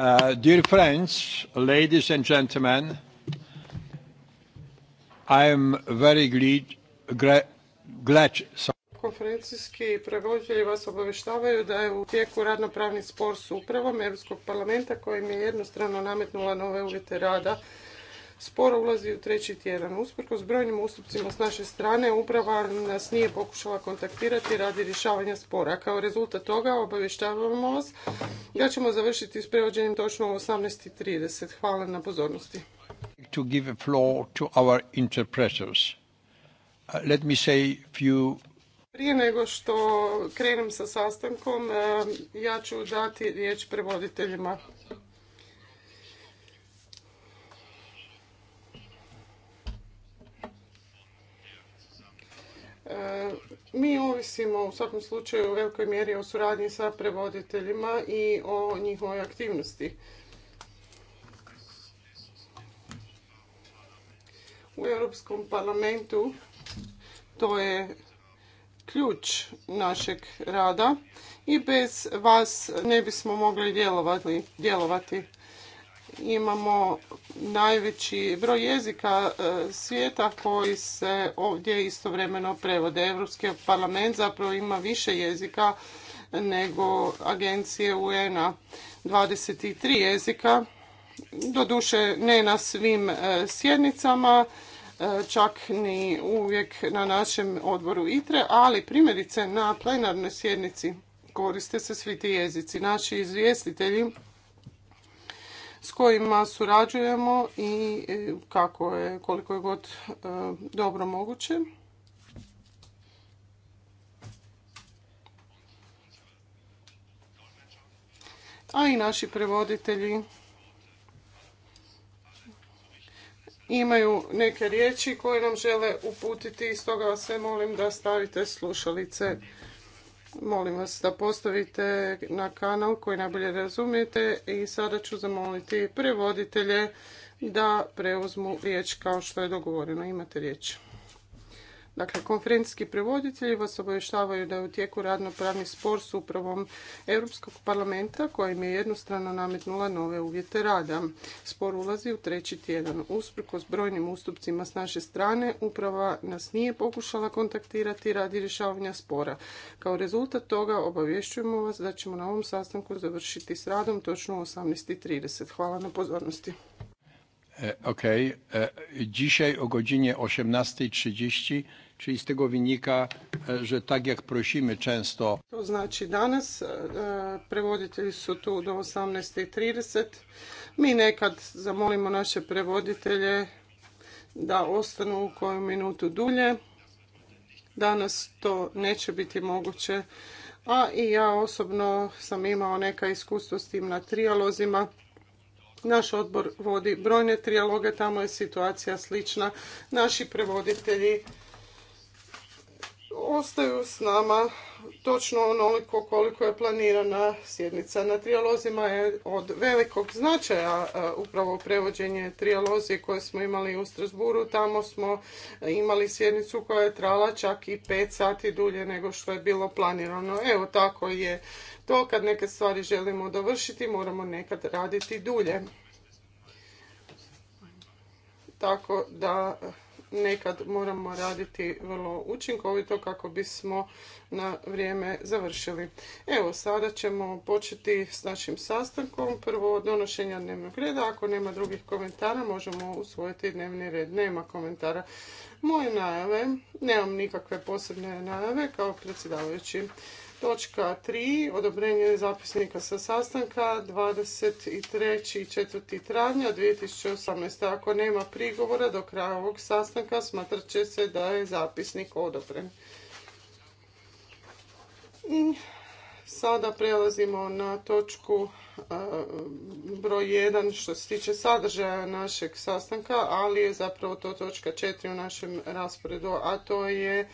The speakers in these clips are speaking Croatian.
Uh, dear friends, ladies and gentlemen, I am very glad, konferencijski prevođelji vas obavještavaju da je u tijeku radnopravni spor s upravom Europskog parlamenta kojim je jednostrano nametnula nove uvjete rada sporo ulazi u treći tjedan. s brojnim ustupcima s naše strane, uprava nas nije pokušala kontaktirati radi rješavanja spora. Kao rezultat toga obavještavamo vas da ćemo završiti s prevođenjem točno u 18.30. Hvala na pozornosti. prije nego što krenem sa sastankom, um, ja ću dati riječ prevoditeljima. Mi ovisimo u svakom slučaju u velikoj mjeri o suradnji sa prevoditeljima i o njihovoj aktivnosti. U Europskom parlamentu to je ključ našeg rada i bez vas ne bismo mogli djelovati imamo najveći broj jezika e, svijeta koji se ovdje istovremeno prevode. Evropski parlament zapravo ima više jezika nego agencije UN-a. 23 jezika, doduše ne na svim e, sjednicama, e, čak ni uvijek na našem odboru ITRE, ali primjerice na plenarnoj sjednici koriste se svi ti jezici. Naši izvjestitelji s kojima surađujemo i e, kako je, koliko je god e, dobro moguće. A i naši prevoditelji imaju neke riječi koje nam žele uputiti i stoga vas sve molim da stavite slušalice molim vas da postavite na kanal koji najbolje razumijete i sada ću zamoliti prevoditelje da preuzmu riječ kao što je dogovoreno. Imate riječ. Dakle, konferencijski prevoditelji vas obavještavaju da je u tijeku pravni spor s upravom Europskog parlamenta koja im je jednostrano nametnula nove uvjete rada. Spor ulazi u treći tjedan. Usprkos brojnim ustupcima s naše strane, uprava nas nije pokušala kontaktirati radi rješavanja spora. Kao rezultat toga obavješćujemo vas da ćemo na ovom sastanku završiti s radom točno u 18.30. Hvala na pozornosti. E, okej. E, dzisiaj o godzinie 18.30, czyli z tego wynika, e, że tak jak prosimy często... To znači danas prevoditelji su tu do 18.30. Mi nekad zamolimo naše prevoditelje da ostanu koju minutu dulje. Danas to neće biti moguće. A i ja osobno sam imao neka iskustva s tim na trijalozima naš odbor vodi brojne trijaloge, tamo je situacija slična. Naši prevoditelji ostaju s nama točno onoliko koliko je planirana sjednica. Na trijalozima je od velikog značaja e, upravo prevođenje trijalozi koje smo imali u Strasburu. Tamo smo imali sjednicu koja je trala čak i pet sati dulje nego što je bilo planirano. Evo tako je to kad neke stvari želimo dovršiti moramo nekad raditi dulje. Tako da nekad moramo raditi vrlo učinkovito kako bismo na vrijeme završili. Evo, sada ćemo početi s našim sastankom. Prvo donošenja dnevnog reda. Ako nema drugih komentara, možemo usvojiti dnevni red. Nema komentara. Moje najave, nemam nikakve posebne najave kao predsjedavajući. Točka 3. Odobrenje zapisnika sa sastanka 23. i 4. travnja 2018. Ako nema prigovora do kraja ovog sastanka smatrat će se da je zapisnik odobren. I sada prelazimo na točku broj 1 što se tiče sadržaja našeg sastanka, ali je zapravo to točka 4 u našem rasporedu, a to je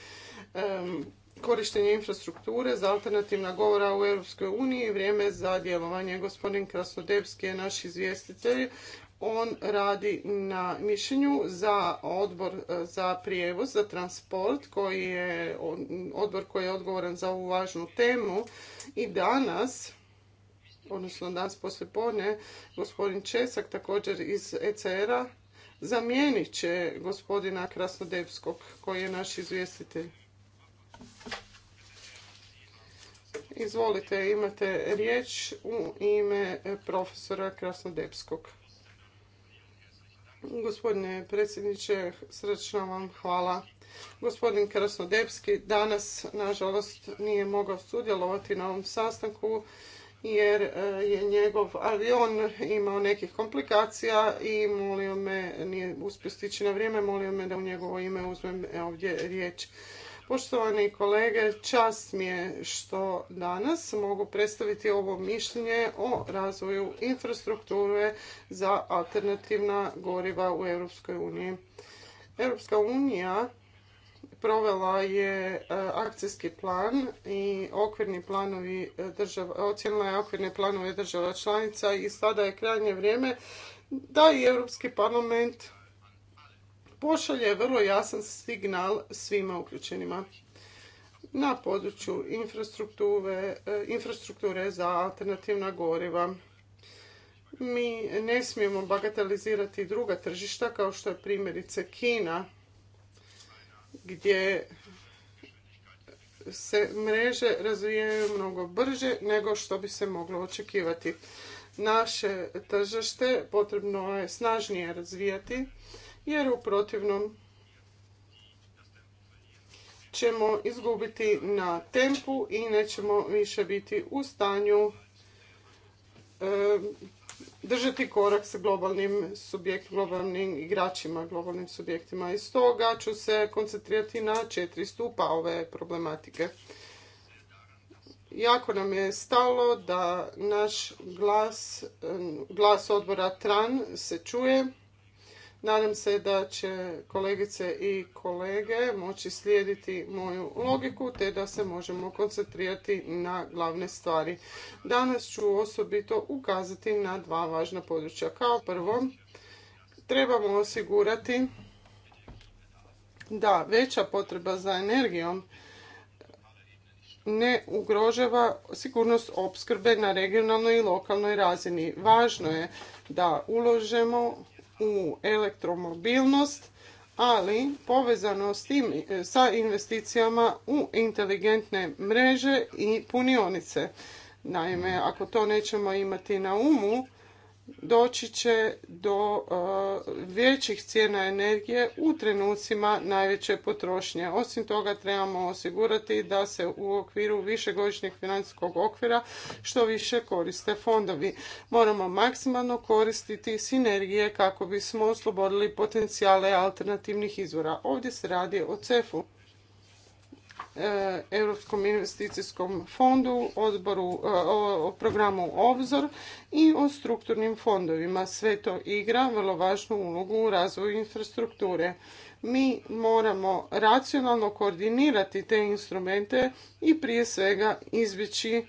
korištenje infrastrukture za alternativna govora u Europskoj uniji. Vrijeme za djelovanje. Gospodin Krasnodebski je naš izvjestitelj. On radi na mišljenju za odbor e, za prijevoz, za transport, koji je odbor koji je odgovoran za ovu važnu temu. I danas, odnosno danas podne, gospodin Česak također iz ECR-a zamijenit će gospodina Krasnodebskog koji je naš izvjestitelj. Izvolite, imate riječ u ime profesora Krasnodepskog. Gospodine predsjedniče, srčno vam hvala. Gospodin Krasnodepski danas, nažalost, nije mogao sudjelovati na ovom sastanku jer e, je njegov avion imao nekih komplikacija i molio me, nije uspio stići na vrijeme, molio me da u njegovo ime uzmem e, ovdje riječ. Poštovani kolege, čast mi je što danas mogu predstaviti ovo mišljenje o razvoju infrastrukture za alternativna goriva u Europskoj uniji. Europska unija provela je e, akcijski plan i okvirni planovi država, ocijenila je okvirne planove država članica i sada je krajnje vrijeme da i Europski parlament pošalje vrlo jasan signal svima uključenima na području infrastrukture, e, infrastrukture za alternativna goriva. Mi ne smijemo bagatelizirati druga tržišta kao što je primjerice Kina gdje se mreže razvijaju mnogo brže nego što bi se moglo očekivati. Naše tržište potrebno je snažnije razvijati jer u protivnom ćemo izgubiti na tempu i nećemo više biti u stanju e, držati korak sa globalnim subjektima globalnim igračima, globalnim subjektima. I stoga ću se koncentrirati na četiri stupa ove problematike. Jako nam je stalo da naš glas, glas odbora TRAN se čuje Nadam se da će kolegice i kolege moći slijediti moju logiku te da se možemo koncentrirati na glavne stvari. Danas ću osobito ukazati na dva važna područja. Kao prvo, trebamo osigurati da veća potreba za energijom ne ugrožava sigurnost opskrbe na regionalnoj i lokalnoj razini. Važno je da uložemo u elektromobilnost, ali povezano s tim, e, sa investicijama u inteligentne mreže i punionice. Naime, ako to nećemo imati na umu, doći će do e, većih cijena energije u trenucima najveće potrošnje. Osim toga trebamo osigurati da se u okviru višegodišnjeg financijskog okvira što više koriste fondovi. Moramo maksimalno koristiti sinergije kako bismo oslobodili potencijale alternativnih izvora. Ovdje se radi o CEF-u. E, Europskom investicijskom fondu, odboru, e, o programu Obzor i o strukturnim fondovima. Sve to igra vrlo važnu ulogu u razvoju infrastrukture. Mi moramo racionalno koordinirati te instrumente i prije svega izbjeći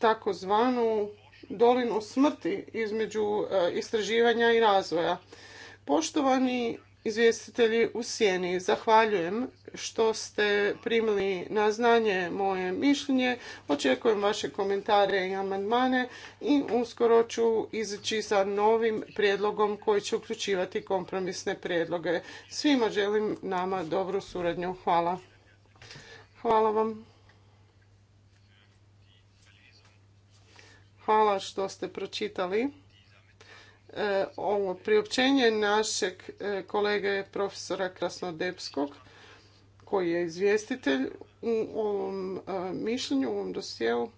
takozvanu dolinu smrti između e, istraživanja i razvoja. Poštovani izvjestitelji u sjeni. Zahvaljujem što ste primili na znanje moje mišljenje. Očekujem vaše komentare i amandmane i uskoro ću izaći sa novim prijedlogom koji će uključivati kompromisne prijedloge. Svima želim nama dobru suradnju. Hvala. Hvala vam. Hvala što ste pročitali. E, ovo priopćenje našeg e, kolege profesora Krasnodepskog koji je izvjestitelj u ovom e, mišljenju, u ovom dosjeu.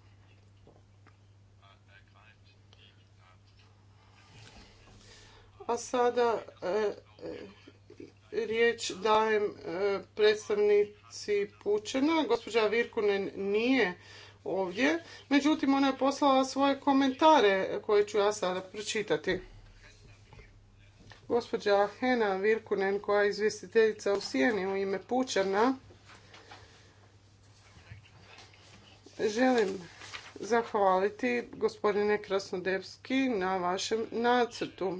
A sada riječ dajem predstavnici Pučena. Gospođa Virkunen nije ovdje, međutim ona je poslala svoje komentare koje ću ja sada pročitati. Gospođa Hena Virkunen, koja je izvjestiteljica u Sijeni u ime Pučana, želim zahvaliti gospodine Krasnodevski na vašem nacrtu.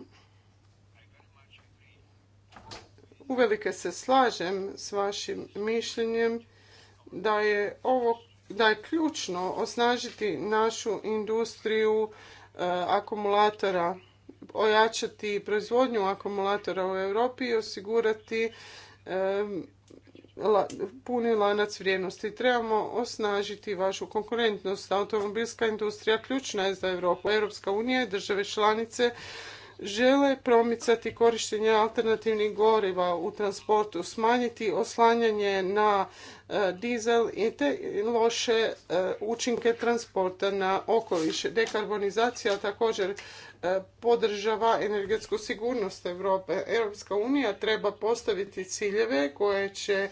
Uvelike se slažem s vašim mišljenjem da je ovo da je ključno osnažiti našu industriju e, akumulatora ojačati proizvodnju akumulatora u Europi i osigurati puni lanac vrijednosti. Trebamo osnažiti vašu konkurentnost. Automobilska industrija ključna je za Europu. Europska unija i države članice žele promicati korištenje alternativnih goriva u transportu, smanjiti oslanjanje na e, dizel i te loše e, učinke transporta na okoliš. Dekarbonizacija također E, podržava energetsku sigurnost Europe. Europska unija treba postaviti ciljeve koje će e,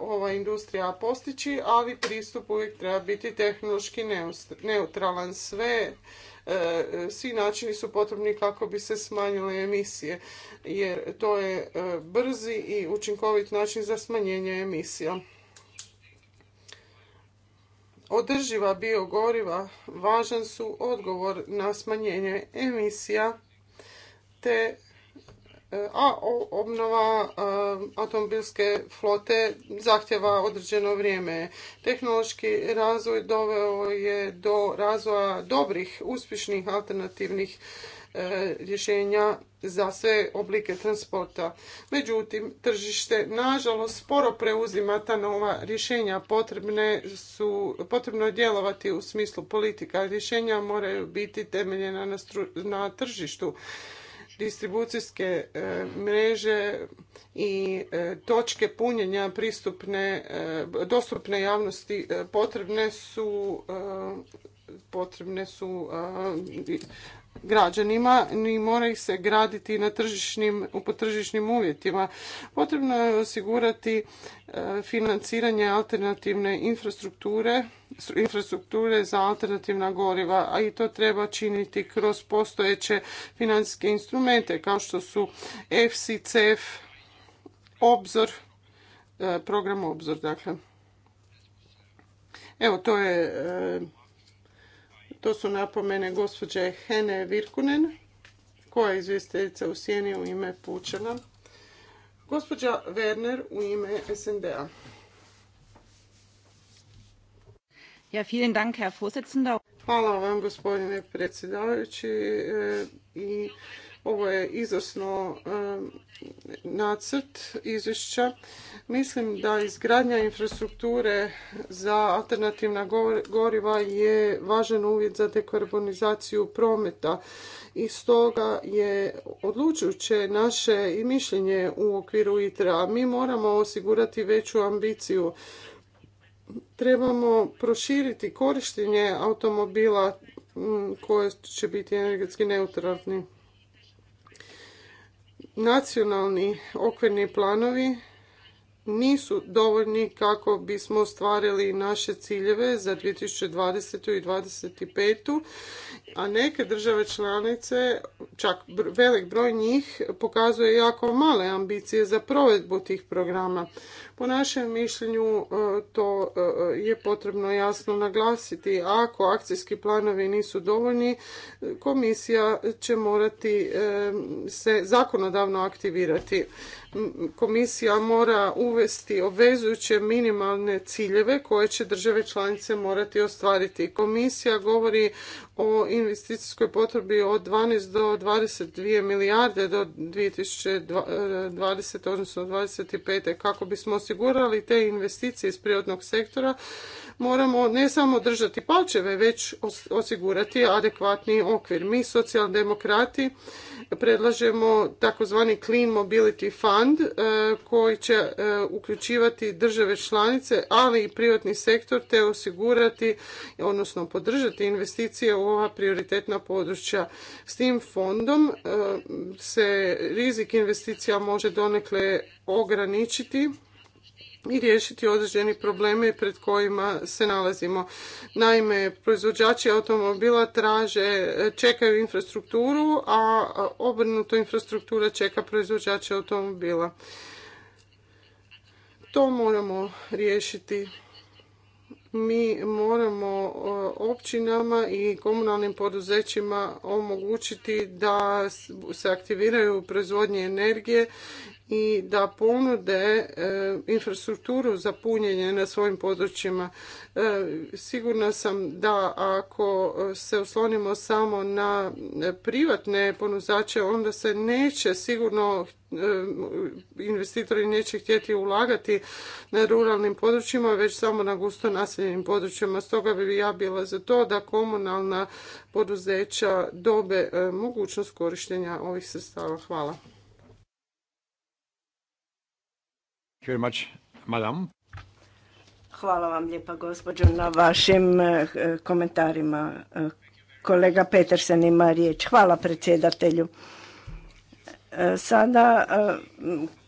ova industrija postići, ali pristup uvijek treba biti tehnološki neutralan. Sve e, svi načini su potrebni kako bi se smanjile emisije, jer to je brzi i učinkovit način za smanjenje emisija održiva biogoriva važan su odgovor na smanjenje emisija te e, a obnova e, automobilske flote zahtjeva određeno vrijeme. Tehnološki razvoj doveo je do razvoja dobrih, uspješnih alternativnih E, rješenja za sve oblike transporta. Međutim, tržište nažalost sporo preuzima ta nova rješenja. Potrebne su, potrebno je djelovati u smislu politika. Rješenja moraju biti temeljena na, na tržištu distribucijske e, mreže i e, točke punjenja pristupne, dostupne javnosti potrebne su potrebne su građanima, ni mora ih se graditi na tržišnim, po tržišnim uvjetima. Potrebno je osigurati e, financiranje alternativne infrastrukture, infrastrukture za alternativna goriva, a i to treba činiti kroz postojeće financijske instrumente kao što su EFSI, CEF, Obzor, e, program Obzor, dakle. Evo, to je e, to su napomene gospođe Hene Virkunen, koja je izvjestiteljica u Sjeni u ime Pučana. Gospođa Werner u ime SND-a. Ja, vielen Dank, Herr Vorsitzender. Hvala vam, gospodine predsjedavajući. E, I ovo je izvrsno e, nacrt izvješća. Mislim da izgradnja infrastrukture za alternativna goriva je važan uvjet za dekarbonizaciju prometa i stoga je odlučujuće naše i mišljenje u okviru ITRA. Mi moramo osigurati veću ambiciju trebamo proširiti korištenje automobila koje će biti energetski neutralni. Nacionalni okvirni planovi nisu dovoljni kako bismo ostvarili naše ciljeve za 2020. i 2025. A neke države članice, čak velik broj njih, pokazuje jako male ambicije za provedbu tih programa. Po našem mišljenju e, to e, je potrebno jasno naglasiti. Ako akcijski planovi nisu dovoljni, e, komisija će morati se zakonodavno aktivirati komisija mora uvesti obvezujuće minimalne ciljeve koje će države članice morati ostvariti. Komisija govori o investicijskoj potrebi od 12 do 22 milijarde do 2020. odnosno 2025. Kako bismo osigurali te investicije iz prirodnog sektora, moramo ne samo držati palčeve, već osigurati adekvatni okvir. Mi socijaldemokrati predlažemo takozvani Clean Mobility Fund e, koji će e, uključivati države članice, ali i privatni sektor te osigurati, odnosno podržati investicije u ova prioritetna područja. S tim fondom e, se rizik investicija može donekle ograničiti i riješiti određeni probleme pred kojima se nalazimo. Naime, proizvođači automobila traže, čekaju infrastrukturu, a obrnuto infrastruktura čeka proizvođače automobila. To moramo riješiti. Mi moramo općinama i komunalnim poduzećima omogućiti da se aktiviraju proizvodnje energije i da ponude e, infrastrukturu za punjenje na svojim područjima. E, sigurna sam da ako se oslonimo samo na privatne ponuzače, onda se neće sigurno e, investitori neće htjeti ulagati na ruralnim područjima, već samo na gusto naseljenim područjima. Stoga bi ja bila za to da komunalna poduzeća dobe mogućnost korištenja ovih sredstava. Hvala. Hvala vam lijepa gospođo na vašim eh, eh, komentarima. Eh, kolega Petersen ima riječ. Hvala predsjedatelju. Sada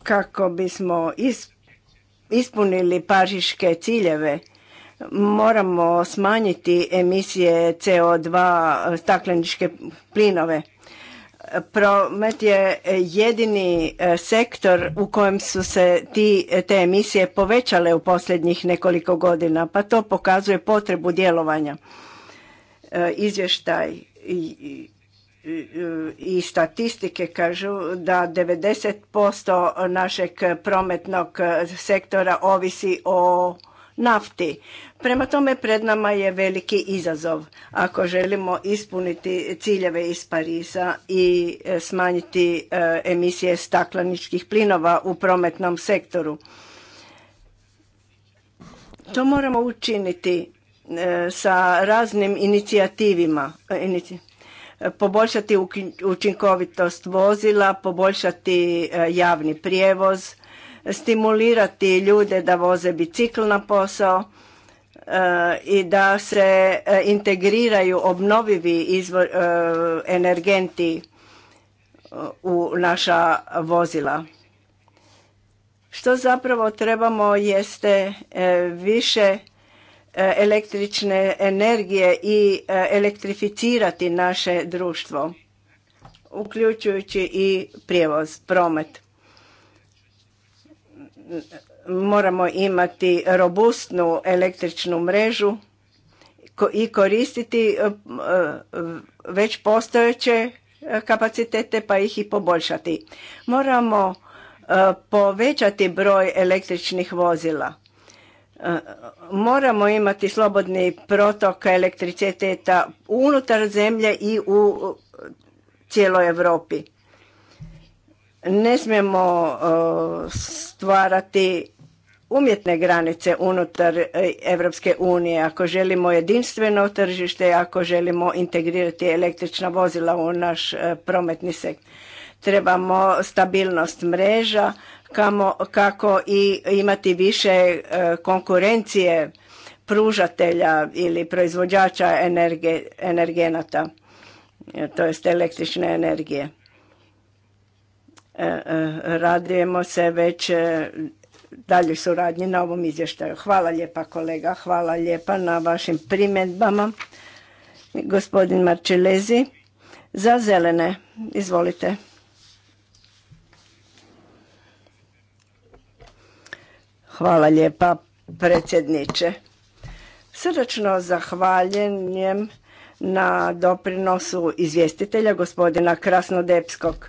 kako bismo ispunili pariške ciljeve, moramo smanjiti emisije CO2 stakleničke plinove Promet je jedini e, sektor u kojem su se e, te emisije povećale u posljednjih nekoliko godina, pa to pokazuje potrebu djelovanja. E, izvještaj i, i statistike kažu da 90% našeg prometnog sektora ovisi o nafti. Prema tome pred nama je veliki izazov ako želimo ispuniti ciljeve iz Pariza i e, smanjiti e, emisije stakleničkih plinova u prometnom sektoru. To moramo učiniti e, sa raznim inicijativima poboljšati učinkovitost vozila, poboljšati javni prijevoz, stimulirati ljude da voze bicikl na posao e, i da se e, integriraju obnovivi izvor, e, energenti u naša vozila. Što zapravo trebamo jeste više električne energije i elektrificirati naše društvo, uključujući i prijevoz, promet moramo imati robustnu električnu mrežu i koristiti e, već postojeće kapacitete pa ih i poboljšati. Moramo e, povećati broj električnih vozila. E, moramo imati slobodni protok elektriciteta unutar zemlje i u cijeloj Europi. Ne smijemo e, stvarati umjetne granice unutar Europske unije, ako želimo jedinstveno tržište, ako želimo integrirati električna vozila u naš e, prometni sektor. Trebamo stabilnost mreža, kako i imati više e, konkurencije pružatelja ili proizvođača energenata, to jest električne energije radujemo se već e, dalje suradnji na ovom izvještaju. Hvala lijepa kolega, hvala lijepa na vašim primjedbama. Gospodin Marčelezi za zelene, izvolite. Hvala lijepa predsjedniče. Srdačno zahvaljenjem na doprinosu izvjestitelja gospodina Krasnodepskog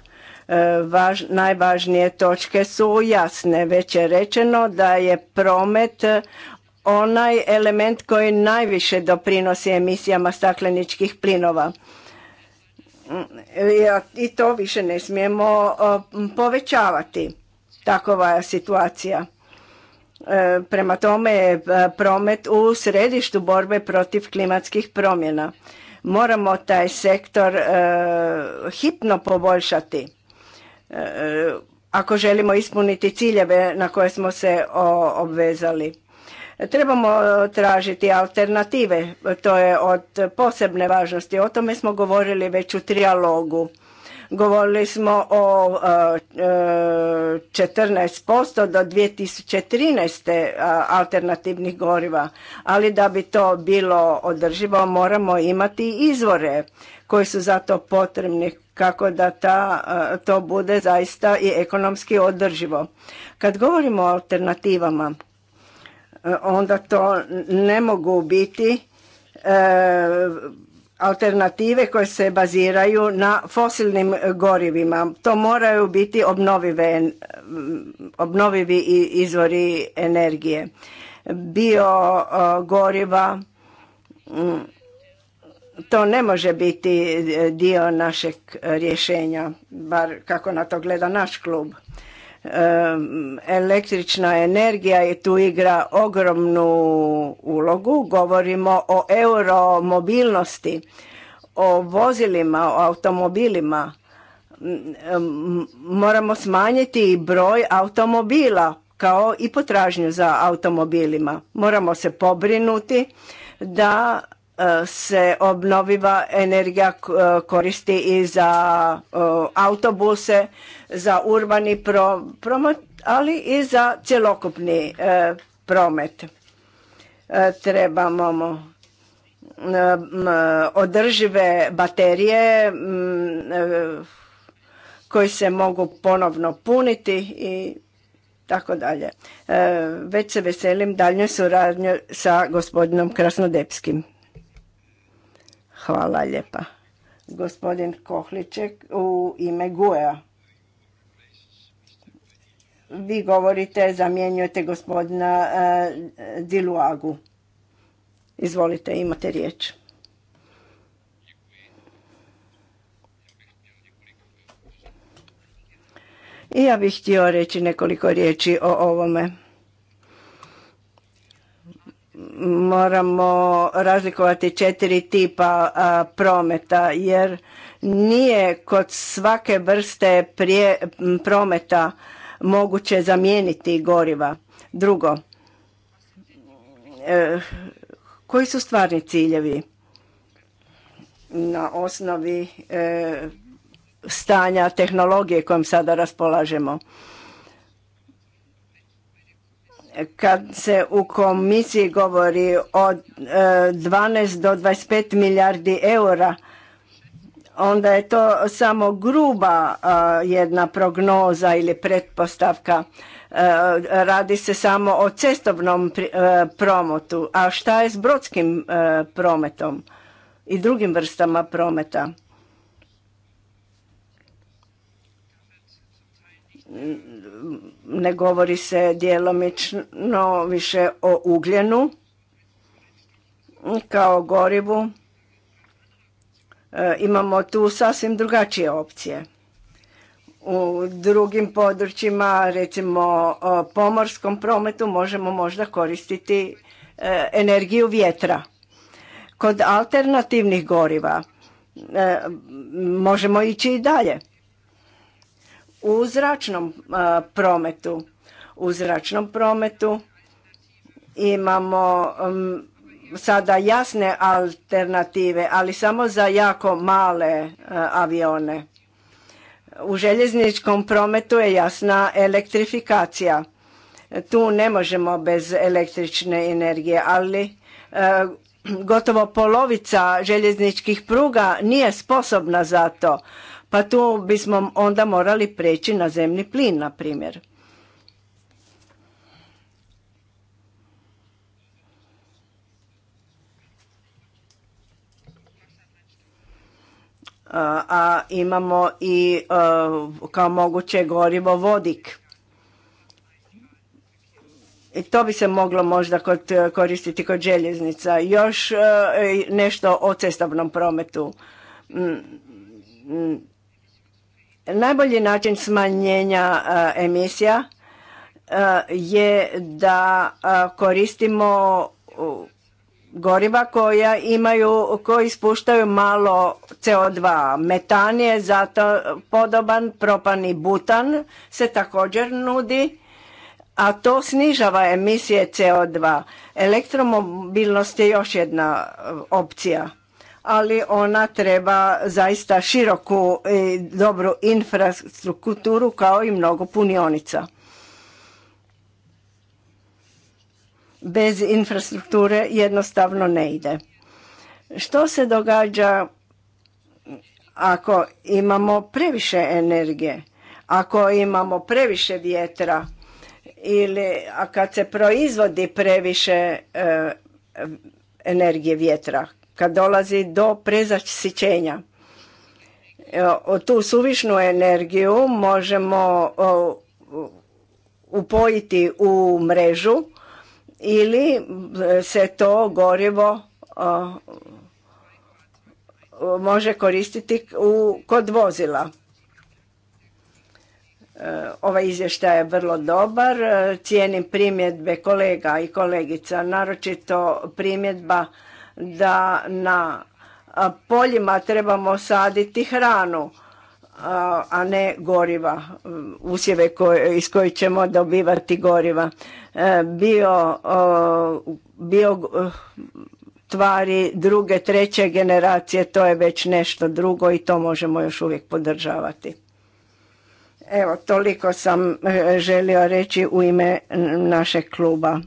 Važ, najvažnije točke su jasne. Već je rečeno da je promet onaj element koji najviše doprinosi emisijama stakleničkih plinova. Mm, I to više ne smijemo povećavati. Takova je situacija. E, prema tome je e, promet u središtu borbe protiv klimatskih promjena. Moramo taj sektor e, hitno poboljšati Eh, ako želimo ispuniti ciljeve na koje smo se obvezali. Trebamo eh, tražiti alternative, to je od posebne važnosti. O tome smo govorili već u trialogu. Govorili smo o 14% eh, do 2013. alternativnih goriva, ali da bi to bilo održivo moramo imati izvore koji su za to potrebni kako da ta, to bude zaista i ekonomski održivo. Kad govorimo o alternativama, e, onda to ne mogu biti e, alternative koje se baziraju na fosilnim gorivima. To moraju biti obnovive, obnovivi izvori energije. Bio goriva, to ne može biti e, dio našeg e, rješenja, bar kako na to gleda naš klub. Električna energija je tu igra ogromnu ulogu, govorimo o euromobilnosti, o vozilima, o automobilima. Moramo smanjiti i broj automobila kao i potražnju za automobilima. Moramo se pobrinuti da se obnoviva energija e, koristi i za e, autobuse, za urbani promet, ali i za cjelokupni e, promet. Trebamo održive baterije koji se mogu ponovno puniti i tako dalje. Već se veselim daljnjoj suradnju sa gospodinom Krasnodepskim. Hvala lijepa. Gospodin Kohliček u ime Guja. Vi govorite, zamjenjujete gospodina eh, Diluagu. Izvolite, imate riječ. I ja bih htio reći nekoliko riječi o ovome moramo razlikovati četiri tipa prometa jer nije kod svake vrste prije, prometa moguće zamijeniti goriva. Drugo, e, koji su stvarni ciljevi na osnovi e, stanja tehnologije kojom sada raspolažemo? kad se u komisiji govori o 12 e, do 25 milijardi eura, onda je to samo gruba e, jedna prognoza ili pretpostavka. E, radi se samo o cestovnom promotu. A šta je s brodskim prometom i drugim vrstama prometa? ne govori se djelomično više o ugljenu kao gorivu. E, imamo tu sasvim drugačije opcije. U drugim područjima, recimo pomorskom prometu, možemo možda koristiti e, energiju vjetra. Kod alternativnih goriva e, možemo ići i dalje u zračnom prometu. U zračnom prometu imamo sada jasne alternative, ali samo za jako male avione. U željezničkom prometu je jasna elektrifikacija. Tu ne možemo bez električne energije, ali e, gotovo polovica željezničkih pruga nije sposobna za to pa tu bismo onda morali preći na zemni plin, na primjer. a imamo i kao moguće gorivo vodik. I to bi se moglo možda koristiti kod željeznica. Još e, e, nešto o cestovnom prometu. Mm, mm, Najbolji način smanjenja e, emisija e, je da e, koristimo goriva koja imaju, koji ispuštaju malo CO2. Metan je zato podoban, propan i butan se također nudi, a to snižava emisije CO2. Elektromobilnost je još jedna opcija ali ona treba zaista široku i dobru infrastrukturu kao i mnogo punionica. Bez infrastrukture jednostavno ne ide. Što se događa ako imamo previše energije, ako imamo previše vjetra ili a kad se proizvodi previše e, energije vjetra kad dolazi do prezasićenja. E, tu suvišnu energiju možemo upojiti u mrežu ili e, se to gorivo može koristiti u, kod vozila. E, ovaj izvještaj je vrlo dobar. Cijenim primjedbe kolega i kolegica, naročito primjedba da na poljima trebamo saditi hranu, a ne goriva, usjeve iz kojih ćemo dobivati goriva. E, bio, bio eh, tvari druge, treće generacije, to je već nešto drugo i to možemo još uvijek podržavati. Evo, toliko sam eh, želio reći u ime našeg kluba.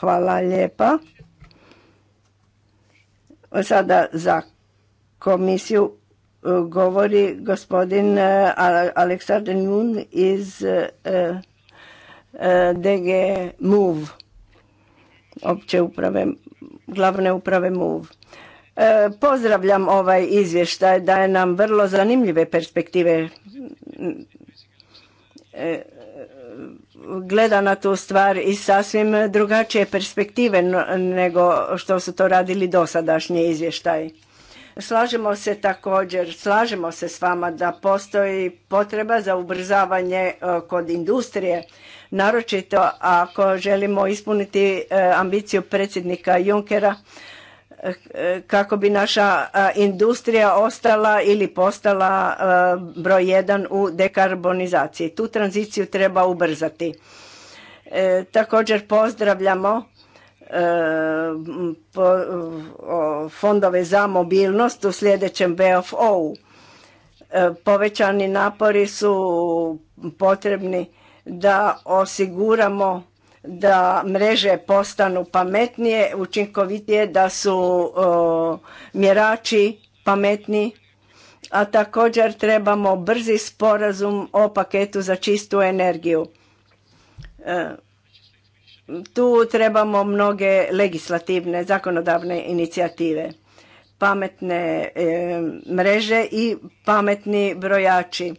Hvala lijepa. Sada za komisiju e, govori gospodin e, Aleksandar Njun iz e, DG MUV, opće uprave, glavne uprave MUV. Pozdravljam ovaj izvještaj, daje nam vrlo zanimljive perspektive gleda na tu stvar iz sasvim drugačije perspektive nego što su to radili dosadašnji izvještaji. Slažemo se također, slažemo se s vama da postoji potreba za ubrzavanje e, kod industrije, naročito ako želimo ispuniti e, ambiciju predsjednika Junckera kako bi naša industrija ostala ili postala broj jedan u dekarbonizaciji. Tu tranziciju treba ubrzati. E, također pozdravljamo e, fondove za mobilnost u sljedećem BFO-u. E, povećani napori su potrebni da osiguramo da mreže postanu pametnije, učinkovitije, da su mjerači pametni, a također trebamo brzi sporazum o paketu za čistu energiju. E, tu trebamo mnoge legislativne, zakonodavne inicijative, pametne e, mreže i pametni brojači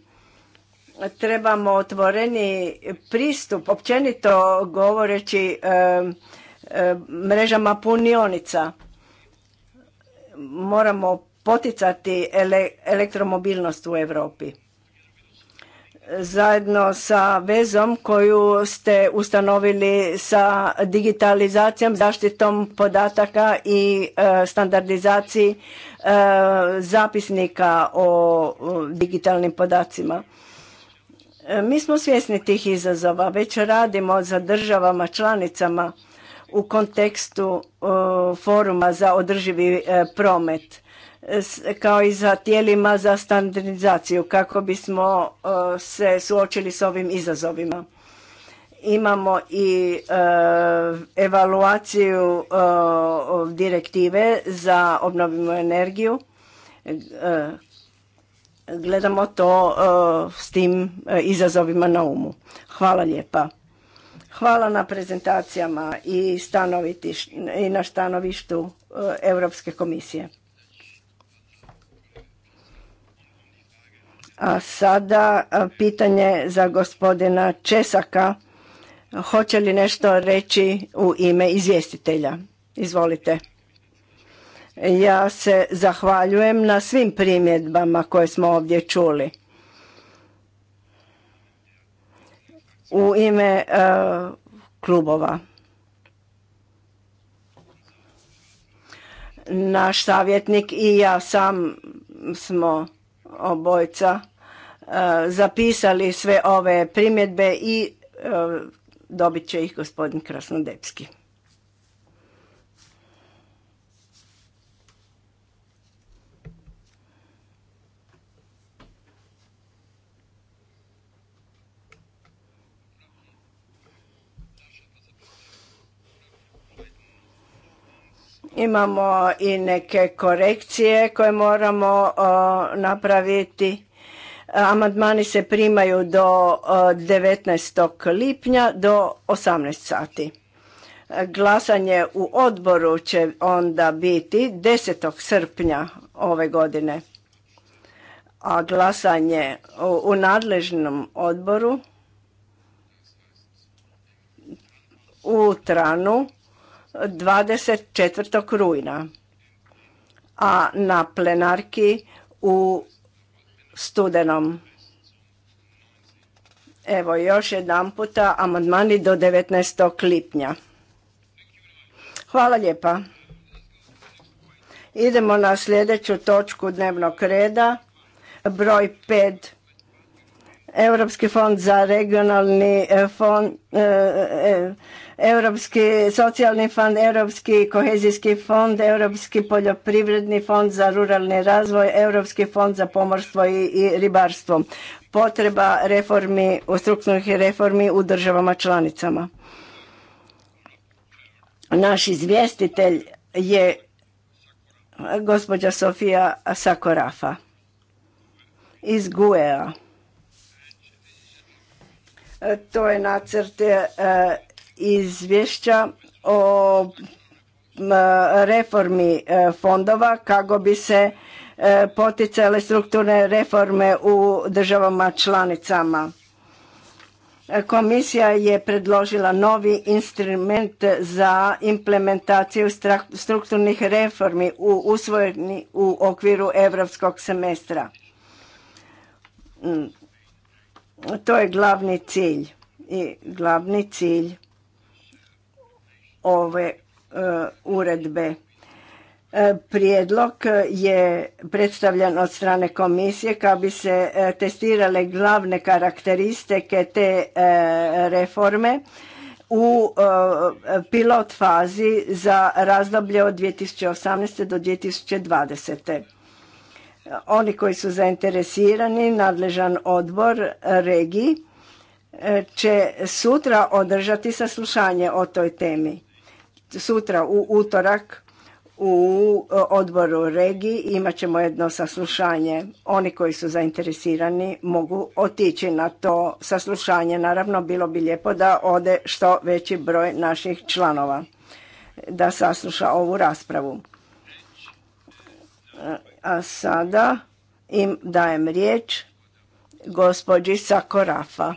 trebamo otvoreni pristup, općenito govoreći mrežama punionica. Moramo poticati elektromobilnost u Europi. Zajedno sa vezom koju ste ustanovili sa digitalizacijom, zaštitom podataka i e, standardizaciji e, zapisnika o digitalnim podacima. Mi smo svjesni tih izazova, već radimo za državama članicama u kontekstu e, foruma za održivi e, promet kao i za tijelima za standardizaciju kako bismo e, se suočili s ovim izazovima. Imamo i evaluaciju direktive za obnovljivu energiju gledamo to e, s tim e, izazovima na umu. Hvala lijepa. Hvala na prezentacijama i, stanoviti, i na stanovištu e, Europske komisije. A sada pitanje za gospodina Česaka. Hoće li nešto reći u ime izvjestitelja? Izvolite. Ja se zahvaljujem na svim primjedbama koje smo ovdje čuli. U ime e, klubova. Naš savjetnik i ja sam smo obojca e, zapisali sve ove primjedbe i e, dobit će ih gospodin Krasnodepski. Imamo i neke korekcije koje moramo napraviti. Amandmani se primaju do 19. lipnja do 18 sati. Glasanje u odboru će onda biti 10. srpnja ove godine. A glasanje u nadležnom odboru u Tranu 24. rujna, a na plenarki u studenom. Evo još jedan puta, amandmani do 19. lipnja. Hvala lijepa. Idemo na sljedeću točku dnevnog reda, broj 5. Europski fond za regionalni eh, fond, eh, eh, Europski socijalni fond, Europski kohezijski fond, Europski poljoprivredni fond za ruralni razvoj, Europski fond za pomorstvo i, ribarstvo. Potreba reformi, strukturnih reformi u državama članicama. Naš izvjestitelj je gospođa Sofija Sakorafa iz GUEA. To je nacrt e, izvješća o reformi e, fondova kako bi se e, poticale strukturne reforme u državama članicama. E, komisija je predložila novi instrument za implementaciju strukturnih reformi u usvojeni u okviru europskog semestra. Mm. To je glavni cilj i glavni cilj ove e, uredbe. E, prijedlog je predstavljan od strane komisije kako bi se e, testirale glavne karakteristike te reforme u pilot fazi za razdoblje od 2018. do 2020. Oni koji su zainteresirani, nadležan odbor regiji će sutra održati saslušanje o toj temi sutra u utorak u e, odboru regiji imat ćemo jedno saslušanje. Oni koji su zainteresirani mogu otići na to saslušanje. Naravno, bilo bi lijepo da ode što veći broj naših članova da sasluša ovu raspravu. E, a sada im dajem riječ gospođi Sakorafa.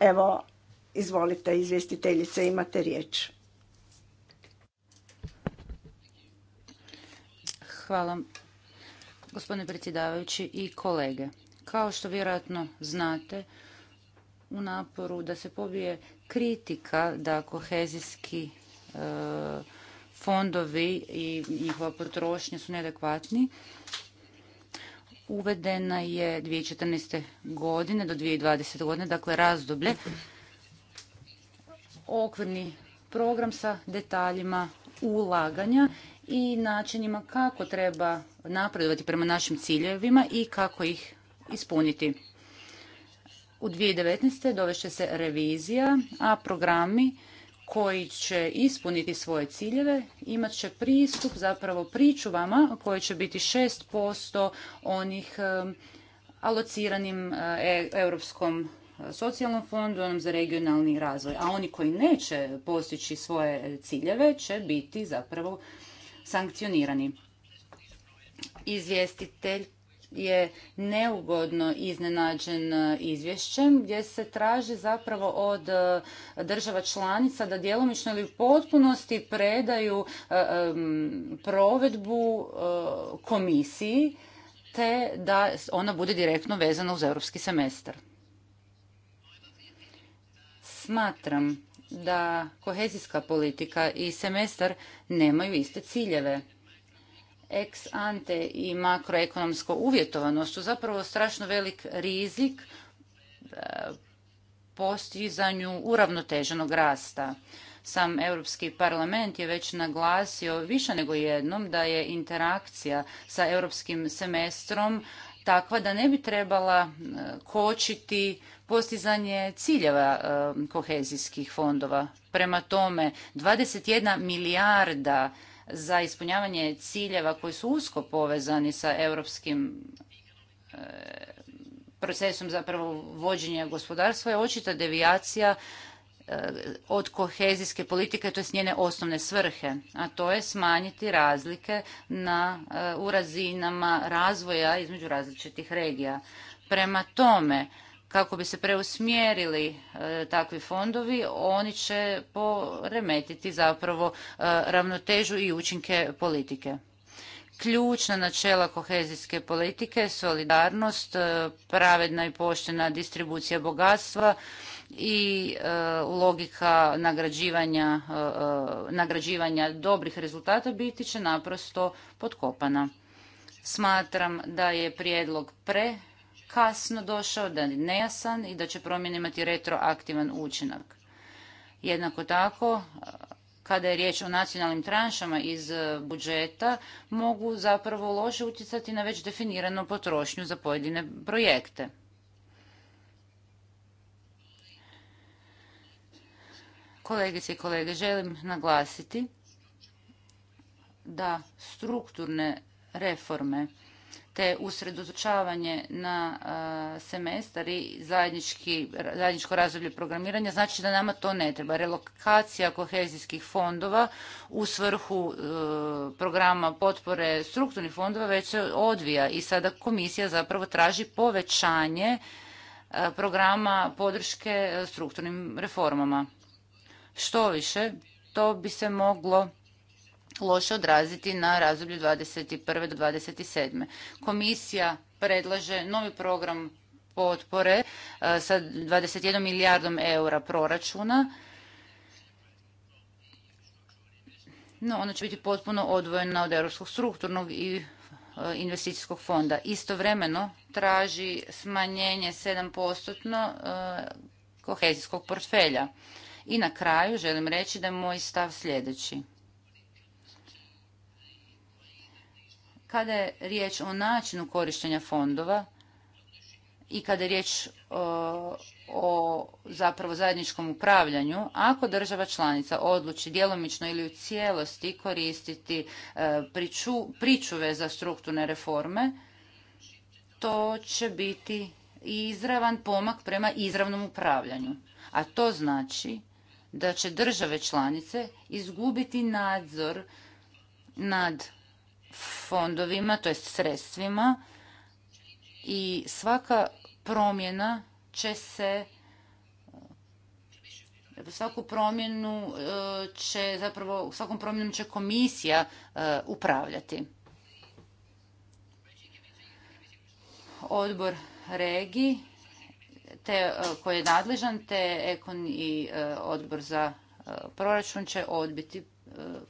Evo, Izvolite, izvjestiteljice, imate riječ. Hvala, gospodine predsjedavajući i kolege. Kao što vjerojatno znate, u naporu da se pobije kritika da kohezijski e, fondovi i njihova potrošnja su neadekvatni, uvedena je 2014. godine do 2020. godine, dakle razdoblje okvirni program sa detaljima ulaganja i načinima kako treba napredovati prema našim ciljevima i kako ih ispuniti. U 2019. dovešće se revizija, a programi koji će ispuniti svoje ciljeve imat će pristup zapravo pričuvama koje će biti 6% onih eh, alociranim eh, e, europskom socijalnom fondu, onom za regionalni razvoj. A oni koji neće postići svoje ciljeve će biti zapravo sankcionirani. Izvjestitelj je neugodno iznenađen e, izvješćem gdje se traži zapravo od e, država članica da djelomično ili u potpunosti predaju e, provedbu komisiji te da ona bude direktno vezana uz europski semestar. Smatram da kohezijska politika i semestar nemaju iste ciljeve. Ex ante i makroekonomsko uvjetovanost su zapravo strašno velik rizik e, postizanju uravnoteženog rasta. Sam Europski parlament je već naglasio više nego jednom da je interakcija sa europskim semestrom takva da ne bi trebala e, kočiti postizanje ciljeva e, kohezijskih fondova. Prema tome, 21 milijarda za ispunjavanje ciljeva koji su usko povezani sa europskim e, procesom zapravo vođenja gospodarstva je očita devijacija Eh, od kohezijske politike, to je njene osnovne svrhe, a to je smanjiti razlike na, eh, u razinama razvoja između različitih regija. Prema tome, kako bi se preusmjerili eh, takvi fondovi, oni će poremetiti zapravo ravnotežu i učinke politike. Ključna načela kohezijske politike, solidarnost, pravedna i poštena distribucija bogatstva, i e, logika nagrađivanja, e, e, nagrađivanja dobrih rezultata biti će naprosto potkopana. Smatram da je prijedlog pre kasno došao, da je nejasan i da će promjene imati retroaktivan učinak. Jednako tako, kada je riječ o nacionalnim tranšama iz budžeta, mogu zapravo loše utjecati na već definiranu potrošnju za pojedine projekte. Kolegice i kolege, želim naglasiti da strukturne reforme te usredotočavanje na semestar i zajedničko razdoblje programiranja, znači da nama to ne treba. Relokacija kohezijskih fondova u svrhu e, programa potpore strukturnih fondova već se odvija i sada komisija zapravo traži povećanje e, programa podrške strukturnim reformama. Što više, to bi se moglo loše odraziti na razdoblju 2021. do 2027. Komisija predlaže novi program potpore e, sa 21 milijardom eura proračuna. No, ona će biti potpuno odvojena od Europskog strukturnog i e, investicijskog fonda. Istovremeno traži smanjenje 7% e, kohezijskog portfelja. I na kraju želim reći da je moj stav sljedeći. Kada je riječ o načinu korištenja fondova i kada je riječ e, o, zapravo zajedničkom upravljanju, ako država članica odluči djelomično ili u cijelosti koristiti e, pričuve za strukturne reforme, to će biti izravan pomak prema izravnom upravljanju. A to znači da će države članice izgubiti nadzor nad fondovima, to jest sredstvima i svaka promjena će se svaku promjenu e, će zapravo svakom promjenom će komisija e, upravljati. Odbor regiji te e, koji je nadležan, te Ekon i e, odbor za e, proračun će odbiti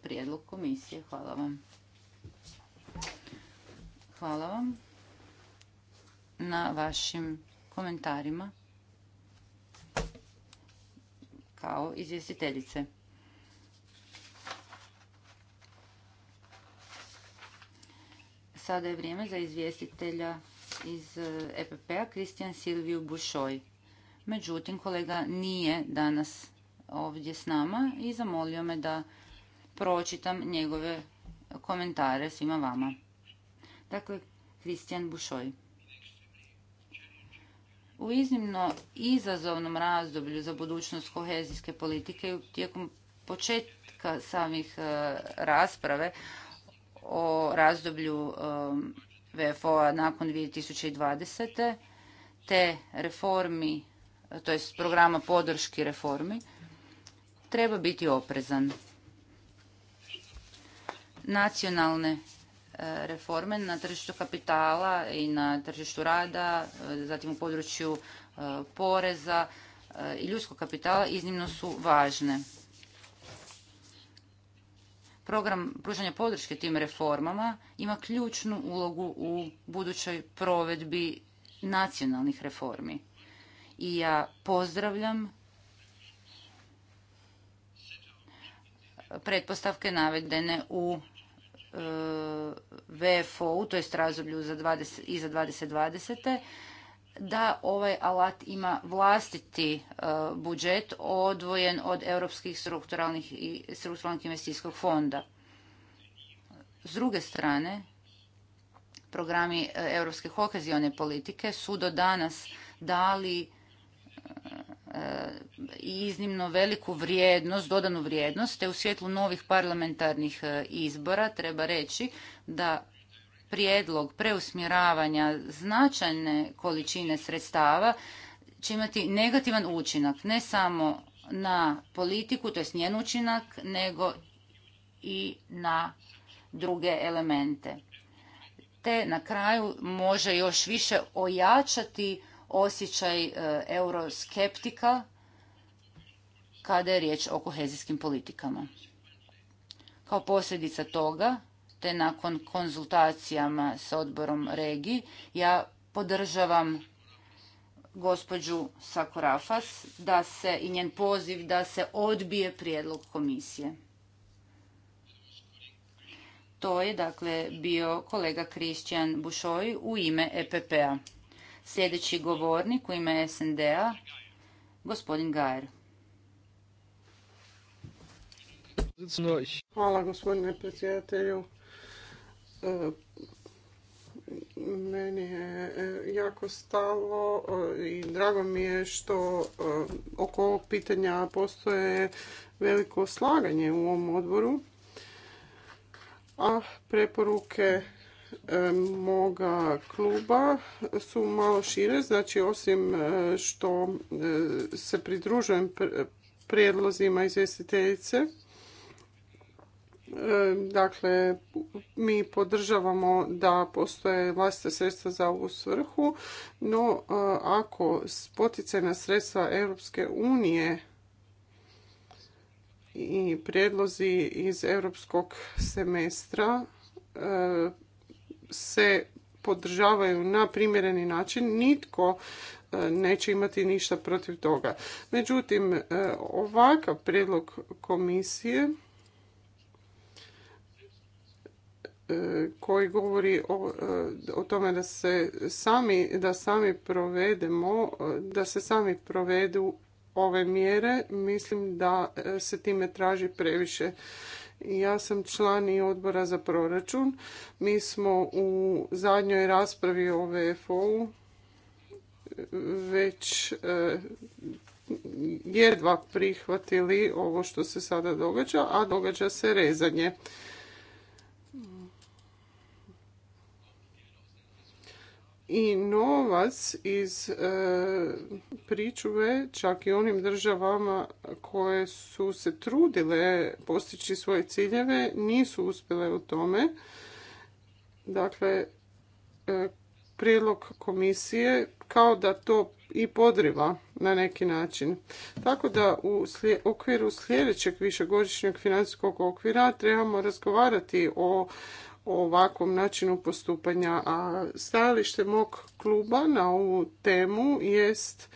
prijedlog komisije. Hvala vam. Hvala vam na vašim komentarima kao izvjestiteljice. Sada je vrijeme za izvjestitelja iz EPP-a, e Kristijan Silviju Bušoj. Međutim, kolega nije danas ovdje s nama i zamolio me da pročitam njegove komentare svima vama. Dakle, Kristijan Bušoj. U iznimno izazovnom razdoblju za budućnost kohezijske politike tijekom početka samih e, rasprave o razdoblju e, VFO-a nakon 2020. te reformi, to je programa podrški reformi, treba biti oprezan. Nacionalne e, reforme na tržištu kapitala i na tržištu rada, e, zatim u području e, poreza i ljudskog kapitala iznimno su važne. Program pružanja podrške tim reformama ima ključnu ulogu u budućoj provedbi nacionalnih reformi. I ja pozdravljam pretpostavke navedene u e, VFO-u, to je razdoblju za iza 2020 da ovaj alat ima vlastiti e, budžet odvojen od europskih strukturalnih i investicijskog fonda. S druge strane, programi e, europske kohezione politike su do danas dali e, iznimno veliku vrijednost, dodanu vrijednost, te u svjetlu novih parlamentarnih izbora treba reći da prijedlog preusmjeravanja značajne količine sredstava će imati negativan učinak ne samo na politiku, to je njen učinak, nego i na druge elemente. Te na kraju može još više ojačati osjećaj e, euroskeptika kada je riječ o kohezijskim politikama. Kao posljedica toga te nakon konzultacijama s odborom regiji ja podržavam gospođu Sakorafas da se i njen poziv da se odbije prijedlog komisije. To je dakle bio kolega Krišćan Bušoj u ime EPP-a. Sljedeći govornik u ime SND-a, gospodin Gajer. Hvala gospodine predsjedatelju meni je e, jako stalo e, i drago mi je što e, oko ovog pitanja postoje veliko slaganje u ovom odboru, a preporuke moga kluba su malo šire, znači osim što se pridružujem prijedlozima izvjestiteljice, Dakle, mi podržavamo da postoje vlastite sredstva za ovu svrhu, no e, ako poticajna sredstva Europske unije i prijedlozi iz europskog semestra e, se podržavaju na primjereni način, nitko e, neće imati ništa protiv toga. Međutim, ovakav prijedlog komisije E, koji govori e, o, tome da se sami, da sami provedemo, e, da se sami provedu ove mjere, mislim da se time traži previše. Ja sam član i odbora za proračun. Mi smo u zadnjoj raspravi o VFO-u već jedva prihvatili ovo što se sada događa, a događa se rezanje. i novac iz e, pričuve čak i onim državama koje su se trudile postići svoje ciljeve nisu uspjele u tome. Dakle, e, prijedlog komisije kao da to i podriva na neki način. Tako da u okviru sljedećeg višegodišnjeg financijskog okvira trebamo razgovarati o o ovakvom načinu postupanja, a stajalište mog kluba na ovu temu jest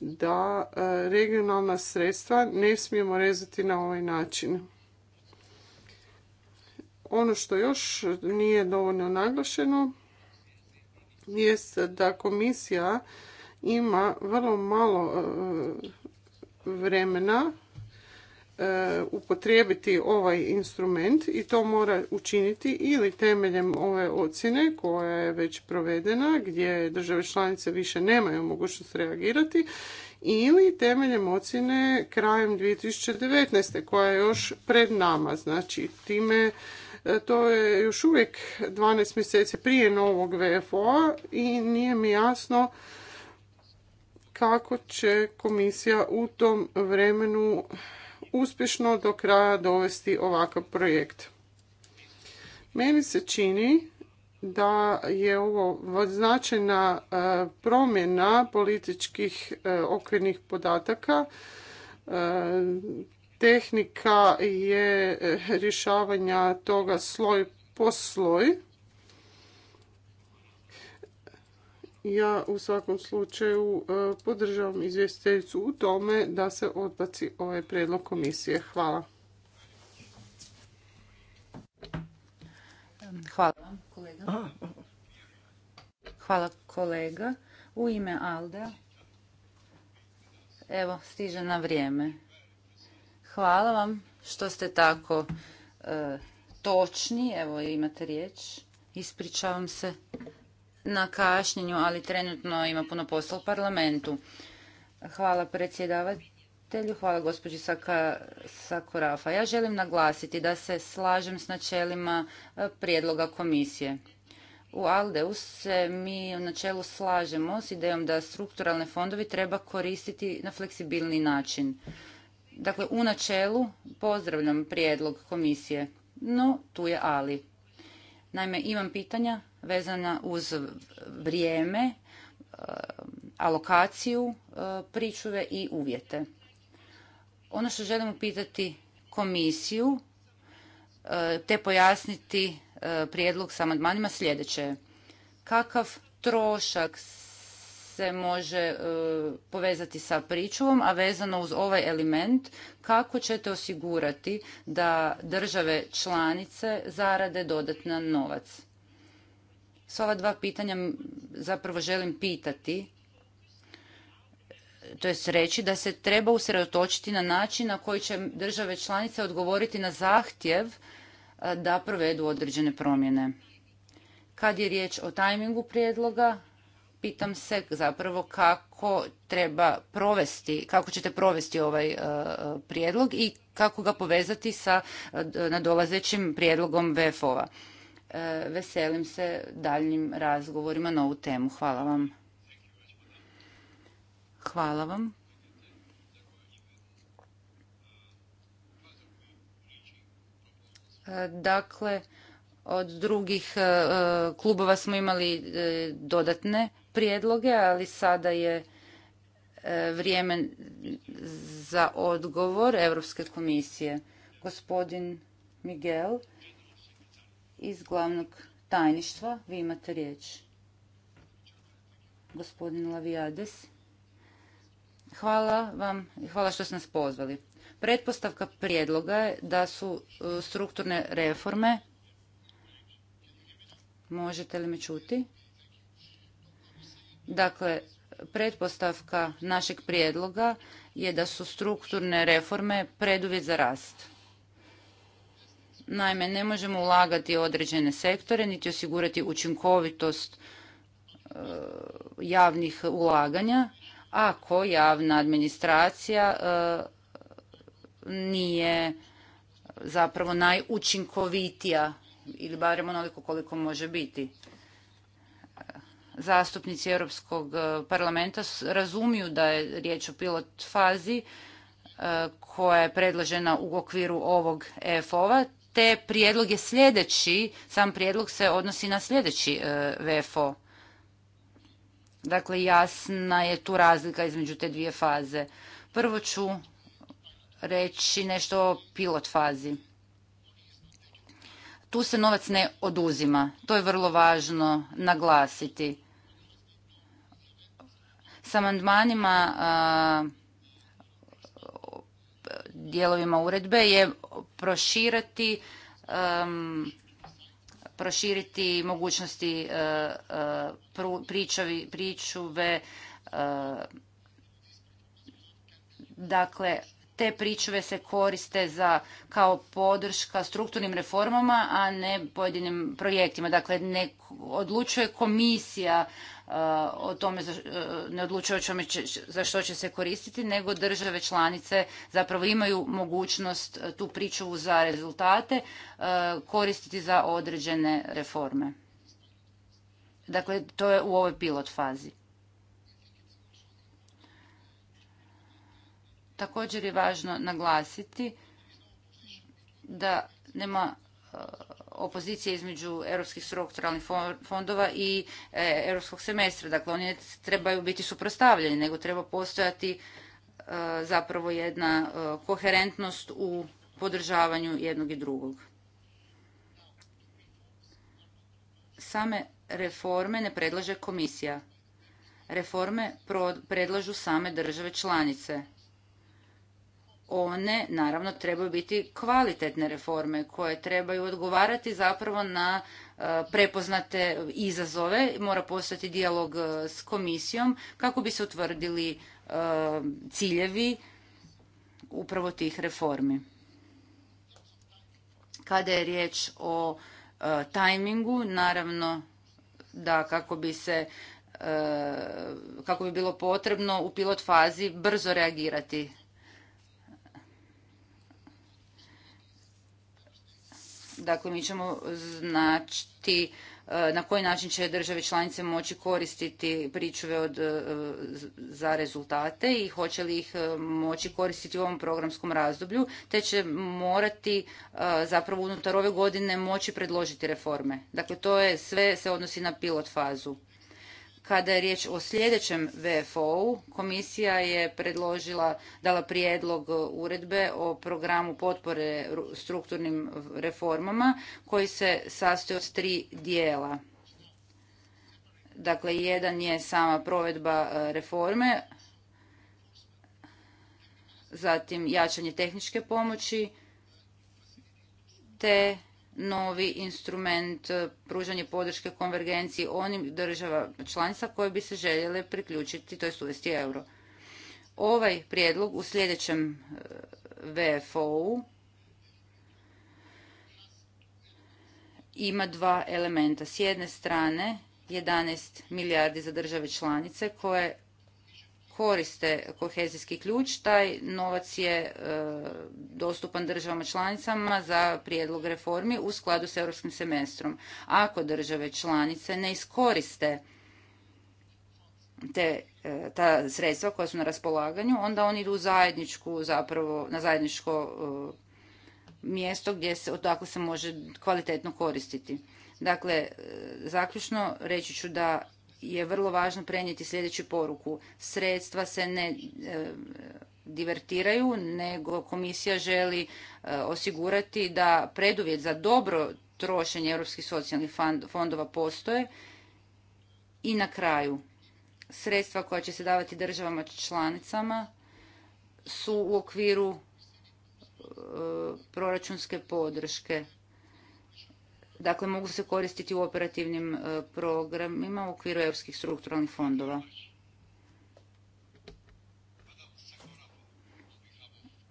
da e, regionalna sredstva ne smijemo rezati na ovaj način. Ono što još nije dovoljno naglašeno jest da komisija ima vrlo malo e, vremena E, upotrijebiti ovaj instrument i to mora učiniti ili temeljem ove ocjene koja je već provedena gdje države članice više nemaju mogućnost reagirati ili temeljem ocjene krajem 2019. koja je još pred nama. Znači time e, to je još uvijek 12 mjeseci prije novog VFO-a i nije mi jasno kako će komisija u tom vremenu uspješno do kraja dovesti ovakav projekt. Meni se čini da je ovo značajna e, promjena političkih e, okvirnih podataka. E, tehnika je rješavanja toga sloj po sloj ja u svakom slučaju e, podržavam izvjestiteljicu u tome da se odbaci ovaj predlog komisije. Hvala. Hvala vam, kolega. Hvala kolega. U ime Alda. Evo, stiže na vrijeme. Hvala vam što ste tako e, točni. Evo, imate riječ. Ispričavam se na kašnjenju, ali trenutno ima puno posla u parlamentu. Hvala predsjedavatelju, hvala gospođi Sakorafa. Ja želim naglasiti da se slažem s načelima e, prijedloga komisije. U Aldeu se mi u načelu slažemo s idejom da strukturalne fondovi treba koristiti na fleksibilni način. Dakle, u načelu pozdravljam prijedlog komisije, no tu je ali. Naime, imam pitanja vezana uz vrijeme, e, alokaciju e, pričuve i uvjete. Ono što želimo pitati komisiju e, te pojasniti prijedlog sa amandmanima sljedeće. Kakav trošak se može povezati sa pričuvom, a vezano uz ovaj element, kako ćete osigurati da države članice zarade dodatna novac? S ova dva pitanja zapravo želim pitati, to je reći da se treba usredotočiti na način na koji će države članice odgovoriti na zahtjev da provedu određene promjene. Kad je riječ o tajmingu prijedloga, pitam se zapravo kako treba provesti, kako ćete provesti ovaj prijedlog i kako ga povezati sa nadolazećim prijedlogom VFO-a. E, veselim se daljnjim razgovorima na ovu temu. Hvala vam. Hvala vam. E, dakle, od drugih e, klubova smo imali dodatne prijedloge, ali sada je vrijeme za odgovor Europske komisije. Gospodin Miguel iz glavnog tajništva. Vi imate riječ. Gospodin Lavijades. Hvala vam i hvala što ste nas pozvali. Pretpostavka prijedloga je da su e, strukturne reforme Možete li me čuti? Dakle, pretpostavka našeg prijedloga je da su strukturne reforme preduvjet za rast. Naime, ne možemo ulagati u određene sektore, niti osigurati učinkovitost e, javnih ulaganja, ako javna administracija e, nije zapravo najučinkovitija ili barem onoliko koliko može biti. E, zastupnici Europskog parlamenta razumiju da je riječ o pilot fazi koja je predložena u okviru ovog EF-ova te prijedlog je sljedeći, sam prijedlog se odnosi na sljedeći e, VFO. Dakle, jasna je tu razlika između te dvije faze. Prvo ću reći nešto o pilot fazi. Tu se novac ne oduzima. To je vrlo važno naglasiti. S amandmanima dijelovima uredbe je proširati proširiti mogućnosti e, e, pričuve e, dakle te pričuve se koriste za kao podrška strukturnim reformama, a ne pojedinim projektima. Dakle, ne odlučuje komisija o tome ne odlučuje za što će se koristiti, nego države članice zapravo imaju mogućnost e, tu pričuvu za rezultate e, koristiti za određene reforme. Dakle, to je u ovoj pilot fazi. Također je važno naglasiti da nema e, opozicije između europskih strukturalnih fondova i e, europskog semestra. Dakle, oni ne trebaju biti suprotstavljeni, nego treba postojati e, zapravo jedna e, koherentnost u podržavanju jednog i drugog. Same reforme ne predlaže komisija. Reforme predlažu same države članice one naravno trebaju biti kvalitetne reforme koje trebaju odgovarati zapravo na e, prepoznate izazove, mora postati dijalog e, s komisijom kako bi se utvrdili e, ciljevi upravo tih reformi. Kada je riječ o tajmingu, naravno da kako bi se kako bi bilo potrebno u pilot fazi brzo reagirati Dakle, mi ćemo znati e, na koji način će države članice moći koristiti pričuve od, e, za rezultate i hoće li ih e, moći koristiti u ovom programskom razdoblju, te će morati zapravo unutar ove godine moći predložiti reforme. Dakle, to je sve se odnosi na pilot fazu. Kada je riječ o sljedećem VFO-u, komisija je predložila, dala prijedlog uredbe o programu potpore strukturnim reformama koji se sastoji od tri dijela. Dakle, jedan je sama provedba e, reforme, zatim jačanje tehničke pomoći, te novi instrument e, pružanje podrške konvergenciji onim država članica koje bi se željele priključiti, to je uvesti euro. Ovaj prijedlog u sljedećem e, VFO-u ima dva elementa. S jedne strane 11 milijardi za države članice koje koriste kohezijski ključ, taj novac je e, dostupan državama članicama za prijedlog reformi u skladu s europskim semestrom. Ako države članice ne iskoriste te e, ta sredstva koja su na raspolaganju, onda oni idu u zajedničku zapravo na zajedničko e, mjesto gdje se odakle se može kvalitetno koristiti. Dakle, zaključno reći ću da je vrlo važno prenijeti sljedeću poruku. Sredstva se ne e, divertiraju, nego komisija želi e, osigurati da preduvjet za dobro trošenje europskih socijalnih fondova postoje. I na kraju, sredstva koja će se davati državama članicama su u okviru e, proračunske podrške dakle mogu se koristiti u operativnim e, programima u okviru europskih strukturalnih fondova.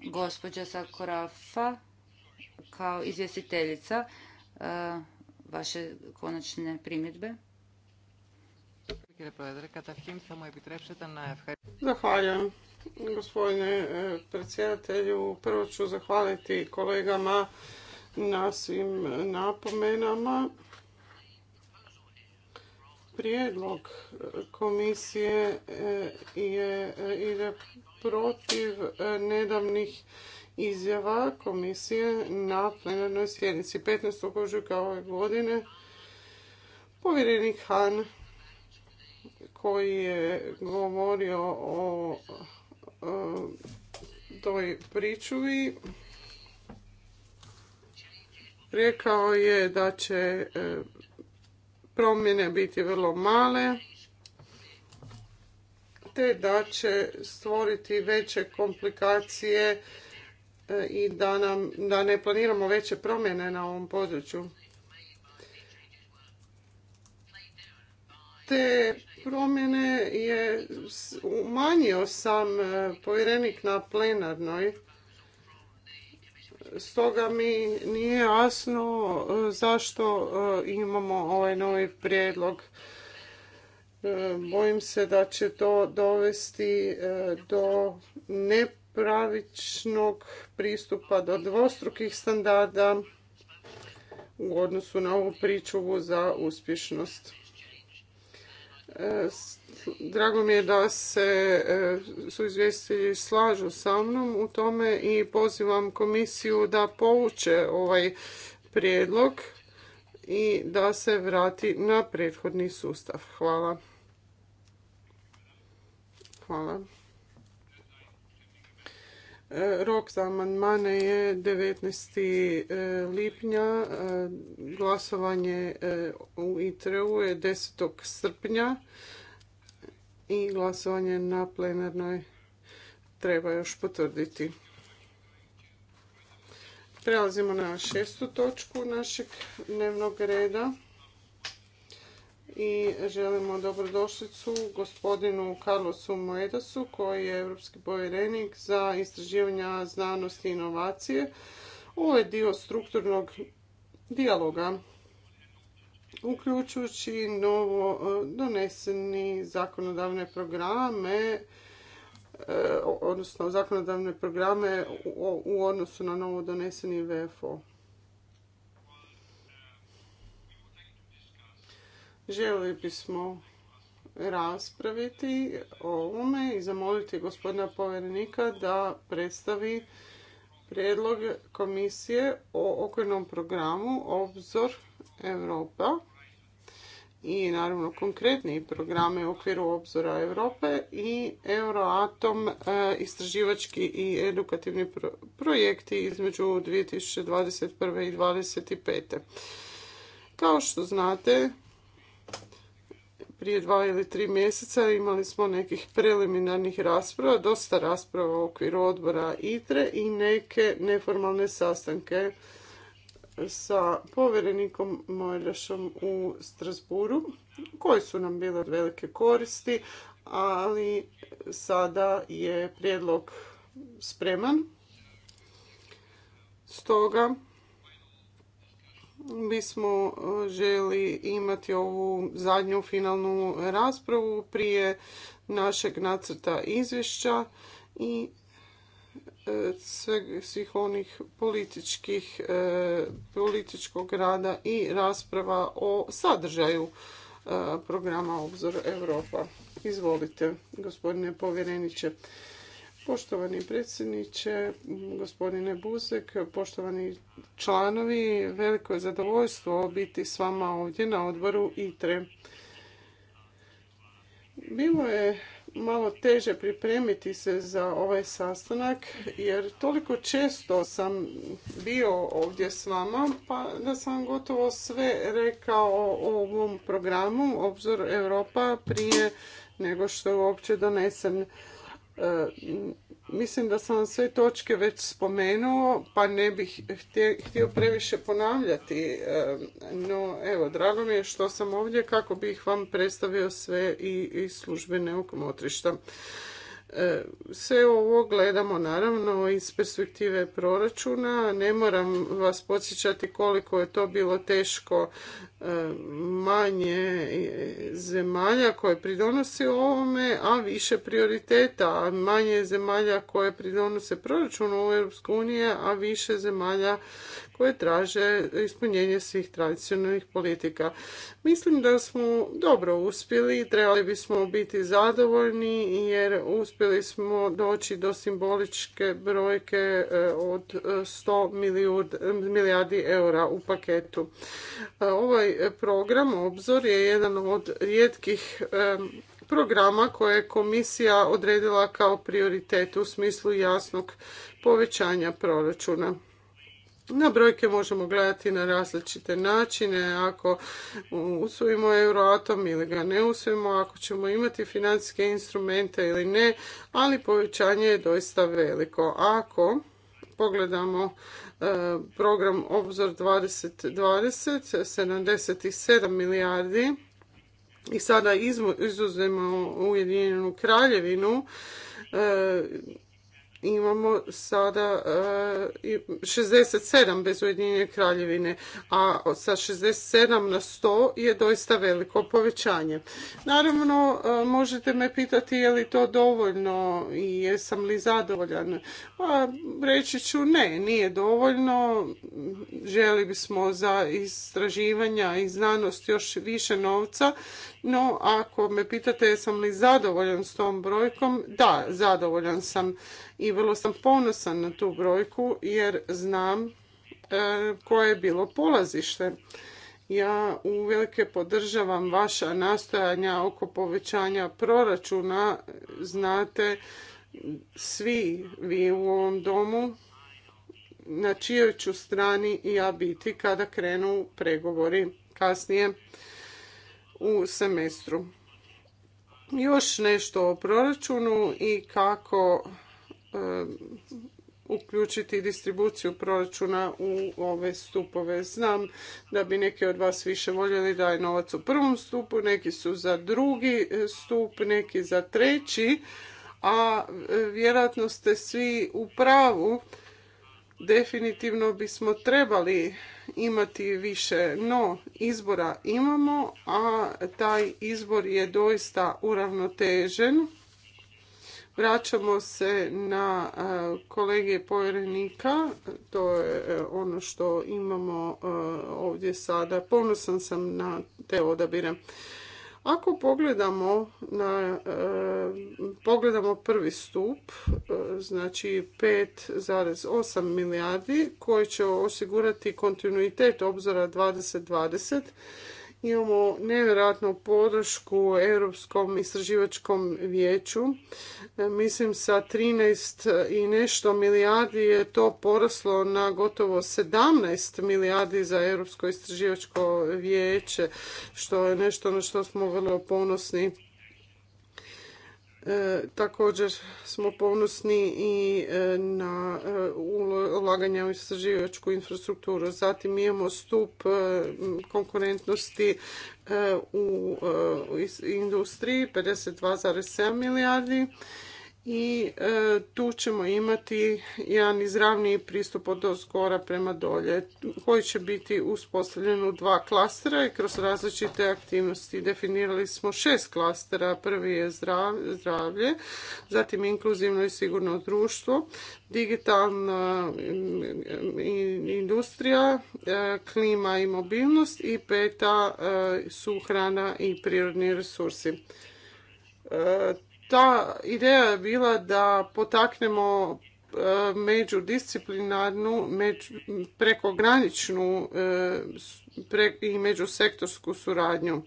Gospođa Sakorafa, kao izvjestiteljica, e, vaše konačne primjedbe. Zahvaljujem gospodine e, predsjedatelju. Prvo ću zahvaliti kolegama na svim napomenama. Prijedlog komisije e, je, e, ide protiv e, nedavnih izjava komisije na plenarnoj sjednici 15. ožujka ove godine. Povjerenik Han koji je govorio o toj pričuvi Rekao je da će e, promjene biti vrlo male, te da će stvoriti veće komplikacije e, i da, nam, da ne planiramo veće promjene na ovom području. Te promjene je umanjio sam e, povjerenik na plenarnoj Stoga mi nije jasno e, zašto e, imamo ovaj novi prijedlog. E, bojim se da će to dovesti do nepravičnog pristupa, do dvostrukih standarda u odnosu na ovu pričuvu za uspješnost. E, drago mi je da se e, su izvjestitelji slažu sa mnom u tome i pozivam komisiju da povuče ovaj prijedlog i da se vrati na prethodni sustav. Hvala. Hvala. Rok za amandmane je 19. E, lipnja, e, glasovanje e, u ITR-u je 10. srpnja i glasovanje na plenarnoj treba još potvrditi. Prelazimo na šestu točku našeg dnevnog reda i želimo dobrodošlicu gospodinu Carlosu Moedasu koji je europski povjerenik za istraživanja znanosti i inovacije. Ovo je dio strukturnog dijaloga uključujući novo doneseni zakonodavne programe e, odnosno zakonodavne programe u odnosu na novo doneseni VFO. Željeli bismo raspraviti o ovome i zamoliti gospodina povjerenika da predstavi prijedlog komisije o okvirnom programu Obzor Europa i naravno konkretni programe u okviru obzora Europe i Euroatom e, istraživački i edukativni projekti između 2021. i 2025. Kao što znate, prije dva ili tri mjeseca imali smo nekih preliminarnih rasprava, dosta rasprava u okviru odbora ITRE i neke neformalne sastanke sa povjerenikom Mojlešom u Strasburu, koje su nam bile velike koristi, ali sada je prijedlog spreman. Stoga bismo e, želi imati ovu zadnju finalnu raspravu prije našeg nacrta izvješća i e, svih onih političkih, e, političkog rada i rasprava o sadržaju programa Obzor Europa. Izvolite, gospodine povjereniče. Poštovani predsjedniče, gospodine Buzek, poštovani članovi, veliko je zadovoljstvo biti s vama ovdje na odboru ITRE. Bilo je malo teže pripremiti se za ovaj sastanak jer toliko često sam bio ovdje s vama pa da sam gotovo sve rekao o ovom programu Obzor Europa prije nego što je uopće donesen E, mislim da sam sve točke već spomenuo, pa ne bih htio previše ponavljati. E, no, evo, drago mi je što sam ovdje kako bih vam predstavio sve i, i službene okomotrišta. E, sve ovo gledamo naravno iz perspektive proračuna. Ne moram vas podsjećati koliko je to bilo teško e, manje zemalja koje pridonose ovome, a više prioriteta, manje zemalja koje pridonose proračunu u EU, a više zemalja koje traže ispunjenje svih tradicionalnih politika. Mislim da smo dobro uspjeli, trebali bismo biti zadovoljni jer uspjeli uspjeli smo doći do simboličke brojke e, od 100 milijardi eura u paketu. E, ovaj program Obzor je jedan od rijetkih e, programa koje je komisija odredila kao prioritet u smislu jasnog povećanja proračuna. Na brojke možemo gledati na različite načine, ako usvojimo euroatom ili ga ne usvojimo, ako ćemo imati financijske instrumente ili ne, ali povećanje je doista veliko. Ako pogledamo e, program Obzor 2020, 77 milijardi i sada izuzemo Ujedinjenu kraljevinu, e, imamo sada 67 e, bez Ujedinjene kraljevine, a sa 67 na 100 je doista veliko povećanje. Naravno, e, možete me pitati je li to dovoljno i jesam li zadovoljan. Pa, reći ću ne, nije dovoljno. Želi bismo za istraživanja i znanost još više novca no, ako me pitate jesam li zadovoljan s tom brojkom, da, zadovoljan sam i vrlo sam ponosan na tu brojku jer znam e, koje je bilo polazište. Ja uvelike podržavam vaša nastojanja oko povećanja proračuna. Znate svi vi u ovom domu na čijoj ću strani ja biti kada krenu pregovori kasnije u semestru. Još nešto o proračunu i kako e, uključiti distribuciju proračuna u ove stupove. Znam da bi neki od vas više voljeli da je novac u prvom stupu, neki su za drugi e, stup, neki za treći, a e, vjerojatno ste svi u pravu. Definitivno bismo trebali imati više, no izbora imamo, a taj izbor je doista uravnotežen. Vraćamo se na e, kolege povjerenika, to je e, ono što imamo e, ovdje sada. Ponosan sam na te odabire. Ako e, pogledamo prvi stup, e, znači 5,8 milijardi koji će osigurati kontinuitet obzora 2020 Imamo nevjerojatnu podršku Europskom istraživačkom vijeću. E, mislim sa 13 i nešto milijardi je to poraslo na gotovo 17 milijardi za Europsko istraživačko vijeće, što je nešto na što smo vrlo ponosni E, također smo ponosni i e, na e, ulaganja u istraživačku infrastrukturu. Zatim imamo stup konkurentnosti u industriji 52,7 milijardi i e, tu ćemo imati jedan izravniji pristup od gora prema dolje koji će biti uspostavljen u dva klastera i kroz različite aktivnosti. Definirali smo šest klastera. Prvi je zdravlje, zatim inkluzivno i sigurno društvo, digitalna industrija, e, klima i mobilnost i peta e, su hrana i prirodni resursi ta ideja je bila da potaknemo e, međudisciplinarnu, među, prekograničnu e, i međusektorsku suradnju.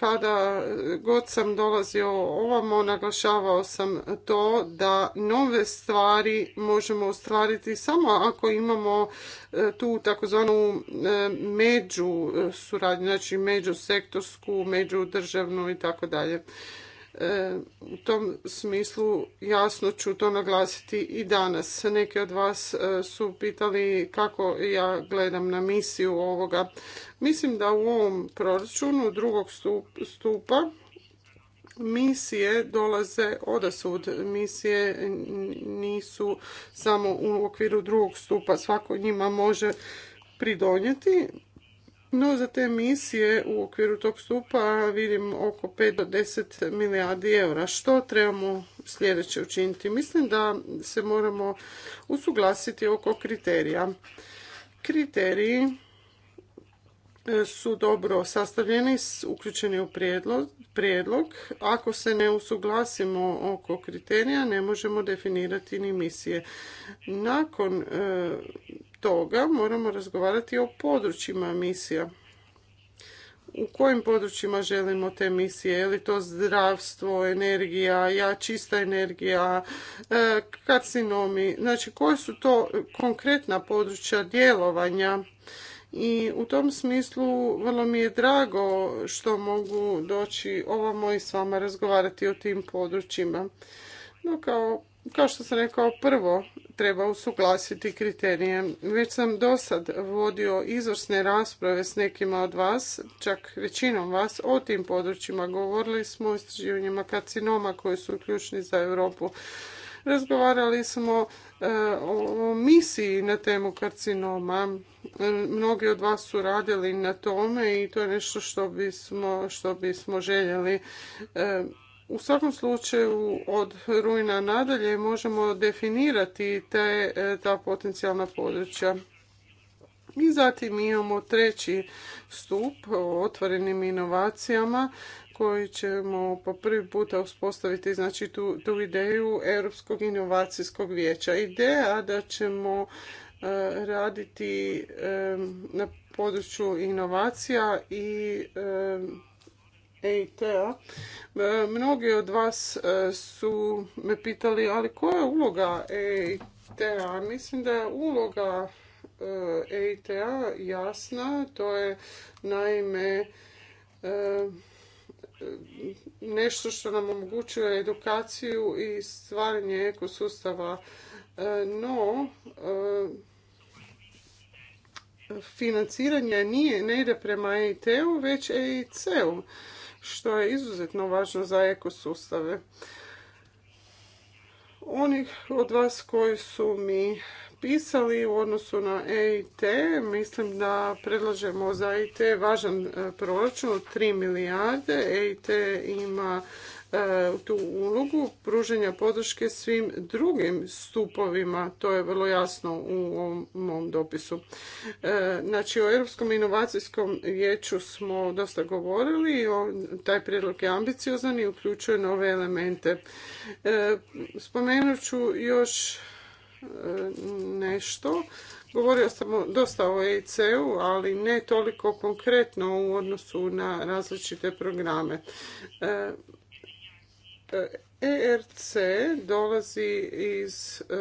Kada god sam dolazio ovamo, naglašavao sam to da nove stvari možemo ostvariti samo ako imamo e, tu takozvanu među suradnju, znači međusektorsku, međudržavnu i tako dalje. E, u tom smislu jasno ću to naglasiti i danas. Neki od vas e, su pitali kako ja gledam na misiju ovoga. Mislim da u ovom proračunu drugog stupa misije dolaze odasud. Misije nisu samo u okviru drugog stupa. Svako njima može pridonjeti. No, za te misije u okviru tog stupa vidim oko 5 do 10 milijardi eura. Što trebamo sljedeće učiniti? Mislim da se moramo usuglasiti oko kriterija. Kriteriji e, su dobro sastavljeni, uključeni u prijedlog, prijedlog. Ako se ne usuglasimo oko kriterija, ne možemo definirati ni misije. Nakon e, toga moramo razgovarati o područjima misija. U kojim područjima želimo te misije? Je li to zdravstvo, energija, ja čista energija, e, karcinomi? Znači, koje su to konkretna područja djelovanja? I u tom smislu vrlo mi je drago što mogu doći ovamo i s vama razgovarati o tim područjima. No, kao kao što sam rekao prvo, treba usuglasiti kriterije. Već sam do sad vodio izvrsne rasprave s nekima od vas, čak većinom vas, o tim područjima. Govorili smo o istraživanjima karcinoma koji su ključni za Europu. Razgovarali smo e, o misiji na temu karcinoma. E, mnogi od vas su radili na tome i to je nešto što bismo, što bismo željeli e, u svakom slučaju od rujna nadalje možemo definirati te, e, ta potencijalna područja. I zatim imamo treći stup o otvorenim inovacijama koji ćemo po prvi puta uspostaviti znači, tu, tu ideju Europskog inovacijskog vijeća. Ideja da ćemo e, raditi e, na području inovacija i eit e, mnogi od vas e, su me pitali, ali koja je uloga EIT-a? Mislim da je uloga EIT-a e jasna, to je naime nešto što nam omogućuje edukaciju i stvaranje ekosustava. No, financiranje nije, ne ide prema EIT-u, već EIC-u što je izuzetno važno za ekosustave. Oni od vas koji su mi pisali u odnosu na EIT, mislim da predlažemo za EIT važan e, proračun od 3 milijarde. EIT ima E, tu ulogu pruženja podrške svim drugim stupovima. To je vrlo jasno u ovom mom dopisu. E, znači, o Europskom inovacijskom vijeću smo dosta govorili. Taj prijedlog je ambiciozan i uključuje nove elemente. E, spomenut ću još nešto. Govorio sam dosta o EIC-u, ali ne toliko konkretno u odnosu na različite programe. ERC e dolazi iz e,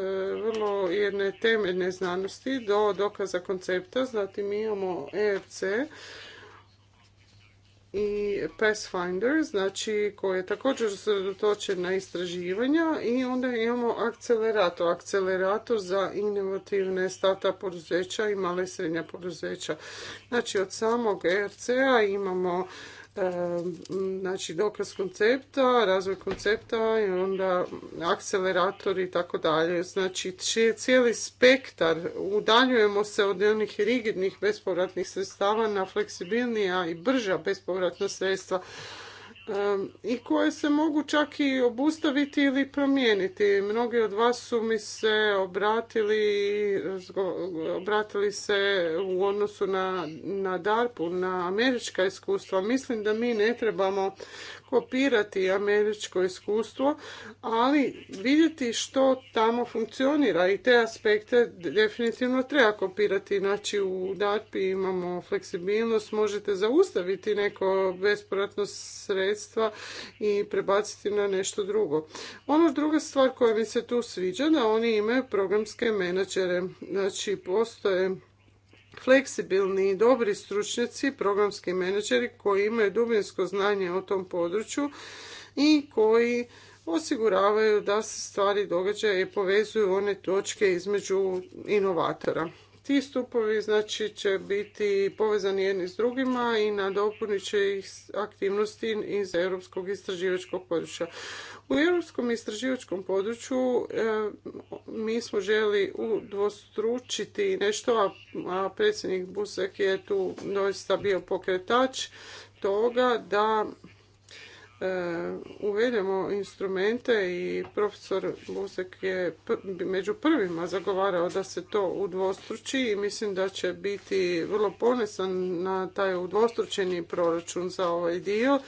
vrlo jedne temeljne znanosti do dokaza koncepta, mi imamo ERC i Pathfinder, znači koji je također sredotočen na istraživanja i onda imamo akcelerator, akcelerator za inovativne stata poduzeća i male i srednja poduzeća. Znači od samog ERC-a imamo znači dokaz koncepta, razvoj koncepta i onda akcelerator i tako dalje. Znači cijeli spektar, udaljujemo se od onih rigidnih bespovratnih sredstava na fleksibilnija i brža bespovratna sredstva i koje se mogu čak i obustaviti ili promijeniti. Mnogi od vas su mi se obratili, obratili se u odnosu na, na DARPU, na američka iskustva. Mislim da mi ne trebamo kopirati američko iskustvo, ali vidjeti što tamo funkcionira i te aspekte definitivno treba kopirati. Znači u DARPI imamo fleksibilnost, možete zaustaviti neko besporatno sredstva i prebaciti na nešto drugo. Ono druga stvar koja mi se tu sviđa da oni imaju programske menadžere. Znači postoje fleksibilni i dobri stručnjaci, programski menadžeri koji imaju dubinsko znanje o tom području i koji osiguravaju da se stvari događaju i povezuju one točke između inovatora. Ti stupovi znači, će biti povezani jedni s drugima i nadopunit će ih aktivnosti iz europskog istraživačkog područja. U europskom istraživačkom području eh, mi smo želi udvostručiti nešto, a predsjednik Busek je tu doista bio pokretač toga da E, uvedemo instrumente i profesor Busek je među prvima zagovarao da se to udvostruči i mislim da će biti vrlo ponesan na taj udvostručeni proračun za ovaj dio.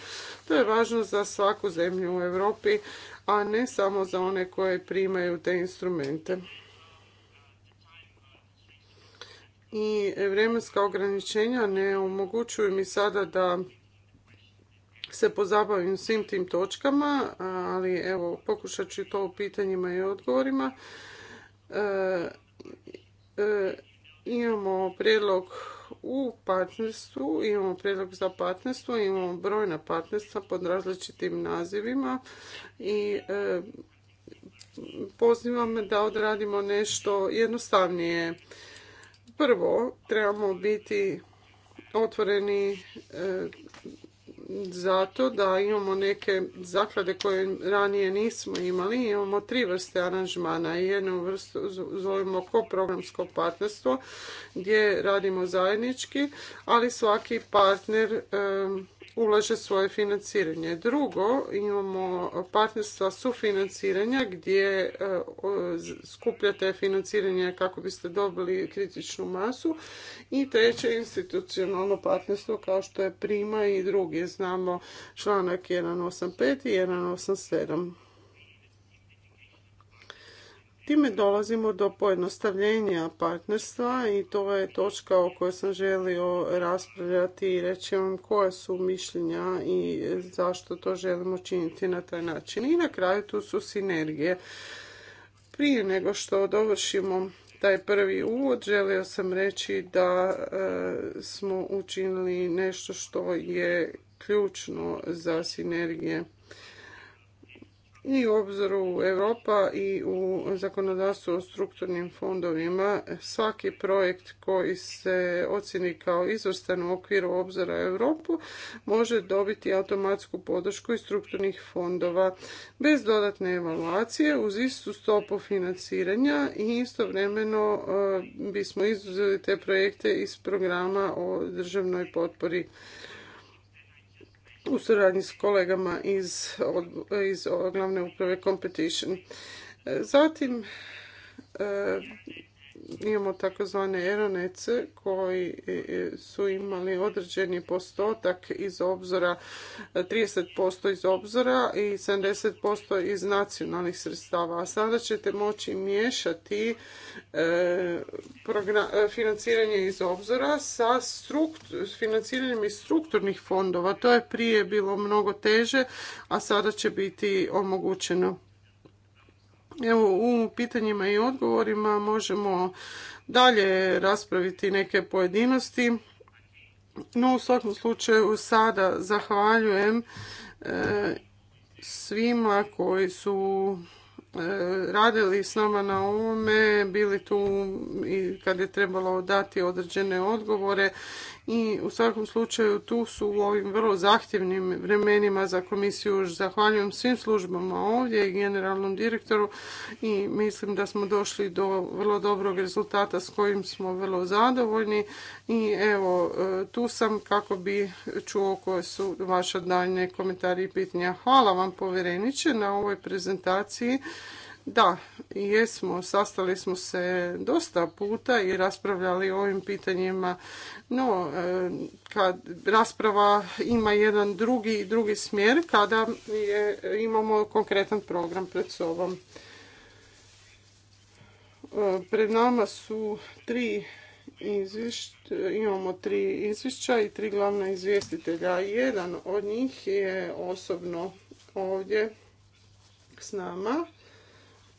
To je važno za svaku zemlju u Europi, a ne samo za one koje primaju te instrumente. I vremenska ograničenja ne omogućuju mi sada da se pozabavim svim tim točkama, ali evo pokušat ću to u pitanjima i odgovorima. E, e, imamo prijedlog u partnerstvu, imamo prijedlog za partnerstvo, imamo brojna partnerstva pod različitim nazivima i e, pozivam da odradimo nešto jednostavnije. Prvo, trebamo biti otvoreni e, zato da imamo neke zaklade koje ranije nismo imali. Imamo tri vrste aranžmana. Jednu vrstu zovemo koprogramsko partnerstvo gdje radimo zajednički, ali svaki partner ulaže svoje financiranje. Drugo, imamo partnerstva sufinanciranja gdje e, skupljate financiranje kako biste dobili kritičnu masu. I treće, institucionalno partnerstvo kao što je Prima i drugi. Znamo članak 185 i 187. Time dolazimo do pojednostavljenja partnerstva i to je točka o kojoj sam želio raspravljati i reći vam koja su mišljenja i zašto to želimo činiti na taj način. I na kraju tu su sinergije. Prije nego što dovršimo taj prvi uvod želio sam reći da e, smo učinili nešto što je ključno za sinergije i u obzoru Europa i u zakonodavstvu o strukturnim fondovima svaki projekt koji se ocjeni kao izvrstan u okviru obzora Europu može dobiti automatsku podršku iz strukturnih fondova bez dodatne evaluacije uz istu stopu financiranja i istovremeno e, bismo izuzeli te projekte iz programa o državnoj potpori u suradnji s kolegama iz, iz glavne uprave Competition. Zatim, e, imamo takozvane eronece koji su imali određeni postotak iz obzora, 30% iz obzora i 70% iz nacionalnih sredstava. A sada ćete moći miješati e, financiranje iz obzora sa financiranjem iz strukturnih fondova. To je prije bilo mnogo teže, a sada će biti omogućeno. Evo, u pitanjima i odgovorima možemo dalje raspraviti neke pojedinosti. No, u svakom slučaju sada zahvaljujem e, svima koji su e, radili s nama na ovome, bili tu i kad je trebalo dati određene odgovore i u svakom slučaju tu su u ovim vrlo zahtjevnim vremenima za komisiju još zahvaljujem svim službama ovdje i generalnom direktoru i mislim da smo došli do vrlo dobrog rezultata s kojim smo vrlo zadovoljni i evo e, tu sam kako bi čuo koje su vaše daljne komentari i pitanja. Hvala vam povjereniče na ovoj prezentaciji da, jesmo, sastali smo se dosta puta i raspravljali o ovim pitanjima, no e, kad rasprava ima jedan drugi, drugi smjer kada je, imamo konkretan program pred sobom. E, pred nama su tri izvješća, imamo tri izvješća i tri glavna izvjestitelja. Jedan od njih je osobno ovdje s nama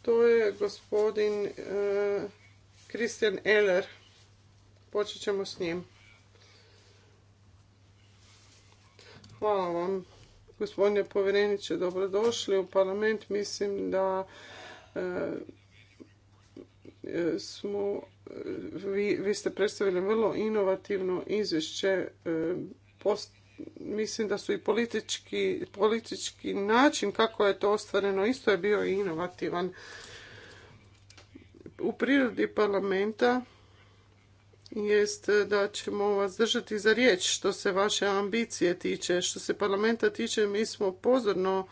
to je gospodin Kristjan e, Eller. Počet ćemo s njim. Hvala vam, gospodine povjereniče, dobrodošli u parlament. Mislim da e, e, smo, vi, vi ste predstavili vrlo inovativno izvješće post mislim da su i politički, politički način kako je to ostvareno isto je bio inovativan. U prirodi parlamenta jest da ćemo vas držati za riječ što se vaše ambicije tiče. Što se parlamenta tiče, mi smo pozorno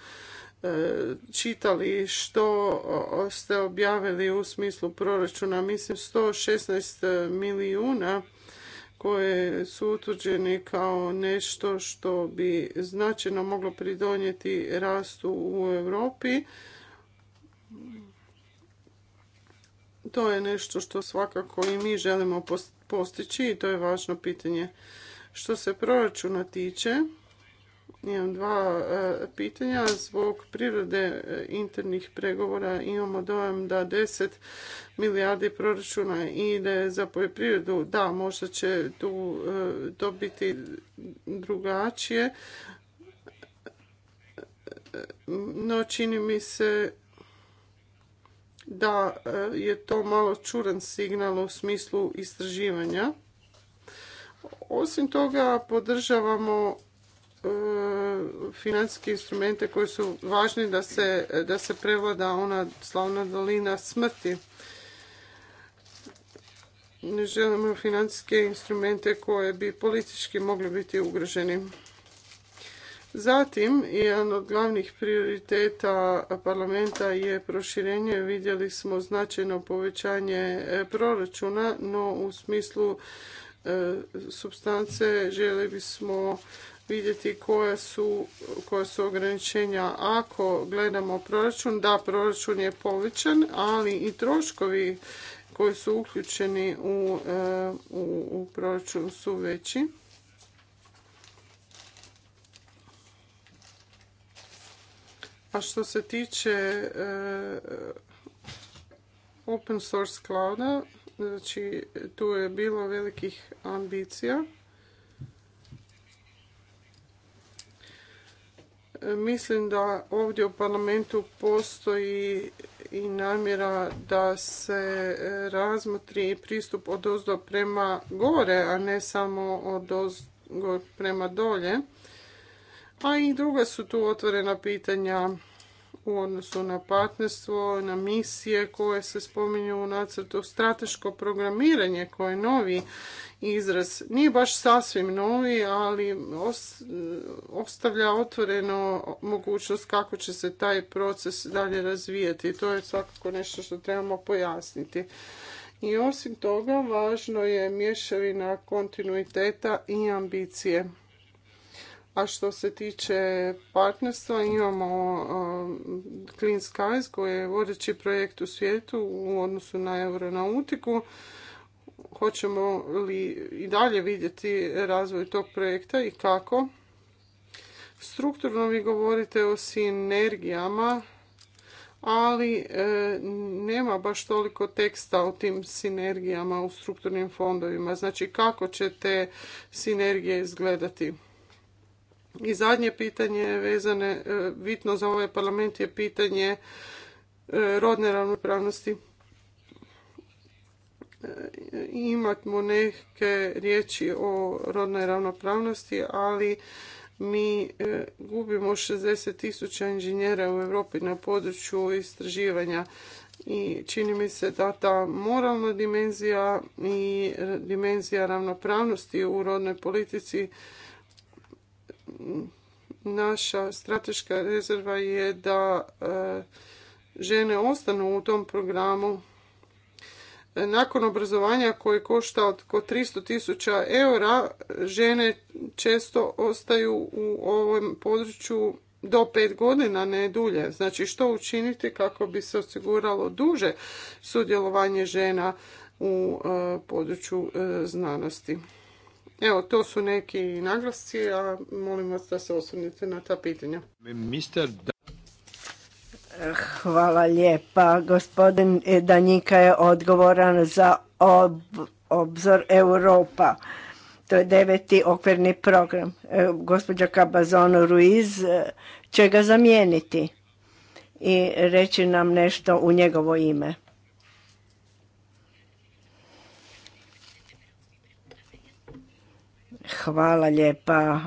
e, čitali što ste objavili u smislu proračuna. Mislim 116 milijuna koje su utvrđene kao nešto što bi značajno moglo pridonijeti rastu u Europi. To je nešto što svakako i mi želimo postići i to je važno pitanje. Što se proračuna tiče, imam dva e, pitanja. Zbog prirode e, internih pregovora imamo dojam da 10 milijardi proračuna ide za poljoprivredu. Da, možda će tu dobiti e, drugačije. No, čini mi se da je to malo čuran signal u smislu istraživanja. Osim toga, podržavamo E, financijske instrumente koji su važni da se, da prevlada ona slavna dolina smrti. Ne želimo financijske instrumente koje bi politički mogli biti ugroženi. Zatim, jedan od glavnih prioriteta parlamenta je proširenje. Vidjeli smo značajno povećanje e, proračuna, no u smislu e, substance želi bismo vidjeti koja su, ograničenja. Ako gledamo proračun, da, proračun je povećan, ali i troškovi koji su uključeni u, e, u proračun su veći. A što se tiče e, open source clouda, znači tu je bilo velikih ambicija. mislim da ovdje u parlamentu postoji i namjera da se e, razmotri pristup od ozdo prema gore, a ne samo od prema dolje. A i druga su tu otvorena pitanja u odnosu na partnerstvo, na misije koje se spominju u nacrtu, strateško programiranje koje je novi izraz. Nije baš sasvim novi, ali ostavlja otvoreno mogućnost kako će se taj proces dalje razvijati. To je svakako nešto što trebamo pojasniti. I osim toga, važno je mješavina kontinuiteta i ambicije. A što se tiče partnerstva, imamo Clean Skies koji je vodeći projekt u svijetu u odnosu na euronautiku. Hoćemo li i dalje vidjeti razvoj tog projekta i kako? Strukturno vi govorite o sinergijama, ali e, nema baš toliko teksta o tim sinergijama u strukturnim fondovima. Znači kako će te sinergije izgledati? I zadnje pitanje vezane, e, bitno za ovaj parlament je pitanje e, rodne ravnopravnosti. E, imamo neke riječi o rodnoj ravnopravnosti, ali mi gubimo 60 tisuća inženjera u Europi na području istraživanja i čini mi se da ta moralna dimenzija i dimenzija ravnopravnosti u rodnoj politici naša strateška rezerva je da e, žene ostanu u tom programu nakon obrazovanja koje košta oko 300.000 eura, žene često ostaju u ovom području do pet godina, ne dulje. Znači što učiniti kako bi se osiguralo duže sudjelovanje žena u e, području e, znanosti. Evo, to su neki naglasci, a molim vas da se osvrnite na ta pitanja. Hvala lijepa. Gospodin Danjika je odgovoran za obzor Europa. To je deveti okvirni program. E, gospođa Cabazon Ruiz e, će ga zamijeniti i reći nam nešto u njegovo ime. Hvala lijepa.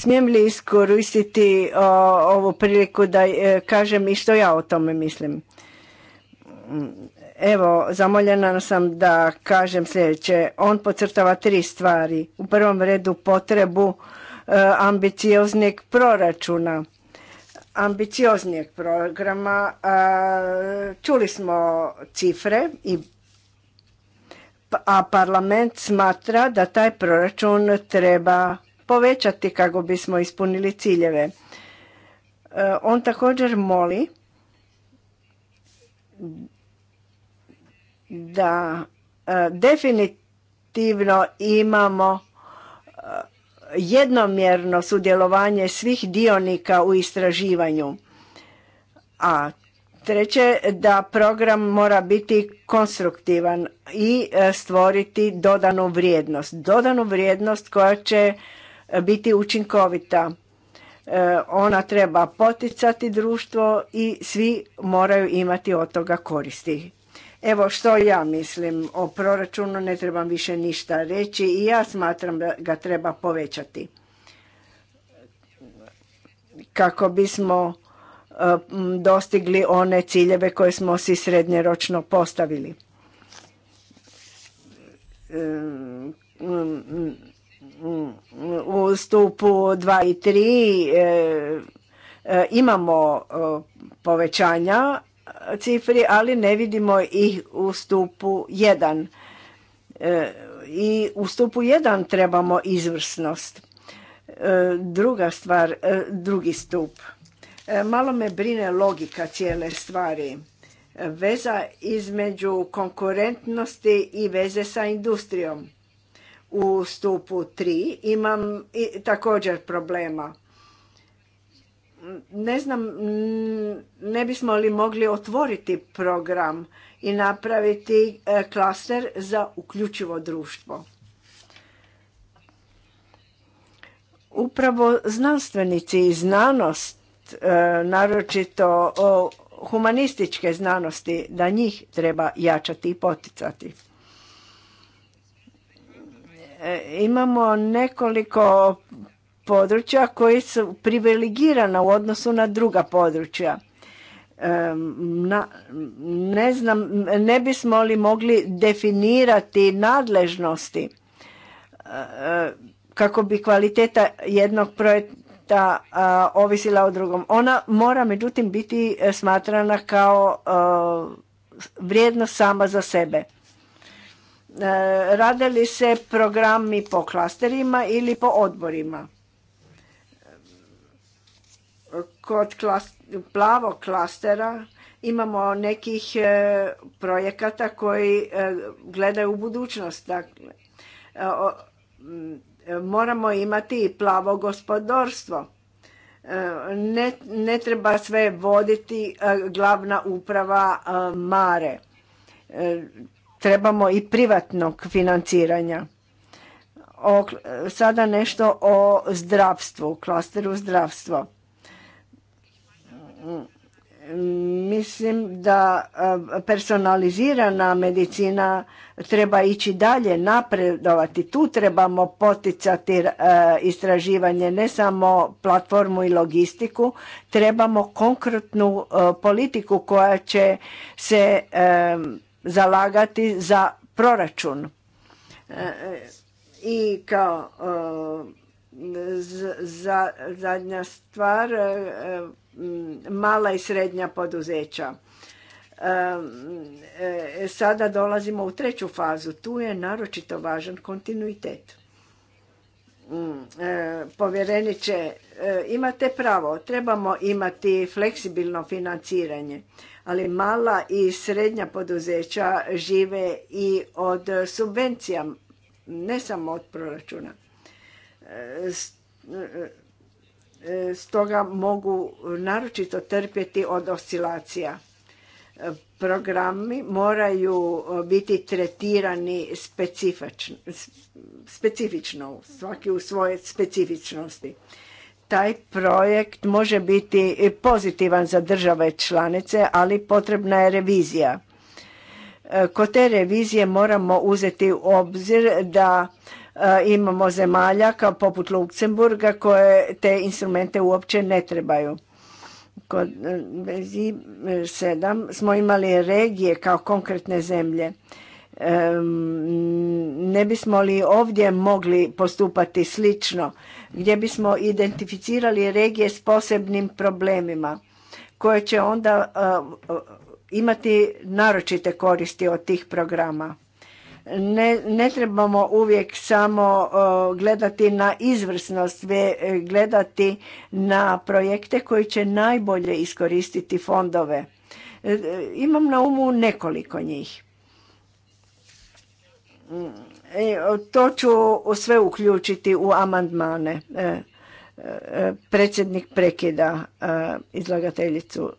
Smijem li iskoristiti ovu priliku da e, kažem i što ja o tome mislim? Evo, zamoljena sam da kažem sljedeće. On pocrtava tri stvari. U prvom redu potrebu e, ambicioznijeg proračuna ambicioznijeg programa. Čuli smo cifre i a parlament smatra da taj proračun treba povećati kako bismo ispunili ciljeve. E, on također moli da e, definitivno imamo e, jednomjerno sudjelovanje svih dionika u istraživanju. A Treće, da program mora biti konstruktivan i e, stvoriti dodanu vrijednost. Dodanu vrijednost koja će e, biti učinkovita. E, ona treba poticati društvo i svi moraju imati od toga koristi. Evo što ja mislim o proračunu, ne trebam više ništa reći i ja smatram da ga treba povećati. Kako bismo dostigli one ciljeve koje smo si srednjeročno postavili. U stupu 2 i 3 e, e, imamo e, povećanja cifri, ali ne vidimo ih u stupu 1. I u stupu 1 trebamo izvrsnost. Druga stvar, drugi stup – Malo me brine logika cijele stvari. Veza između konkurentnosti i veze sa industrijom. U stupu 3 imam također problema. Ne znam, ne bismo li mogli otvoriti program i napraviti e, klaster za uključivo društvo. Upravo znanstvenici i znanost E, naročito humanističke znanosti, da njih treba jačati i poticati. E, imamo nekoliko područja koji su privilegirana u odnosu na druga područja. E, na, ne znam, ne bismo li mogli definirati nadležnosti kako bi kvaliteta jednog projekta da ovisila o drugom. Ona mora međutim biti e, smatrana kao e, vrijednost sama za sebe. E, rade li se programi po klasterima ili po odborima? Kod klas, plavog klastera imamo nekih projekata koji gledaju u budućnost. Dakle, Moramo imati i plavo gospodarstvo. E, ne, ne treba sve voditi e, glavna uprava e, Mare. Trebamo i privatnog financiranja. sada nešto o zdravstvu, klasteru zdravstva Mislim da e, personalizirana medicina treba ići dalje, napredovati. Tu trebamo poticati e, istraživanje, ne samo platformu i logistiku, trebamo konkretnu e, politiku koja će se zalagati za proračun. I kao za, zadnja stvar, e, e, mala i srednja poduzeća. E, sada dolazimo u treću fazu. Tu je naročito važan kontinuitet. Mm, povjereniče, imate pravo, trebamo imati fleksibilno financiranje, ali mala i srednja poduzeća žive i od subvencija, ne samo od proračuna stoga mogu naročito trpjeti od oscilacija. Programi moraju biti tretirani specifično, svaki u svoje specifičnosti. Taj projekt može biti pozitivan za države članice, ali potrebna je revizija. Kod te revizije moramo uzeti u obzir da E, imamo zemalja kao poput Luksemburga koje te instrumente uopće ne trebaju. Kod e, e, sedam smo imali regije kao konkretne zemlje. Ne bismo li ovdje mogli postupati slično gdje bismo identificirali regije s posebnim problemima koje će onda imati naročite koristi od tih programa. Ne, ne trebamo uvijek samo gledati na izvrsnost, e, gledati na projekte koji će najbolje iskoristiti fondove. E, e, imam na umu nekoliko njih. To ću sve uključiti u amandmane. Predsjednik prekida izlagateljicu.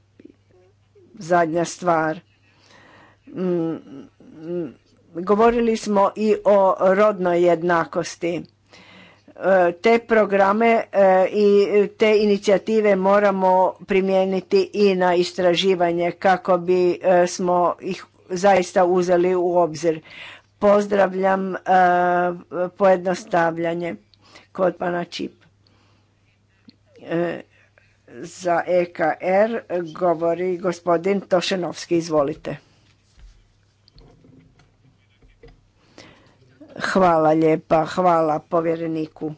Zadnja stvar mm, Govorili smo i o rodnoj jednakosti. E, te programe e, i te inicijative moramo primijeniti i na istraživanje kako bi e, smo ih zaista uzeli u obzir. Pozdravljam pojednostavljanje kod pana Čip. Za EKR govori gospodin Tošenovski. Izvolite. Hvala lijepa, hvala povjereniku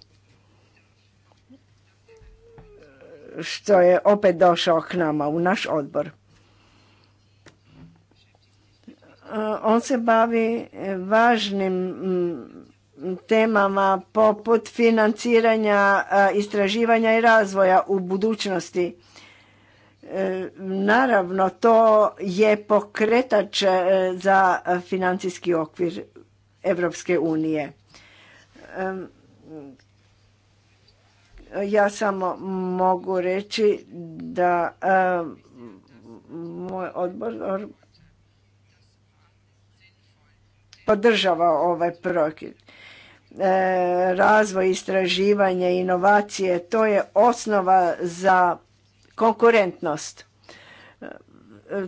što je opet došao k nama u naš odbor. On se bavi važnim temama poput financiranja, istraživanja i razvoja u budućnosti. E, naravno, to je pokretač e, za financijski okvir Evropske unije. Ja samo mogu reći da moj odbor podržava ovaj projekt. E, razvoj, istraživanje, inovacije, to je osnova za konkurentnost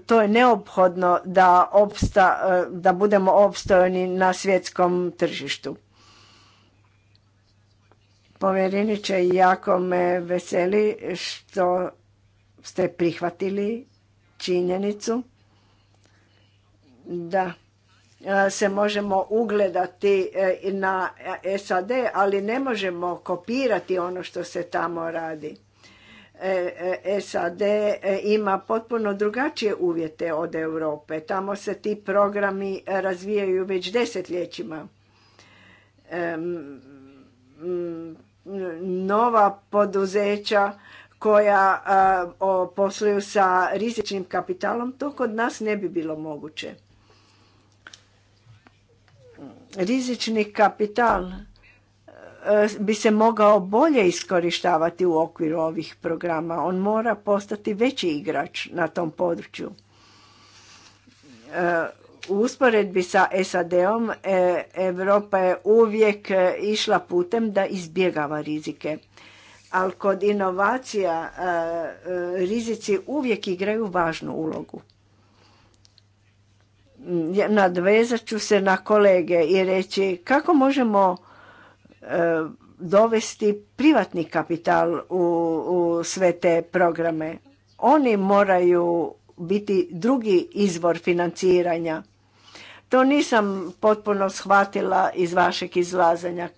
to je neophodno da, opsta, e, da budemo opstojni na svjetskom tržištu. Povjereniče, jako me veseli što ste prihvatili činjenicu da e, se možemo ugledati e, na SAD, ali ne možemo kopirati ono što se tamo radi. E, e, SAD e, ima potpuno drugačije uvjete od Europe. Tamo se ti programi razvijaju već desetljećima. Nova poduzeća koja posluju sa rizičnim kapitalom, to kod nas ne bi bilo moguće. Rizični kapital E, bi se mogao bolje iskorištavati u okviru ovih programa. On mora postati veći igrač na tom području. E, u usporedbi sa SAD-om Europa je uvijek e, išla putem da izbjegava rizike. Ali kod inovacija rizici uvijek igraju važnu ulogu. Nadvezat ću se na kolege i reći kako možemo dovesti privatni kapital u, u sve te programe. Oni moraju biti drugi izvor financiranja. To nisam potpuno shvatila iz vašeg izlazanja.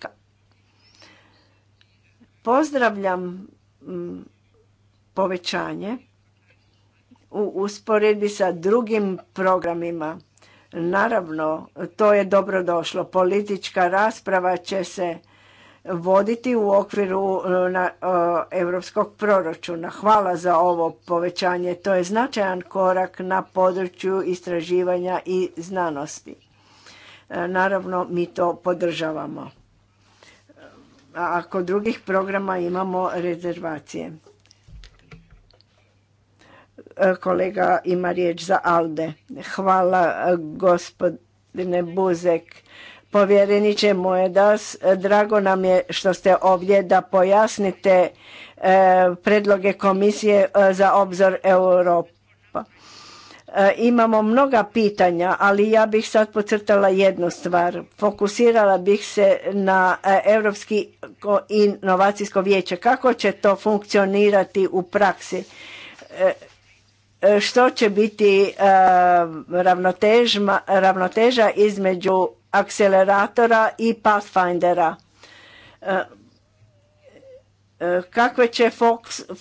Pozdravljam mm, povećanje u usporedbi sa drugim programima. Naravno, to je dobro došlo. Politička rasprava će se voditi u okviru e, na, europskog proračuna. Hvala za ovo povećanje. To je značajan korak na području istraživanja i znanosti. E, naravno, mi to podržavamo. E, A kod drugih programa imamo rezervacije. Kolega ima riječ za Alde. Hvala gospodine Buzek Povjereniče moje das, drago nam je što ste ovdje da pojasnite e, predloge komisije e, za obzor Europa. E, imamo mnoga pitanja, ali ja bih sad pocrtala jednu stvar. Fokusirala bih se na Europski inovacijsko vijeće. Kako će to funkcionirati u praksi? Što će biti ravnoteža između akceleratora i pathfindera. E, e, kakve će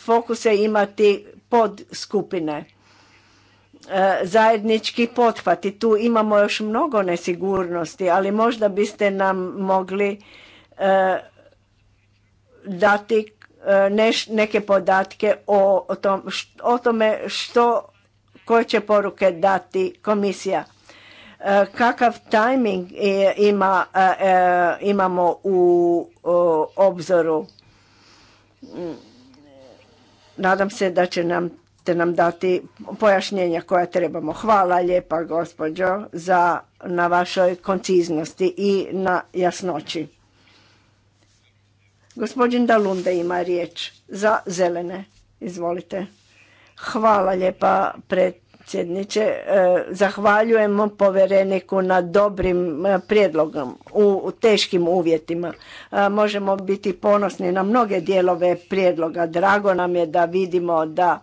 fokuse imati pod skupine? E, zajednički pothvati. Tu imamo još mnogo nesigurnosti, ali možda biste nam mogli dati neke podatke o, o, tom, o tome što koje će poruke dati komisija Kakav tajming ima, e, e, imamo u obzoru? Nadam se da će nam te nam dati pojašnjenja koja trebamo. Hvala lijepa gospođo za, na vašoj konciznosti i na jasnoći. Gospodin Dalunde ima riječ za zelene. Izvolite. Hvala lijepa pred predsjedniče. E, zahvaljujemo povereniku na dobrim e, prijedlogom u teškim uvjetima. E, možemo biti ponosni na mnoge dijelove prijedloga. Drago nam je da vidimo da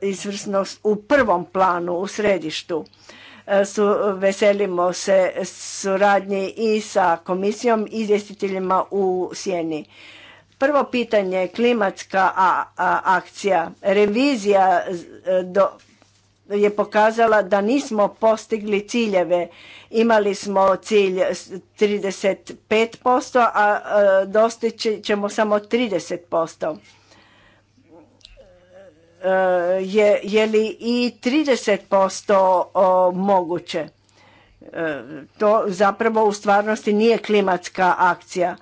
izvrsnost u prvom planu, u središtu, veselimo se suradnji i sa komisijom i izvjestiteljima u Sjeni. Prvo pitanje, je klimatska akcija, revizija e, do, je pokazala da nismo postigli ciljeve. Imali smo cilj 35%, a e, dostići ćemo samo 30%. E, je, je li i 30% moguće? To zapravo u stvarnosti nije klimatska akcija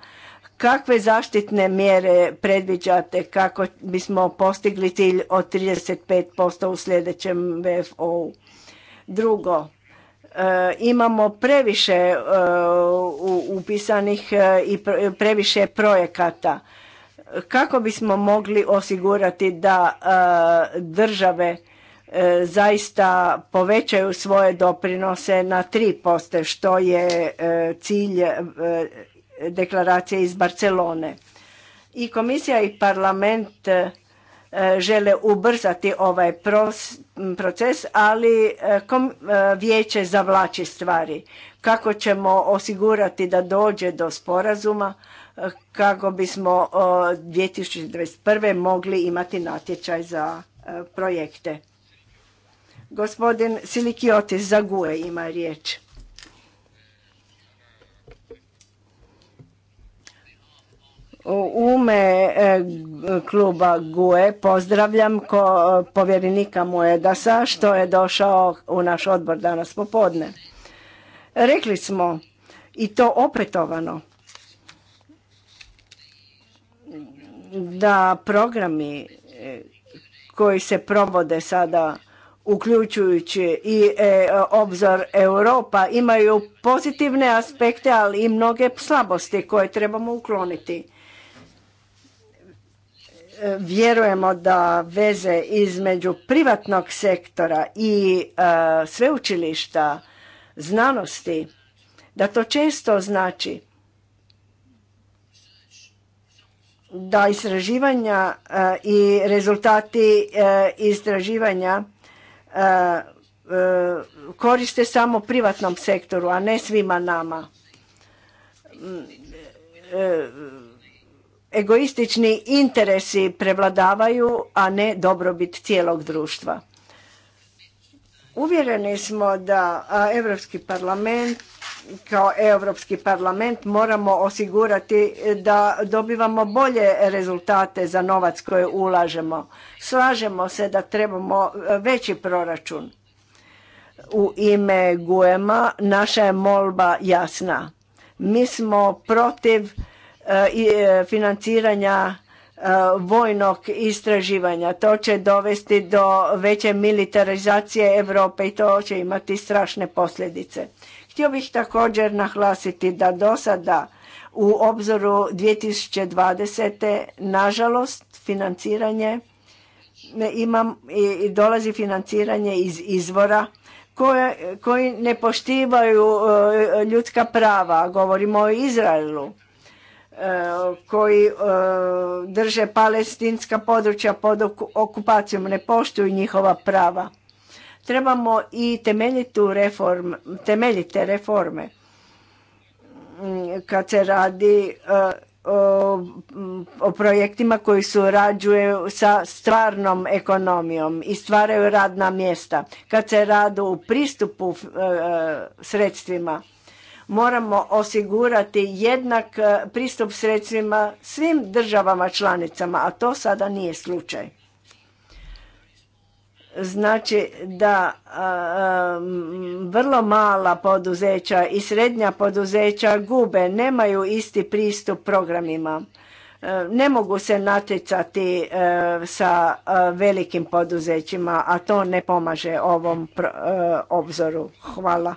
Kakve zaštitne mjere predviđate kako bismo postigli cilj od 35% u sljedećem VFO-u? Drugo, e, imamo previše e, upisanih e, i previše projekata. Kako bismo mogli osigurati da države zaista povećaju svoje doprinose na 3%, što je cilj deklaracije iz Barcelone. I komisija i parlament e, žele ubrzati ovaj proces, ali e, e, vijeće zavlači stvari. Kako ćemo osigurati da dođe do sporazuma kako bismo 2021. mogli imati natječaj za projekte. Gospodin Silikiotis Zague ima riječ. U ume e, kluba GUE pozdravljam ko povjerenika sa što je došao u naš odbor danas popodne. Rekli smo i to opetovano da programi e, koji se provode sada uključujući i e, obzor Europa imaju pozitivne aspekte, ali i mnoge slabosti koje trebamo ukloniti vjerujemo da veze između privatnog sektora i e, sveučilišta znanosti da to često znači da istraživanja e, i rezultati e, istraživanja koriste samo privatnom sektoru, a ne svima nama. Mm, egoistični interesi prevladavaju, a ne dobrobit cijelog društva. Uvjereni smo da Europski parlament kao Europski parlament moramo osigurati da dobivamo bolje rezultate za novac koje ulažemo. Slažemo se da trebamo veći proračun. U ime Guema naša je molba jasna. Mi smo protiv E, i e, financiranja e, vojnog istraživanja. To će dovesti do veće militarizacije Europe i to će imati strašne posljedice. Htio bih također naglasiti da do sada u obzoru 2020. nažalost financiranje imam i dolazi financiranje iz izvora koji ne poštivaju ljudska prava. Govorimo o Izraelu E, koji e, drže palestinska područja pod okupacijom, ne poštuju njihova prava. Trebamo i temeljitu reform, temeljite reforme kad se radi e, o, projektima koji surađuju sa stvarnom ekonomijom i stvaraju radna mjesta. Kad se radi u pristupu sredstvima, moramo osigurati jednak e, pristup sredstvima svim državama članicama, a to sada nije slučaj. Znači da e, vrlo mala poduzeća i srednja poduzeća gube, nemaju isti pristup programima. E, ne mogu se natjecati sa velikim poduzećima, a to ne pomaže ovom obzoru. Hvala.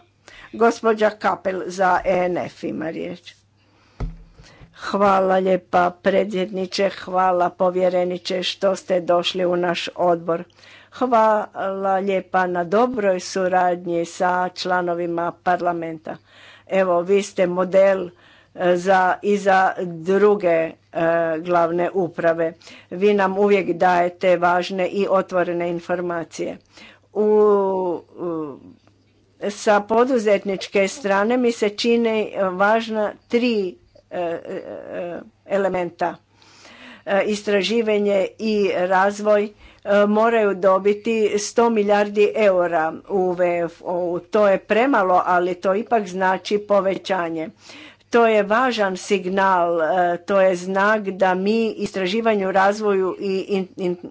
Gospođa Kapel za ENF ima riječ. Hvala lijepa predsjedniče, hvala povjereniče što ste došli u naš odbor. Hvala lijepa na dobroj suradnji sa članovima parlamenta. Evo, vi ste model e, za, i za druge e, glavne uprave. Vi nam uvijek dajete važne i otvorene informacije. U, u sa poduzetničke strane mi se čine važna tri e, e, e, elementa. Istraživanje i razvoj moraju dobiti 100 milijardi eura u VFO. To je premalo, ali to ipak znači povećanje. To je važan signal, to je znak da mi istraživanju, razvoju i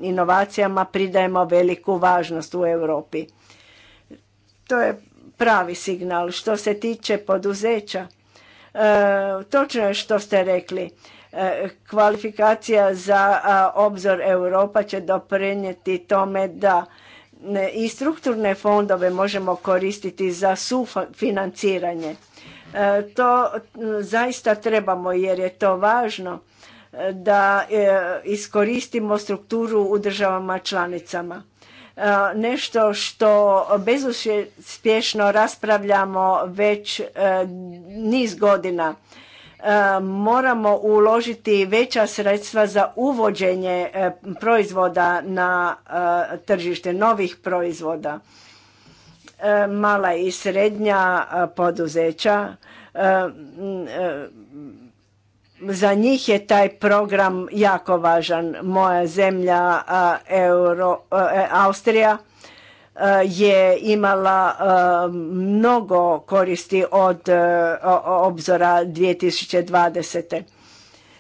inovacijama pridajemo veliku važnost u Europi. To je pravi signal. Što se tiče poduzeća, e, točno je što ste rekli. E, kvalifikacija za obzor Europa će doprinijeti tome da e, i strukturne fondove možemo koristiti za sufinanciranje. To zaista trebamo jer je to važno da iskoristimo strukturu u državama članicama. E, nešto što bezuspješno raspravljamo već e, niz godina. E, moramo uložiti veća sredstva za uvođenje proizvoda na tržište novih proizvoda. Mala i srednja poduzeća za njih je taj program jako važan. Moja zemlja Euro, e, Austrija je imala mnogo koristi od e, obzora 2020.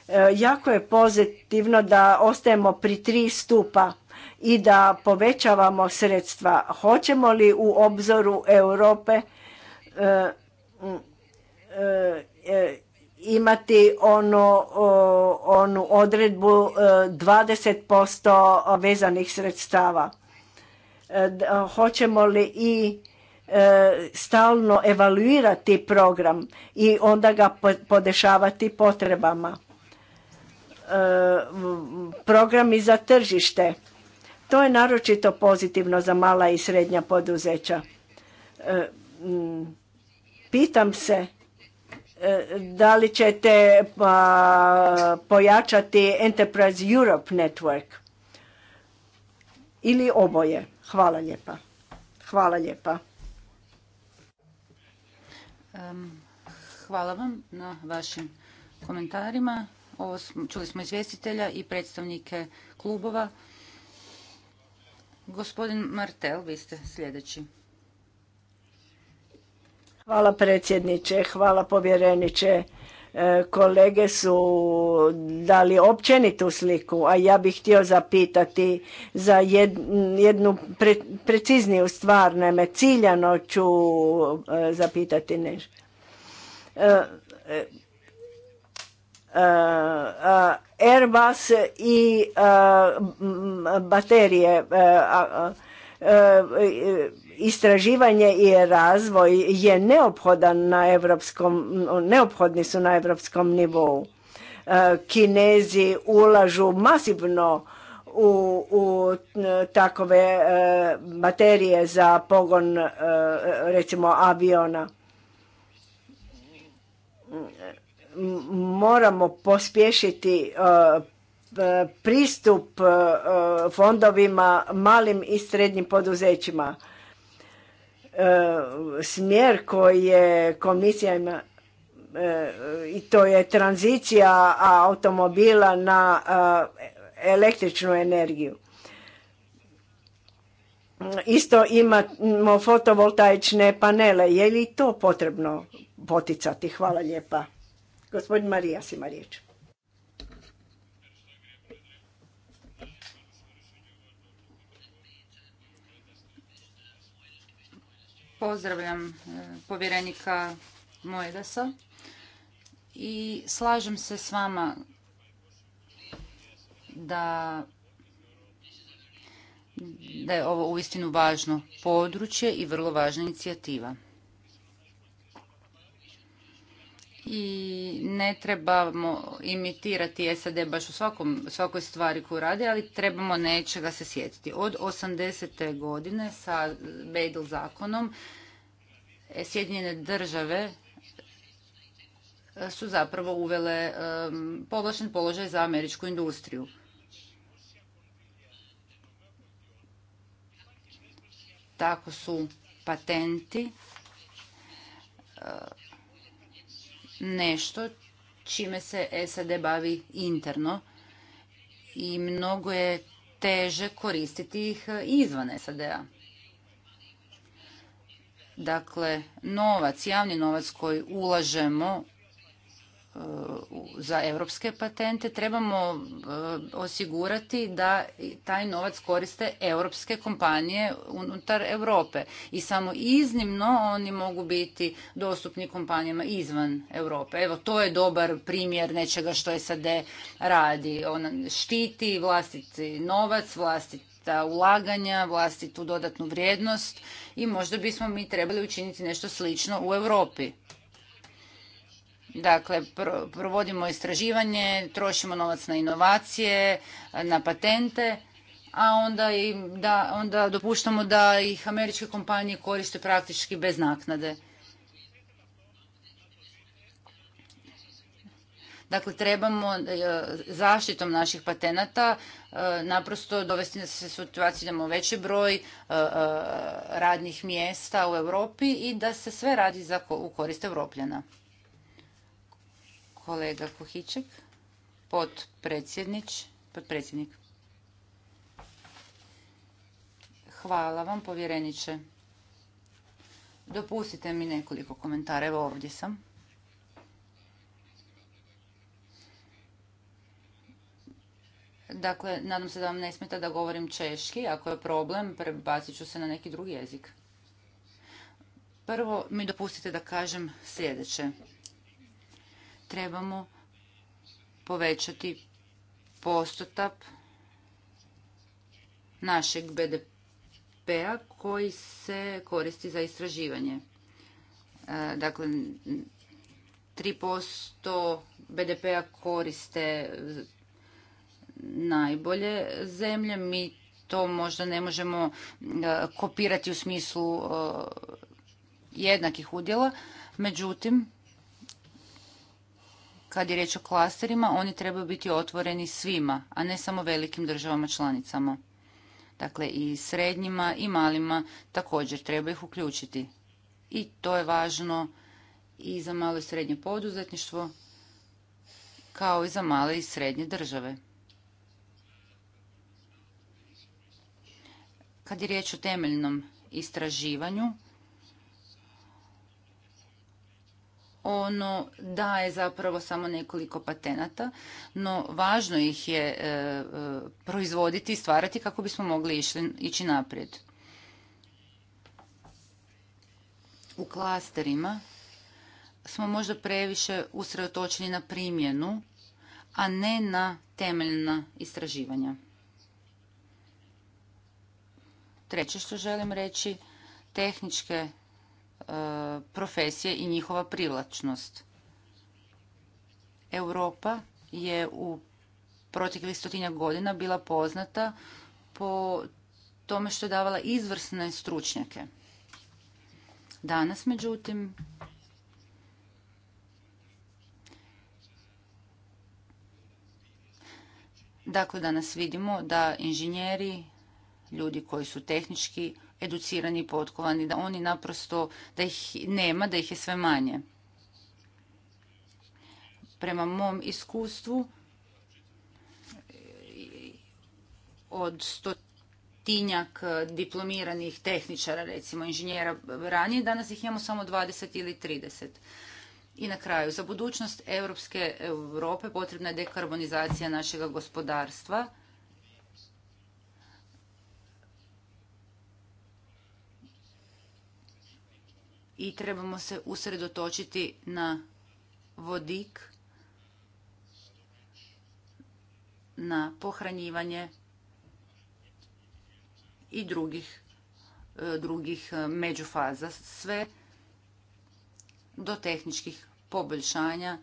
E, jako je pozitivno da ostajemo pri tri stupa i da povećavamo sredstva. Hoćemo li u obzoru Europe imati onu, onu odredbu 20% e, vezanih sredstava. E, e, hoćemo li i stalno evaluirati program i onda ga podešavati potrebama. i za tržište. To je naročito pozitivno za mala i srednja poduzeća. Pitam se da li ćete pa, pojačati Enterprise Europe Network ili oboje. Hvala lijepa. Hvala lijepa. Hvala vam na vašim komentarima. Ovo čuli smo izvjestitelja i predstavnike klubova. Gospodin Martel, vi ste sljedeći. Hvala predsjedniče, hvala povjereniče. E, kolege su dali općenitu sliku, a ja bih htio zapitati za jednu precizniju stvar, neme ciljano ću e, zapitati nešto. E, Airbus i baterije istraživanje i razvoj je neophodan na evropskom, neophodni su na europskom nivou. E, Kinezi ulažu masivno u, u e, takove materije e, za pogon recimo aviona. Moramo pospješiti pristup fondovima malim i srednjim poduzećima E, smjer koji je komisija ima e, i to je tranzicija automobila na e, električnu energiju. Isto imamo fotovoltaične panele. Je li to potrebno poticati? Hvala lijepa. Gospodin Marija ima riječ. Pozdravljam e, povjerenika Moedasa i slažem se s vama da da je ovo uistinu važno područje i vrlo važna inicijativa. i ne trebamo imitirati SAD baš u svakom, svakoj stvari koju radi, ali trebamo nečega se sjetiti. Od 80. godine sa Bejdel zakonom e, Sjedinjene države e, su zapravo uvele um, položaj za američku industriju. Tako su patenti nešto čime se SAD bavi interno i mnogo je teže koristiti ih e, izvan SAD-a. Dakle, novac, javni novac koji ulažemo za europske patente trebamo e, osigurati da taj novac koriste europske kompanije unutar Europe i samo iznimno oni mogu biti dostupni kompanijama izvan Europe. Evo to je dobar primjer nečega što SAD radi. On štiti vlastiti novac, vlastita ulaganja, vlastitu dodatnu vrijednost i možda bismo mi trebali učiniti nešto slično u Europi. Dakle, provodimo istraživanje, trošimo novac na inovacije, na patente, a onda, i da, onda dopuštamo da ih američke kompanije koriste praktički bez naknade. Dakle, trebamo e, zaštitom naših patenata e, naprosto dovesti na se situaciju da imamo veći broj e, radnih mjesta u Europi i da se sve radi za, u korist Evropljana kolega Kohiček, podpredsjednik. Hvala vam, povjereniče. Dopustite mi nekoliko komentara, evo ovdje sam. Dakle, nadam se da vam ne smeta da govorim češki. Ako je problem, prebacit ću se na neki drugi jezik. Prvo mi dopustite da kažem sljedeće trebamo povećati postotak našeg BDP-a koji se koristi za istraživanje. E, dakle, 3% BDP-a koriste najbolje zemlje. Mi to možda ne možemo e, kopirati u smislu e, jednakih udjela. Međutim, kad je riječ o klasterima, oni trebaju biti otvoreni svima, a ne samo velikim državama članicama. Dakle, i srednjima i malima također treba ih uključiti. I to je važno i za malo i srednje poduzetništvo, kao i za male i srednje države. Kad je riječ o temeljnom istraživanju, ono daje zapravo samo nekoliko patenata, no važno ih je e, e, proizvoditi i stvarati kako bismo mogli ići naprijed. U klasterima smo možda previše usredotočeni na primjenu, a ne na temeljna istraživanja. Treće što želim reći, tehničke profesije i njihova privlačnost. Europa je u proteklih stotinja godina bila poznata po tome što je davala izvrsne stručnjake. Danas, međutim, dakle, danas vidimo da inženjeri, ljudi koji su tehnički educirani i potkovani, da oni naprosto, da ih nema, da ih je sve manje. Prema mom iskustvu, od stotinjak eh, diplomiranih tehničara, recimo inženjera ranije, danas ih imamo samo 20 ili 30. I na kraju, za budućnost Europske Europe potrebna je dekarbonizacija našega gospodarstva, i trebamo se usredotočiti na vodik, na pohranjivanje i drugih, e, drugih e, međufaza. Sve do tehničkih poboljšanja e,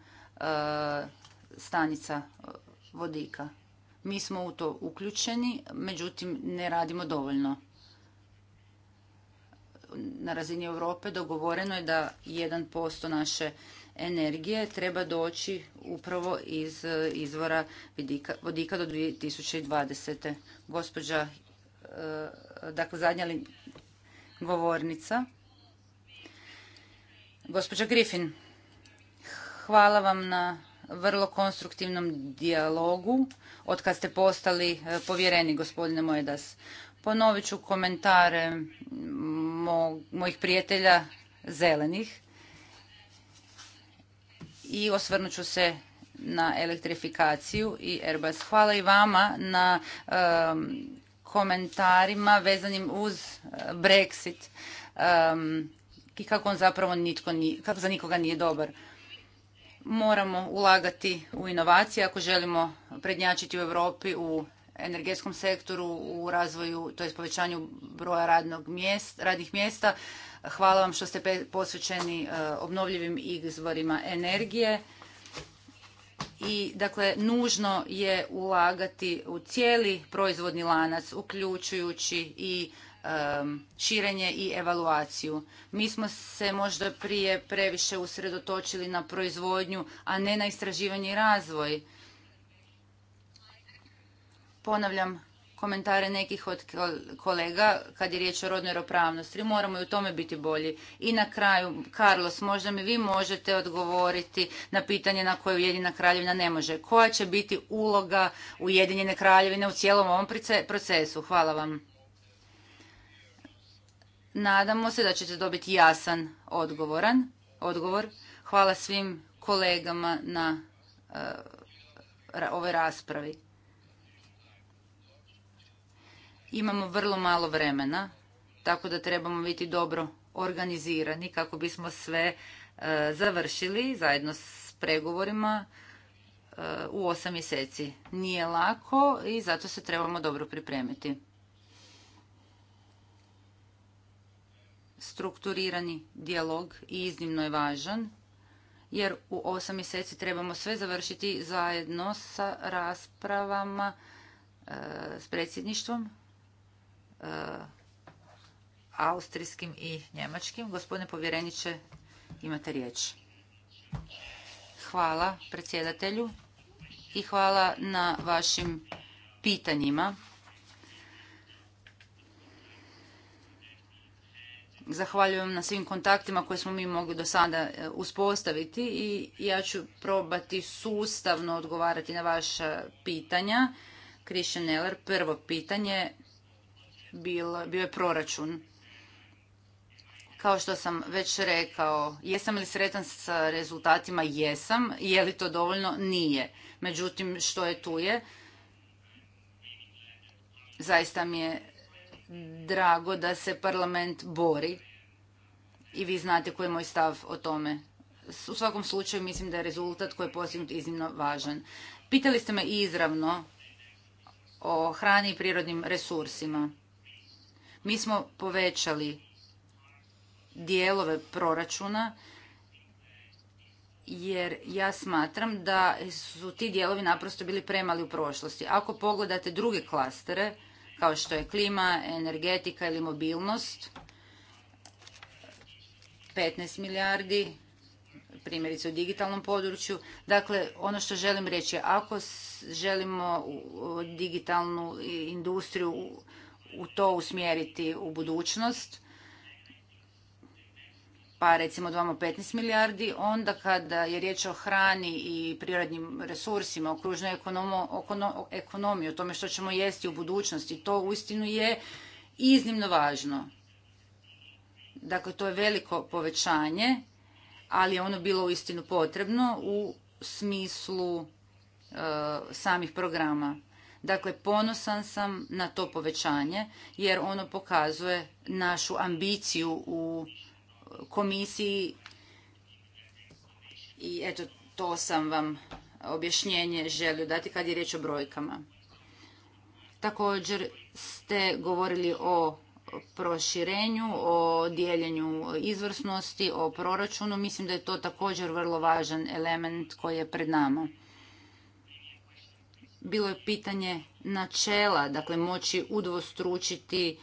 stanica vodika. Mi smo u to uključeni, međutim ne radimo dovoljno na razini Europe dogovoreno je da 1% naše energije treba doći upravo iz e, izvora vodika do 2020. Gospođa, e, dakle zadnja li govornica, gospođa Griffin, hvala vam na vrlo konstruktivnom dijalogu od kad ste postali e, povjereni, gospodine Mojedas. Ponovit ću komentare mojih prijatelja zelenih i osvrnut ću se na elektrifikaciju i Airbus. Hvala i vama na komentarima vezanim uz eh, Brexit i kako on zapravo kako za nikoga nije dobar. Moramo ulagati u inovacije ako želimo prednjačiti u Europi u energetskom sektoru u razvoju, to je povećanju broja radnog radnih mjesta. Hvala vam što ste posvećeni e, obnovljivim izvorima energije. I dakle, nužno je ulagati u cijeli proizvodni lanac, uključujući i e, širenje i evaluaciju. Mi smo se možda prije previše usredotočili na proizvodnju, a ne na istraživanje i razvoj ponavljam komentare nekih od kolega kad je riječ o rodnoj ravnopravnosti. Moramo i u tome biti bolji. I na kraju, Carlos, možda mi vi možete odgovoriti na pitanje na koje Ujedinjena kraljevina ne može. Koja će biti uloga Ujedinjene kraljevine u cijelom ovom procesu? Hvala vam. Nadamo se da ćete dobiti jasan odgovoran odgovor. Hvala svim kolegama na eh, ovoj raspravi. Imamo vrlo malo vremena, tako da trebamo biti dobro organizirani kako bismo sve e, završili zajedno s pregovorima e, u osam mjeseci. Nije lako i zato se trebamo dobro pripremiti. Strukturirani dijalog iznimno je važan jer u osam mjeseci trebamo sve završiti zajedno sa raspravama e, s predsjedništvom Eh, austrijskim i njemačkim. Gospodine povjereniče, imate riječ. Hvala predsjedatelju i hvala na vašim pitanjima. Zahvaljujem na svim kontaktima koje smo mi mogli do sada eh, uspostaviti i ja ću probati sustavno odgovarati na vaša pitanja. Christian prvo pitanje bio je proračun. Kao što sam već rekao, jesam li sretan sa rezultatima? Jesam. Je li to dovoljno? Nije. Međutim, što je tu je? Zaista mi je drago da se parlament bori i vi znate koji je moj stav o tome. U svakom slučaju mislim da je rezultat koji je postignut iznimno važan. Pitali ste me izravno o hrani i prirodnim resursima. Mi smo povećali dijelove proračuna jer ja smatram da su ti dijelovi naprosto bili premali u prošlosti. Ako pogledate druge klastere, kao što je klima, energetika ili mobilnost, 15 milijardi, primjerice u digitalnom području. Dakle, ono što želim reći je ako želimo digitalnu industriju u to usmjeriti u budućnost, pa recimo dvamo 15 milijardi, onda kada je riječ o hrani i prirodnim resursima, o ekonomiji, o tome što ćemo jesti u budućnosti, to uistinu je iznimno važno. Dakle, to je veliko povećanje, ali je ono bilo uistinu potrebno u smislu e, samih programa. Dakle, ponosan sam na to povećanje jer ono pokazuje našu ambiciju u komisiji i eto to sam vam objašnjenje želio dati kad je riječ o brojkama. Također ste govorili o proširenju, o dijeljenju izvrsnosti, o proračunu. Mislim da je to također vrlo važan element koji je pred nama bilo je pitanje načela, dakle moći udvostručiti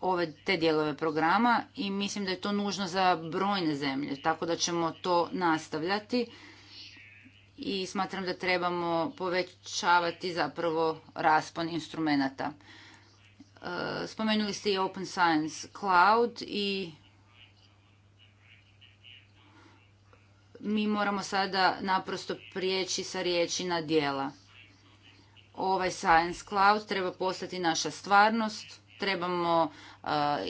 ove te dijelove programa i mislim da je to nužno za brojne zemlje, tako da ćemo to nastavljati i smatram da trebamo povećavati zapravo raspon instrumenata. E, spomenuli ste i Open Science Cloud i mi moramo sada naprosto prijeći sa riječi na dijela. Ovaj Science Cloud treba postati naša stvarnost, trebamo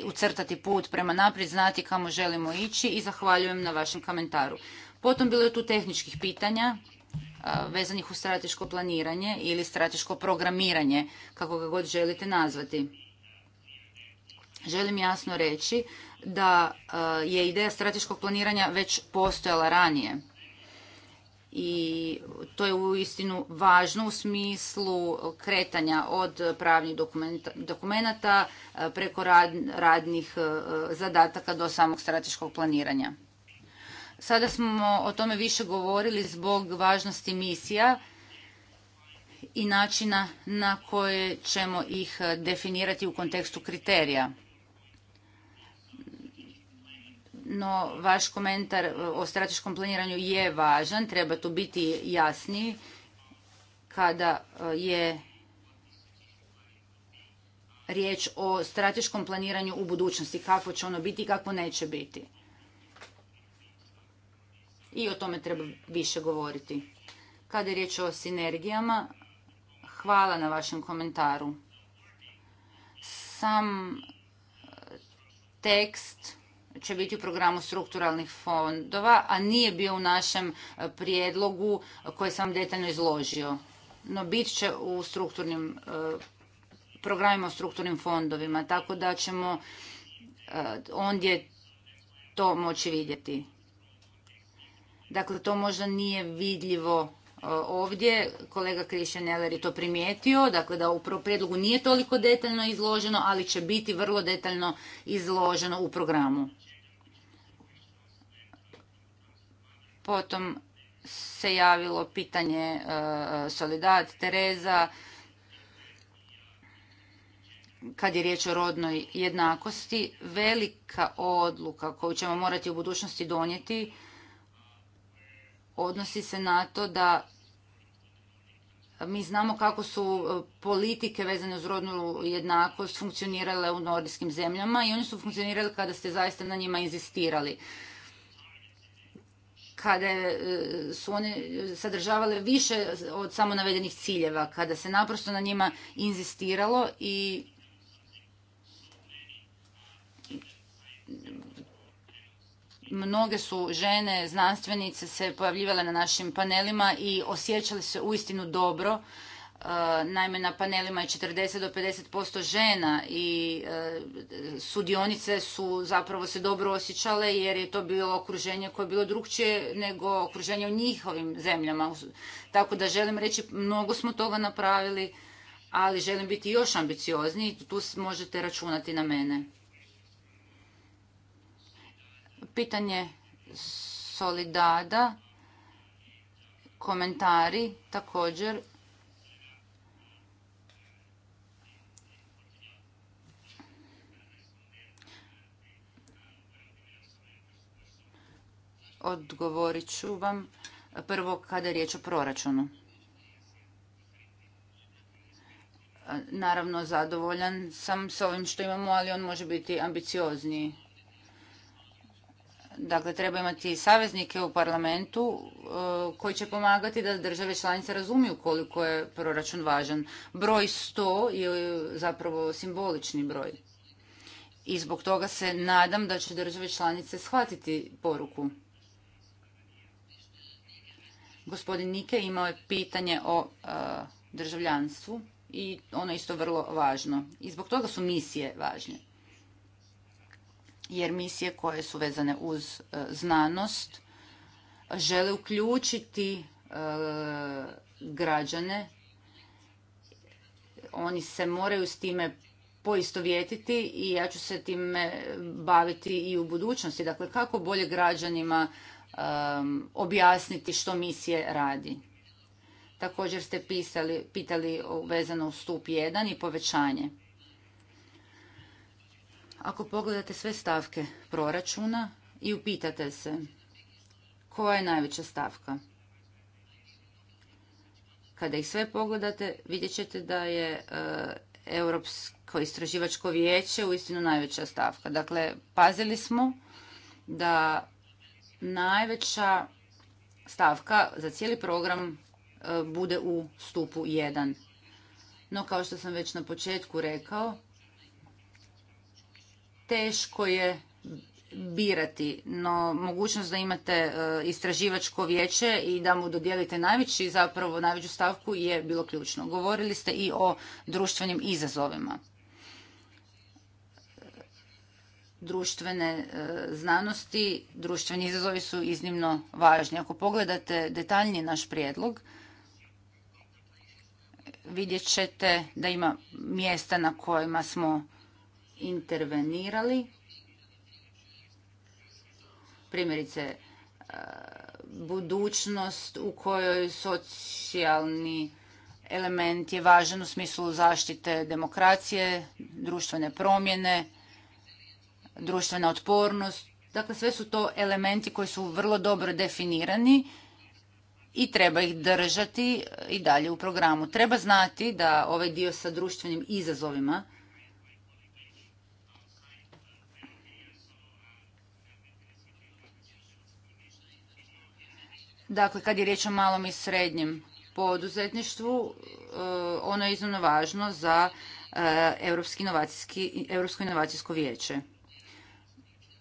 ucrtati put prema naprijed, znati kamo želimo ići i zahvaljujem na vašem komentaru. Potom bilo je tu tehničkih pitanja vezanih u strateško planiranje ili strateško programiranje, kako ga god želite nazvati. Želim jasno reći da je ideja strateškog planiranja već postojala ranije i to je uistinu važno u smislu kretanja od pravnih dokumenata e, preko radnih e, zadataka do samog strateškog planiranja. Sada smo o tome više govorili zbog važnosti misija i načina na koje ćemo ih definirati u kontekstu kriterija no vaš komentar o strateškom planiranju je važan, treba tu biti jasniji kada eh, je riječ o strateškom planiranju u budućnosti, kako će ono biti i kako neće biti. I o tome treba više govoriti. Kada je riječ o sinergijama, hvala na vašem komentaru. Sam eh, tekst će biti u programu strukturalnih fondova, a nije bio u našem e, prijedlogu koji sam detaljno izložio. No bit će u strukturnim e, programima u strukturnim fondovima, tako da ćemo e, ondje to moći vidjeti. Dakle, to možda nije vidljivo ovdje. Kolega Krišan Eller je to primijetio, dakle da u prijedlogu nije toliko detaljno izloženo, ali će biti vrlo detaljno izloženo u programu. Potom se javilo pitanje e, Solidad, Tereza, kad je riječ o rodnoj jednakosti, velika odluka koju ćemo morati u budućnosti donijeti odnosi se na to da mi znamo kako su e, politike vezane uz rodnu jednakost funkcionirale u nordijskim zemljama i oni su funkcionirali kada ste zaista na njima inzistirali kada e, su one sadržavale više od samo navedenih ciljeva, kada se naprosto na njima inzistiralo i mnoge su žene, znanstvenice se pojavljivale na našim panelima i osjećale se uistinu dobro Naime, na panelima je 40 do 50% žena i e, sudionice su zapravo se dobro osjećale jer je to bilo okruženje koje je bilo drukčije nego okruženje u njihovim zemljama. Tako da želim reći, mnogo smo toga napravili, ali želim biti još ambiciozniji, tu možete računati na mene. Pitanje Solidada, komentari također. Odgovorit ću vam prvo kada je riječ o proračunu. Naravno, zadovoljan sam s ovim što imamo, ali on može biti ambiciozniji. Dakle, treba imati saveznike u parlamentu e, koji će pomagati da države članice razumiju koliko je proračun važan. Broj 100 je zapravo simbolični broj. I zbog toga se nadam da će države članice shvatiti poruku. Gospodin Nike imao je pitanje o e, državljanstvu i ono je isto vrlo važno. I zbog toga su misije važne. Jer misije koje su vezane uz e, znanost žele uključiti e, građane. Oni se moraju s time poistovjetiti i ja ću se time baviti i u budućnosti. Dakle, kako bolje građanima Um, objasniti što misije radi. Također ste pisali, pitali vezano u stup 1 i povećanje. Ako pogledate sve stavke proračuna i upitate se koja je najveća stavka. Kada ih sve pogledate, vidjet ćete da je uh, Europsko istraživačko vijeće uistinu najveća stavka. Dakle, pazili smo da najveća stavka za cijeli program e, bude u stupu 1. No, kao što sam već na početku rekao, teško je birati, no mogućnost da imate e, istraživačko vijeće i da mu dodijelite najveći, zapravo najveću stavku je bilo ključno. Govorili ste i o društvenim izazovima društvene e, znanosti, društveni izazovi su iznimno važni. Ako pogledate detaljnije naš prijedlog, vidjet ćete da ima mjesta na kojima smo intervenirali. Primjerice, e, budućnost u kojoj socijalni element je važan u smislu zaštite demokracije, društvene promjene, društvena otpornost. Dakle, sve su to elementi koji su vrlo dobro definirani i treba ih držati e, i dalje u programu. Treba znati da ovaj dio sa društvenim izazovima Dakle, kad je riječ o malom i srednjem poduzetništvu, e, ono je iznimno važno za e, Europsko inovacijsko vijeće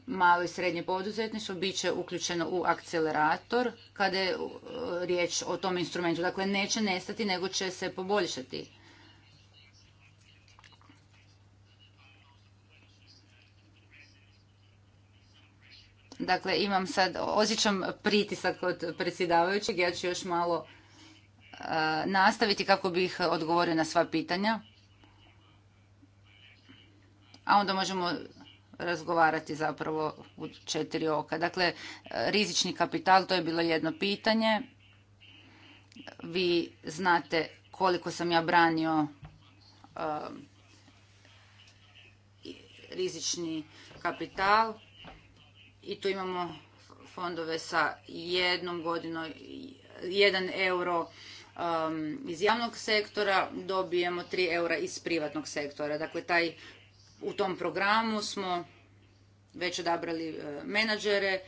malo i srednje poduzetništvo bit će uključeno u akcelerator kada je uh, riječ o tom instrumentu. Dakle, neće nestati nego će se poboljšati. Dakle, imam sad, osjećam pritisak od predsjedavajućeg, ja ću još malo uh, nastaviti kako bih odgovorio na sva pitanja. A onda možemo razgovarati zapravo u četiri oka. Dakle, rizični kapital, to je bilo jedno pitanje. Vi znate koliko sam ja branio um, rizični kapital i tu imamo fondove sa jednom godinom, jedan euro um, iz javnog sektora, dobijemo tri eura iz privatnog sektora. Dakle, taj u tom programu smo već odabrali e, menadžere, e,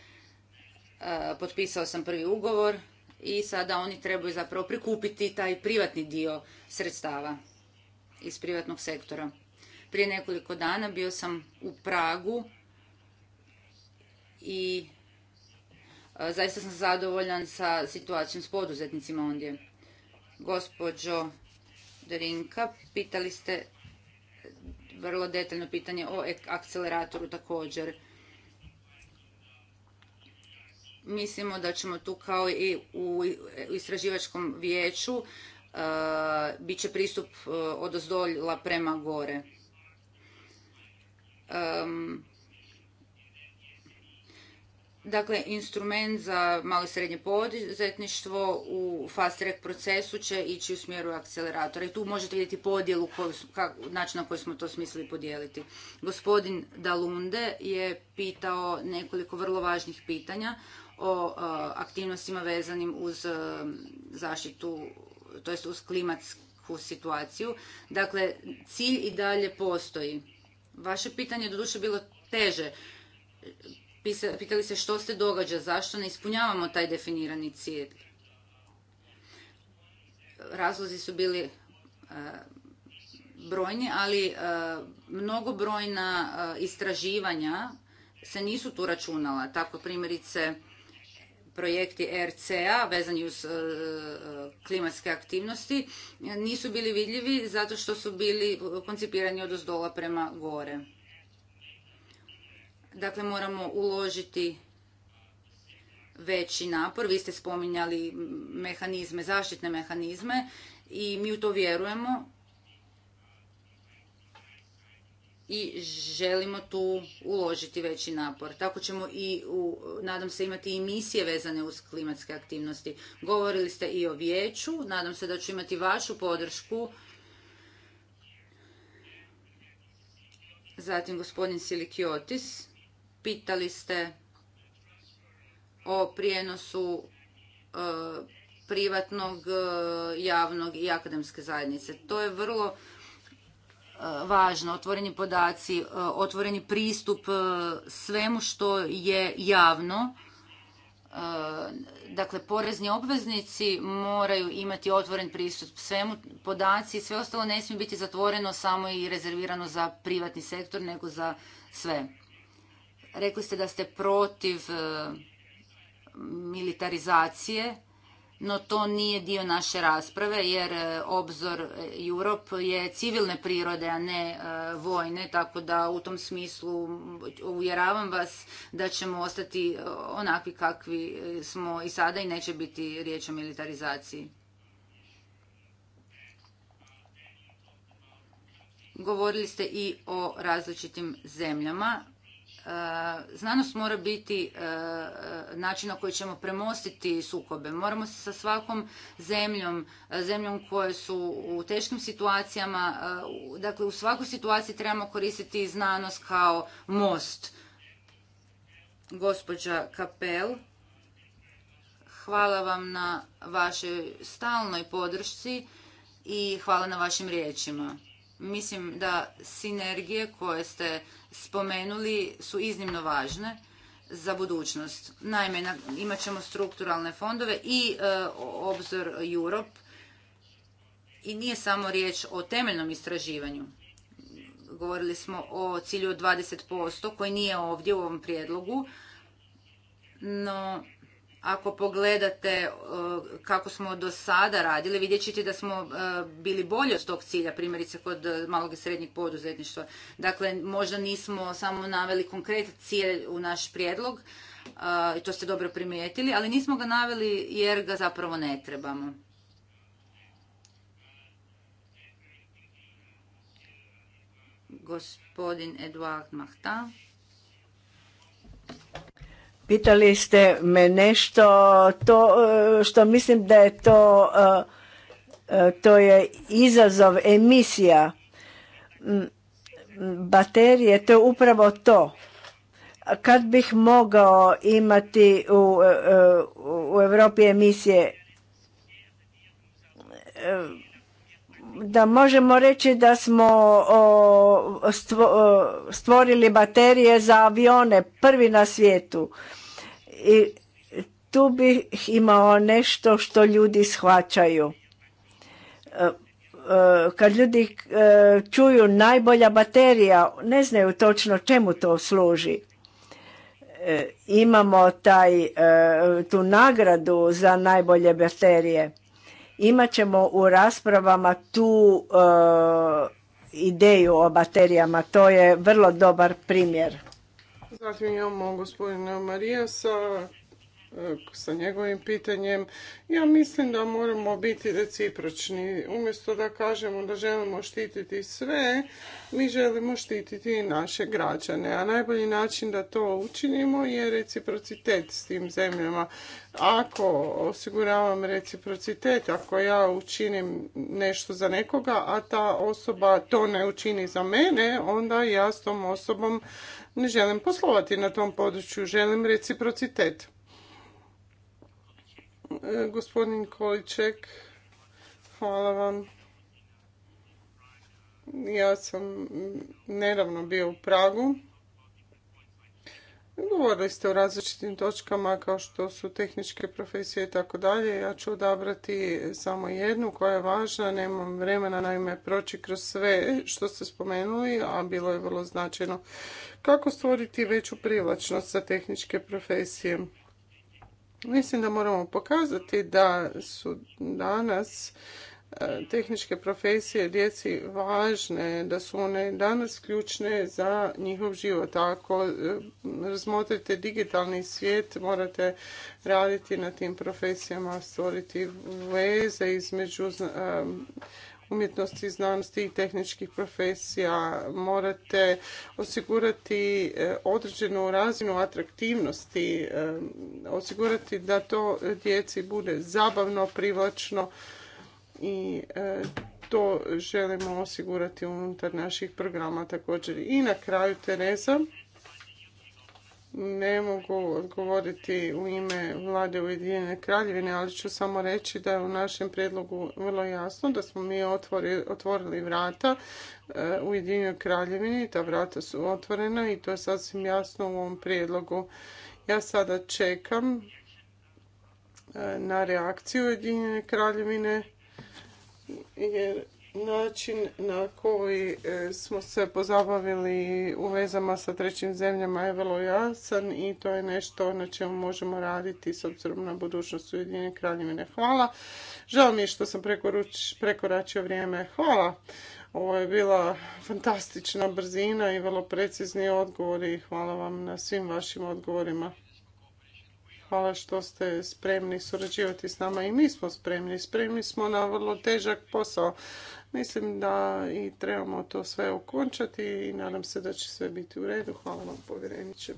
potpisao sam prvi ugovor i sada oni trebaju zapravo prikupiti taj privatni dio sredstava iz privatnog sektora. Prije nekoliko dana bio sam u Pragu i e, zaista sam zadovoljan sa situacijom s poduzetnicima ondje. Gospođo Drinka, pitali ste vrlo detaljno pitanje o akceleratoru također. Mislimo da ćemo tu kao i u istraživačkom vijeću e, bit će pristup e, od prema gore. Dakle, instrument za malo i srednje poduzetništvo u fast track procesu će ići u smjeru akceleratora. I tu možete vidjeti podjelu, koju, način na koji smo to smislili podijeliti. Gospodin Dalunde je pitao nekoliko vrlo važnih pitanja o aktivnostima vezanim uz zaštitu, to jest uz klimatsku situaciju. Dakle, cilj i dalje postoji. Vaše pitanje je doduše bilo teže pitali se što se događa, zašto ne ispunjavamo taj definirani cilj. Razlozi su bili e, brojni, ali e, mnogo brojna e, istraživanja se nisu tu računala. Tako primjerice projekti RCA vezani uz klimatske aktivnosti nisu bili vidljivi zato što su bili koncipirani od prema gore. Dakle, moramo uložiti veći napor. Vi ste spominjali mehanizme, zaštitne mehanizme i mi u to vjerujemo i želimo tu uložiti veći napor. Tako ćemo i, u, nadam se, imati i misije vezane uz klimatske aktivnosti. Govorili ste i o vijeću, nadam se da ću imati vašu podršku. Zatim gospodin Silikiotis. Pitali ste o prijenosu e, privatnog, e, javnog i akademske zajednice. To je vrlo e, važno, otvoreni podaci, otvoreni pristup svemu što je javno. Dakle, porezni obveznici moraju imati otvoren pristup svemu, podaci i sve ostalo ne smije biti zatvoreno samo i rezervirano za privatni sektor, nego za sve. Rekli ste da ste protiv e, militarizacije, no to nije dio naše rasprave jer e, obzor e, Europ je civilne prirode, a ne vojne, tako da u tom smislu uvjeravam vas da ćemo ostati onakvi kakvi smo i sada i neće biti riječ o militarizaciji. Govorili ste i o različitim zemljama Eh, znanost mora biti eh, način na koji ćemo premostiti sukobe. Moramo se sa svakom zemljom, eh, zemljom koje su u teškim situacijama, dakle u svakoj situaciji trebamo koristiti znanost kao most. Gospođa Kapel, hvala vam na vašoj stalnoj podršci i hvala na vašim riječima. Mislim da sinergije koje ste spomenuli su iznimno važne za budućnost. Naime, imat ćemo strukturalne fondove i e, obzor Europe i nije samo riječ o temeljnom istraživanju. Govorili smo o cilju od 20% koji nije ovdje u ovom prijedlogu, no ako pogledate e, kako smo do sada radili, vidjet ćete da smo e, bili bolji od tog cilja, primjerice kod malog i srednjeg poduzetništva. Dakle, možda nismo samo naveli konkretan cilj u naš prijedlog, e, i to ste dobro primijetili, ali nismo ga naveli jer ga zapravo ne trebamo. Gospodin Eduard Mahta. Pitali ste me nešto to e, što mislim da je to e, e, to je izazov emisija baterije to je upravo to kad bih mogao imati u, u Europi emisije da možemo reći da smo stvorili baterije za avione prvi na svijetu i tu bih imao nešto što ljudi shvaćaju. E, e, kad ljudi e, čuju najbolja baterija, ne znaju točno čemu to služi. Imamo taj, tu nagradu za najbolje baterije. Imaćemo u raspravama tu ideju o baterijama. To je vrlo dobar primjer. Zatim imamo gospodina Marijasa e, sa njegovim pitanjem. Ja mislim da moramo biti recipročni. Umjesto da kažemo da želimo štititi sve, mi želimo štititi i naše građane. A najbolji način da to učinimo je reciprocitet s tim zemljama. Ako osiguravam reciprocitet, ako ja učinim nešto za nekoga, a ta osoba to ne učini za mene, onda ja s tom osobom ne želim poslovati na tom području, želim reciprocitet. E, gospodin Količek, hvala vam. Ja sam nedavno bio u Pragu Govorili ste o različitim točkama kao što su tehničke profesije i tako dalje. Ja ću odabrati samo jednu koja je važna. Nemam vremena naime proći kroz sve što ste spomenuli, a bilo je vrlo značajno. Kako stvoriti veću privlačnost za tehničke profesije? Mislim da moramo pokazati da su danas E, tehničke profesije djeci važne, da su one danas ključne za njihov život. ako e, razmotrite digitalni svijet, morate raditi na tim profesijama, stvoriti veze između e, umjetnosti, znanosti i tehničkih profesija. Morate osigurati određenu razinu atraktivnosti, osigurati da to djeci bude zabavno, privlačno, i e, to želimo osigurati unutar naših programa također. I na kraju Tereza, ne mogu odgovoriti u ime vlade Ujedinjene kraljevine, ali ću samo reći da je u našem predlogu vrlo jasno da smo mi otvorili vrata e, Ujedinjenoj kraljevini, ta vrata su otvorena i to je sasvim jasno u ovom predlogu. Ja sada čekam e, na reakciju Ujedinjene kraljevine jer način na koji e, smo se pozabavili u vezama sa trećim zemljama je vrlo jasan i to je nešto na čemu možemo raditi s obzirom na budućnost Ujedinjene kraljevine. Hvala. Žao mi je što sam prekoračio vrijeme. Hvala. Ovo je bila fantastična brzina i vrlo precizni odgovori. Hvala vam na svim vašim odgovorima. Hvala što ste spremni surađivati s nama i mi smo spremni. Spremni smo na vrlo težak posao. Mislim da i trebamo to sve okončati i nadam se da će sve biti u redu. Hvala vam povjereniče.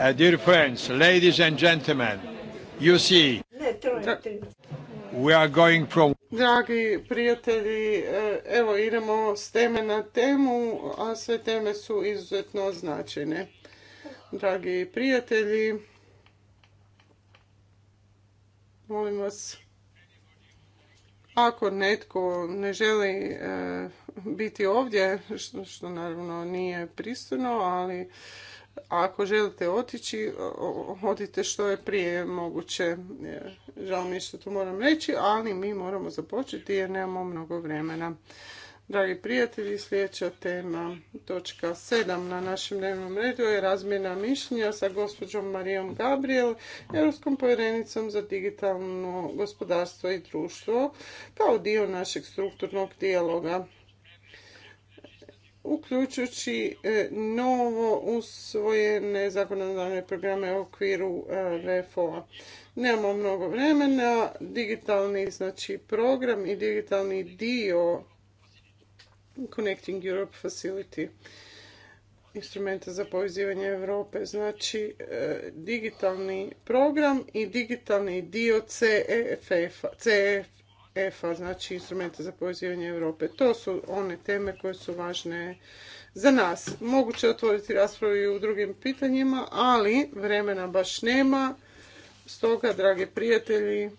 Uh, dear friends, ladies and gentlemen, you see, we are going from... Dragi prijatelji, eh, evo idemo s teme na temu, a sve teme su izuzetno značajne. Dragi prijatelji, molim vas, ako netko ne želi eh, biti ovdje, što, što naravno nije pristojno, ali ako želite otići, odite što je prije moguće. Žao mi je što to moram reći, ali mi moramo započeti jer nemamo mnogo vremena. Dragi prijatelji, sljedeća tema, točka 7 na našem dnevnom redu je razmjena mišljenja sa gospođom Marijom Gabriel, Europskom povjerenicom za digitalno gospodarstvo i društvo, kao dio našeg strukturnog dijaloga uključujući e, novo usvojene zakonodavne programe u okviru vfo e, a Nemamo mnogo vremena, digitalni znači program i digitalni dio Connecting Europe Facility instrumenta za povezivanje Europe, znači e, digitalni program i digitalni dio CEF-a. cef EFA, znači instrumenta za povezivanje Europe. To su one teme koje su važne za nas. Moguće otvoriti raspravu i u drugim pitanjima, ali vremena baš nema. Stoga, dragi prijatelji,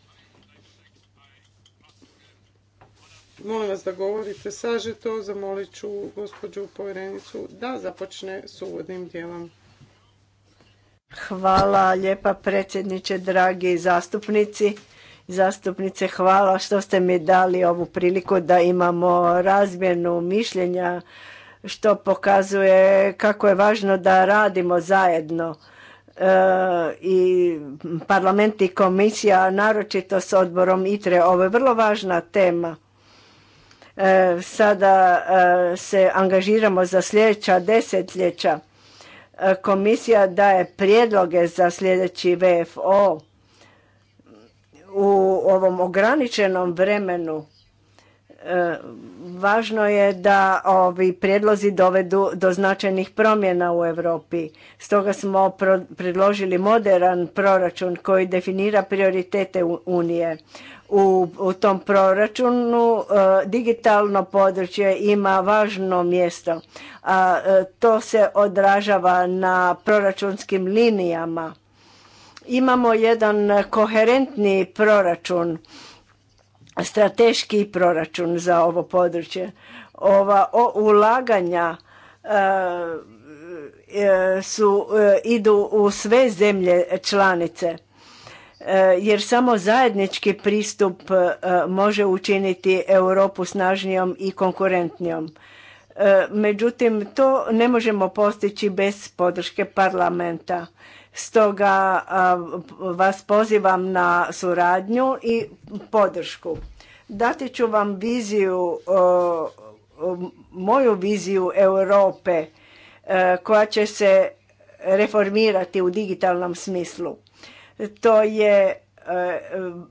molim vas da govorite sažeto. Zamolit ću gospođu povjerenicu da započne s uvodnim dijelom. Hvala lijepa predsjedniče, dragi zastupnici zastupnice, hvala što ste mi dali ovu priliku da imamo razmjenu mišljenja što pokazuje kako je važno da radimo zajedno e, i parlament i komisija, naročito s odborom ITRE. Ovo je vrlo važna tema. E, sada e, se angažiramo za sljedeća desetljeća. Komisija daje prijedloge za sljedeći VFO u ovom ograničenom vremenu e, važno je da ovi prijedlozi dovedu do značajnih promjena u Europi. Stoga smo predložili moderan proračun koji definira prioritete Unije. U, tom proračunu e, digitalno područje ima važno mjesto, a e, to se odražava na proračunskim linijama imamo jedan koherentni proračun, strateški proračun za ovo područje. Ova o, ulaganja e, e, su, e, idu u sve zemlje članice jer samo zajednički pristup može učiniti Europu snažnijom i konkurentnijom. Međutim, to ne možemo postići bez podrške parlamenta. Stoga vas pozivam na suradnju i podršku. Dati ću vam viziju, moju viziju Europe e, koja će se reformirati u digitalnom smislu. To je e,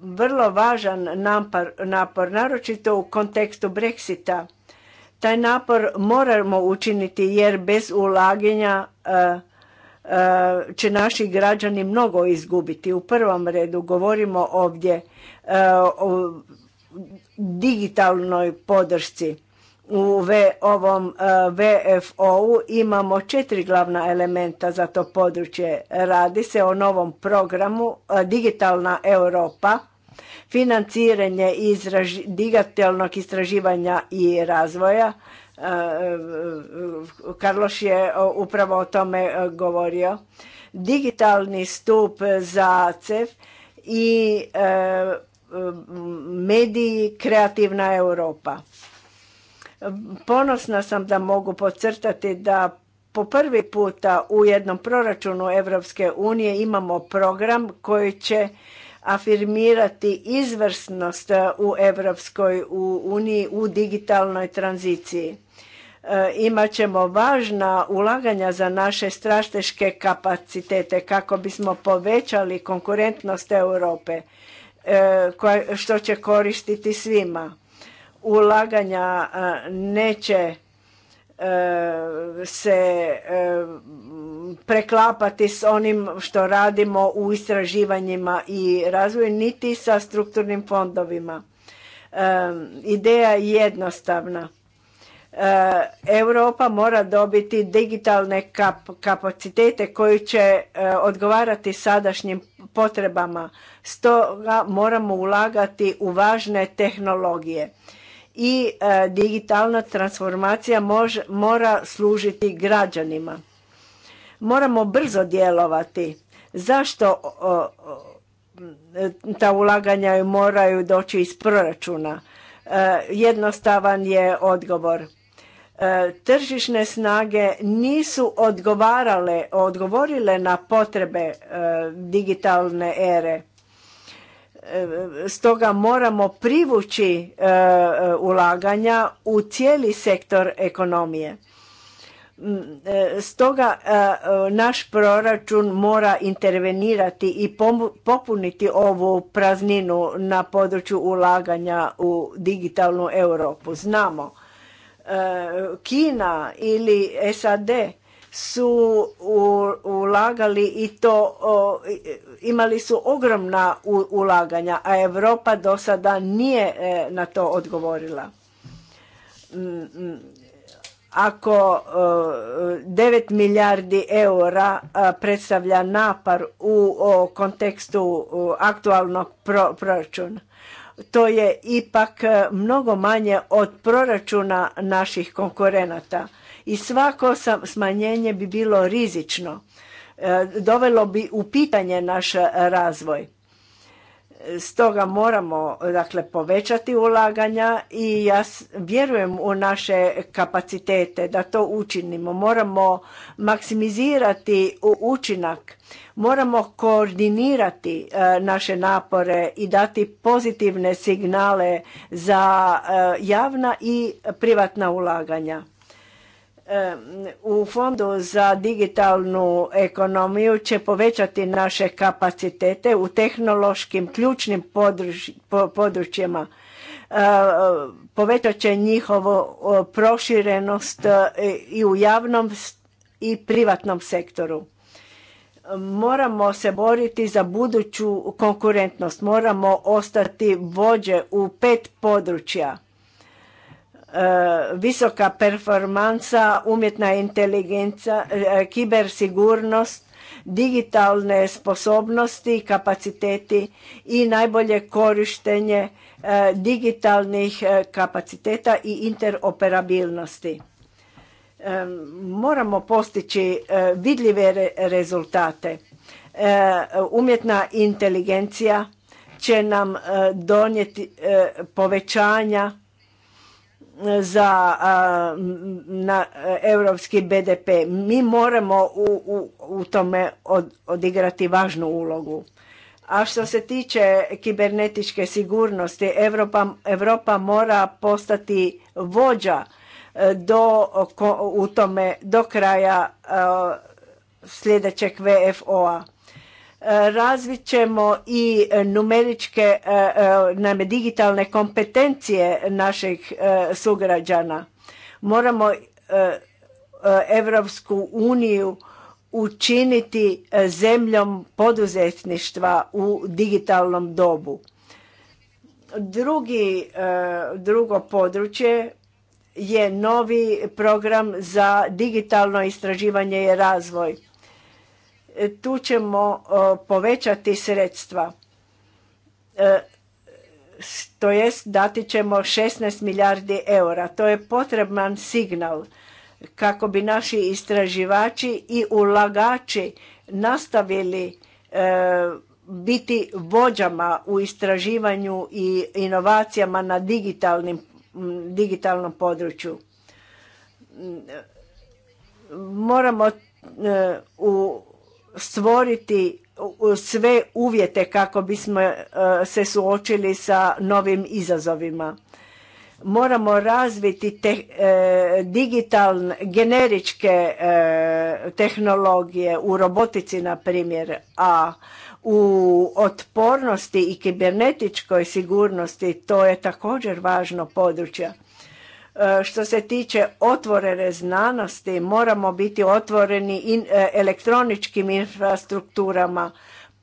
vrlo važan napor, napor naročito u kontekstu Brexita. Taj napor moramo učiniti jer bez ulaganja e, E, će naši građani mnogo izgubiti. U prvom redu govorimo ovdje e, o digitalnoj podršci. U ovom e, VFO-u imamo četiri glavna elementa za to područje. Radi se o novom programu Digitalna Europa, financiranje digitalnog istraživanja i razvoja, Karloš eh, je eh, upravo o tome eh, govorio. Digitalni stup za CEF i mediji Kreativna Europa. Ponosna sam da mogu podcrtati da po prvi puta u jednom proračunu Europske unije imamo program koji će afirmirati izvrsnost u Europskoj uniji u digitalnoj tranziciji. E, imat ćemo važna ulaganja za naše strateške kapacitete kako bismo povećali konkurentnost Europe e, što će koristiti svima. Ulaganja e, neće se preklapati s onim što radimo u istraživanjima i razvoju, niti sa strukturnim fondovima. Ideja je jednostavna E, Europa mora dobiti digitalne kapacitete koji će e, odgovarati sadašnjim potrebama. Stoga moramo ulagati u važne tehnologije. I e, digitalna transformacija mora služiti građanima. Moramo brzo djelovati. Zašto ta ulaganja moraju doći iz proračuna? jednostavan je odgovor E, tržišne snage nisu odgovarale, odgovorile na potrebe e, digitalne ere. E, stoga moramo privući ulaganja u cijeli sektor ekonomije. Mm, stoga naš proračun mora intervenirati i popuniti ovu prazninu na području ulaganja u digitalnu Europu. Znamo E, Kina ili SAD su ulagali i to imali su ogromna ulaganja, a Europa do sada nije e, na to odgovorila. Mm, mm. Ako 9 e, milijardi eura predstavlja napar u kontekstu aktualnog proračuna, to je ipak e, mnogo manje od proračuna naših konkurenata i svako smanjenje bi bilo rizično e, dovelo bi u pitanje naš razvoj Stoga moramo dakle povećati ulaganja i ja vjerujem u naše kapacitete da to učinimo. Moramo maksimizirati učinak, moramo koordinirati e, naše napore i dati pozitivne signale za e, javna i privatna ulaganja u fondu za digitalnu ekonomiju će povećati naše kapacitete u tehnološkim ključnim područjima. E, povećat će njihovo proširenost e, i u javnom i privatnom sektoru. Moramo se boriti za buduću konkurentnost. Moramo ostati vođe u pet područja E, visoka performansa, umjetna inteligencija, e, kibersigurnost, digitalne sposobnosti i kapaciteti i najbolje korištenje e, digitalnih kapaciteta i interoperabilnosti. Moramo postići vidljive rezultate. Umjetna inteligencija će nam donijeti povećanja za na europski BDP. Mi moramo u, u, u tome od, odigrati važnu ulogu. A što se tiče kibernetičke sigurnosti, Europa, mora postati vođa e, do, u tome do kraja sljedećeg VFO-a. Razvit ćemo i e, numeričke, e, e, naime digitalne kompetencije naših sugrađana. Moramo Evropsku uniju učiniti zemljom poduzetništva u digitalnom dobu. Drugi, drugo područje je novi program za digitalno istraživanje i razvoj tu ćemo povećati sredstva e, to jest dati ćemo 16 milijardi eura. To je potreban signal kako bi naši istraživači i ulagači nastavili e, biti vođama u istraživanju i inovacijama na digitalnom području. Moramo e, u stvoriti sve uvjete kako bismo e, se suočili sa novim izazovima. Moramo razviti e, digitalne, generičke e, tehnologije u robotici, na primjer, a u otpornosti i kibernetičkoj sigurnosti to je također važno područje E, što se tiče otvorene znanosti, moramo biti otvoreni in, e, elektroničkim infrastrukturama,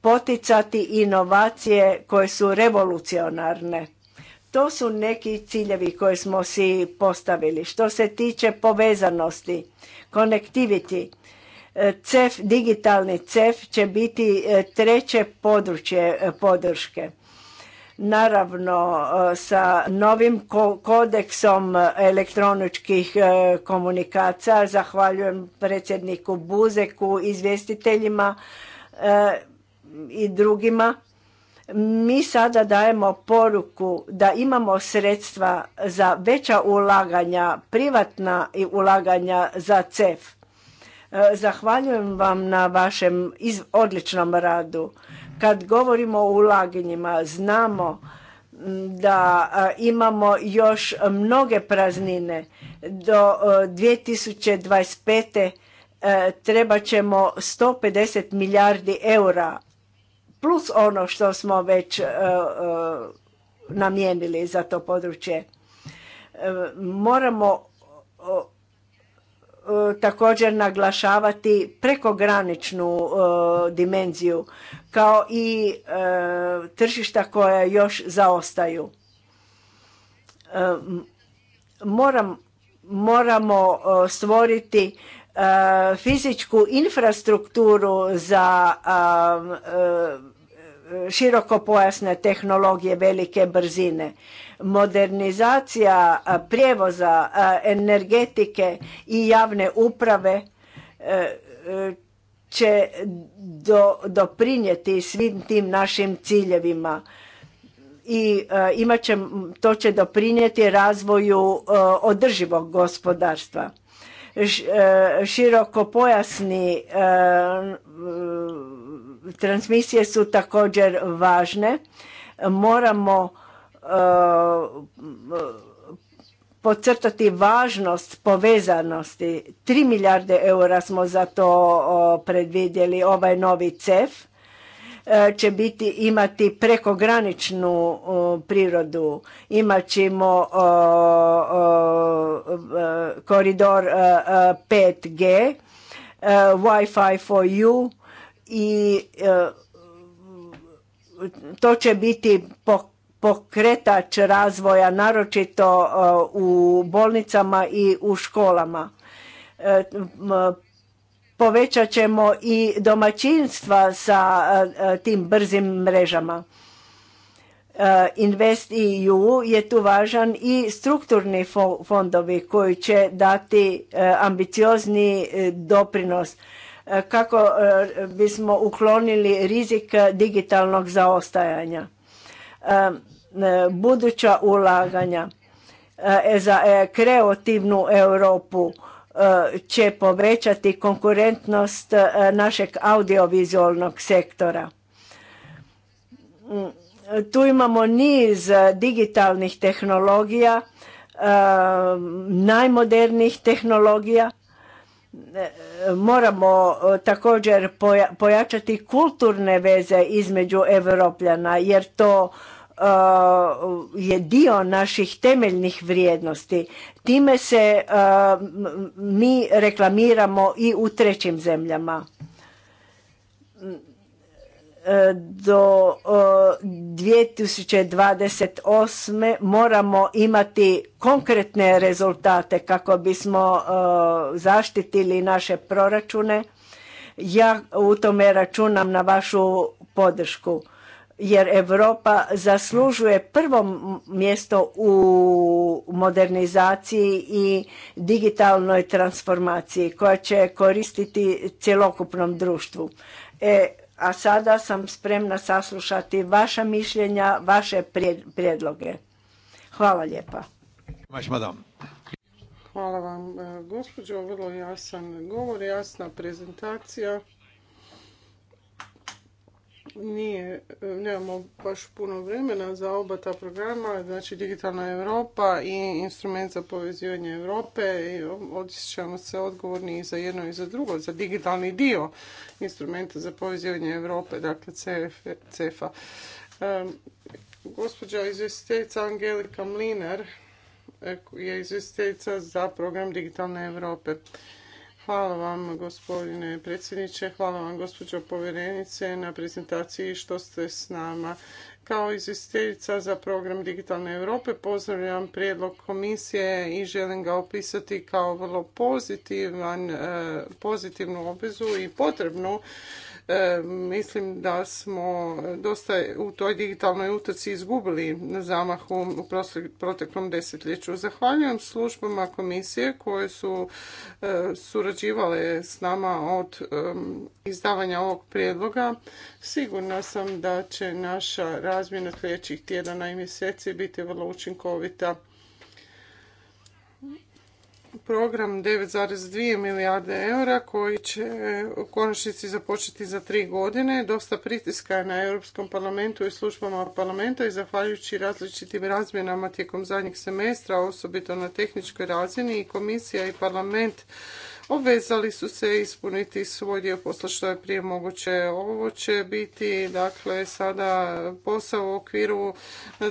poticati inovacije koje su revolucionarne. To su neki ciljevi koje smo si postavili. Što se tiče povezanosti, connectivity, e, CEF, digitalni CEF će biti treće područje podrške. Naravno, e, sa novim kodeksom elektroničkih e, komunikacija zahvaljujem predsjedniku Buzeku, izvjestiteljima e, i drugima. Mi sada dajemo poruku da imamo sredstva za veća ulaganja, privatna i ulaganja za CEF. Zahvaljujem vam na vašem odličnom radu. Kad govorimo o ulaganjima, znamo da imamo još mnoge praznine. Do 2025. E, e, treba ćemo 150 milijardi eura plus ono što smo već e, namijenili za to područje. Moramo E, također naglašavati prekograničnu e, dimenziju kao i e, tržišta koja još zaostaju. Moram, moramo stvoriti fizičku infrastrukturu za širokopojasne tehnologije velike brzine. Modernizacija prijevoza, energetike i javne uprave e, će do, doprinijeti svim tim našim ciljevima i e, imat to će doprinijeti razvoju e, održivog gospodarstva. Široko pojasni transmisije su također važne. Moramo Eh, podcrtati važnost povezanosti. 3 milijarde eura smo za to predvidjeli ovaj novi CEF eh, će biti imati prekograničnu eh, prirodu. Imat ćemo koridor 5G, Wi-Fi for you i to će biti po pokretač razvoja, naročito e, u bolnicama i u školama. E, povećat ćemo i domaćinstva sa e, tim brzim mrežama. Invest EU je tu važan i strukturni fondovi koji će dati ambiciozni doprinos kako bismo uklonili rizik digitalnog zaostajanja. Um, e, buduća ulaganja e, za e, kreativnu Europu će povećati konkurentnost našeg audiovizualnog sektora. Mm, tu imamo niz digitalnih tehnologija, najmodernijih tehnologija moramo e, također pojačati kulturne veze između Evropljana jer to e, je dio naših temeljnih vrijednosti. Time se e, mi reklamiramo i u trećim zemljama E, do 2028. E, moramo imati konkretne rezultate kako bismo e, zaštitili naše proračune. Ja u tome računam na vašu podršku jer Europa zaslužuje prvo mjesto u modernizaciji i digitalnoj transformaciji koja će koristiti cjelokupnom društvu. E, a sada sam spremna saslušati vaša mišljenja, vaše prijedloge. Hvala lijepa. Hvala vam, e, gospođo. Vrlo jasan govor, jasna prezentacija nije, nemamo baš puno vremena za oba ta programa, znači Digitalna Europa i Instrument za povezivanje Europe i se odgovorni i za jedno i za drugo, za digitalni dio Instrumenta za povezivanje Europe, dakle CEFA. gospođa izvjestiteljica Angelika Mlinar e, je izvjestiteljica za program Digitalne Europe. Hvala vam gospodine predsjedniče, hvala vam gospođo povjerenice na prezentaciji što ste s nama. Kao izvjestiteljica za program Digitalne Europe pozdravljam prijedlog komisije i želim ga opisati kao vrlo eh, pozitivnu obvezu i potrebnu E, mislim da smo dosta u toj digitalnoj utrci izgubili na zamahu u proteklom desetljeću. Zahvaljujem službama komisije koje su e, surađivale s nama od e, izdavanja ovog prijedloga. Sigurna sam da će naša razmjena sljedećih tjedana i mjeseci biti vrlo učinkovita program 9,2 milijarde eura koji će u konačnici započeti za tri godine. Dosta pritiska je na Europskom parlamentu i službama parlamenta i zahvaljujući različitim razmjenama tijekom zadnjih semestra, osobito na tehničkoj razini i komisija i parlament obvezali su se ispuniti svoj dio posla što je prije moguće. Ovo će biti dakle sada posao u okviru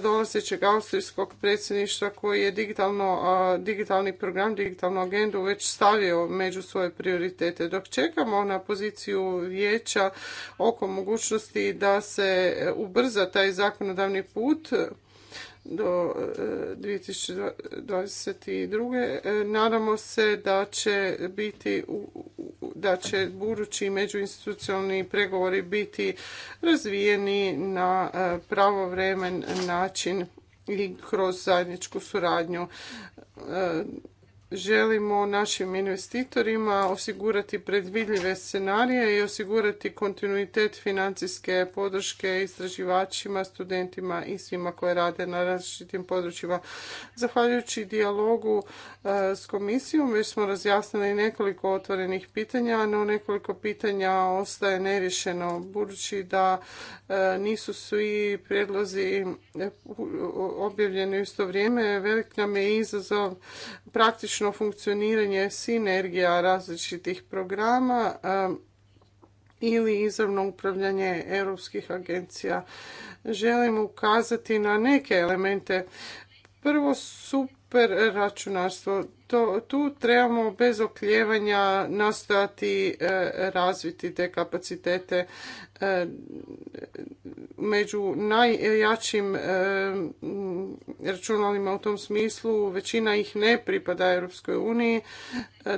dolazećeg austrijskog predsjedništva koji je digitalno, digitalni program, digitalnu agendu već stavio među svoje prioritete. Dok čekamo na poziciju vijeća oko mogućnosti da se ubrza taj zakonodavni put, do 2022. E, e, nadamo se da će biti da će budući međuinstitucionalni pregovori biti razvijeni na e, pravovremen način i kroz zajedničku suradnju želimo našim investitorima osigurati predvidljive scenarije i osigurati kontinuitet financijske podrške istraživačima, studentima i svima koji rade na različitim područjima. Zahvaljujući dijalogu e, s komisijom već smo razjasnili nekoliko otvorenih pitanja, no nekoliko pitanja ostaje nerješeno budući da e, nisu svi predlozi e, objavljeni u isto vrijeme. Velik nam je izazov praktično funkcioniranje sinergija različitih programa ili izravno upravljanje europskih agencija. Želim ukazati na neke elemente. Prvo su super računarstvo. To, tu trebamo bez okljevanja nastojati e, razviti te kapacitete e, među najjačim e, računalima u tom smislu. Većina ih ne pripada Europskoj uniji.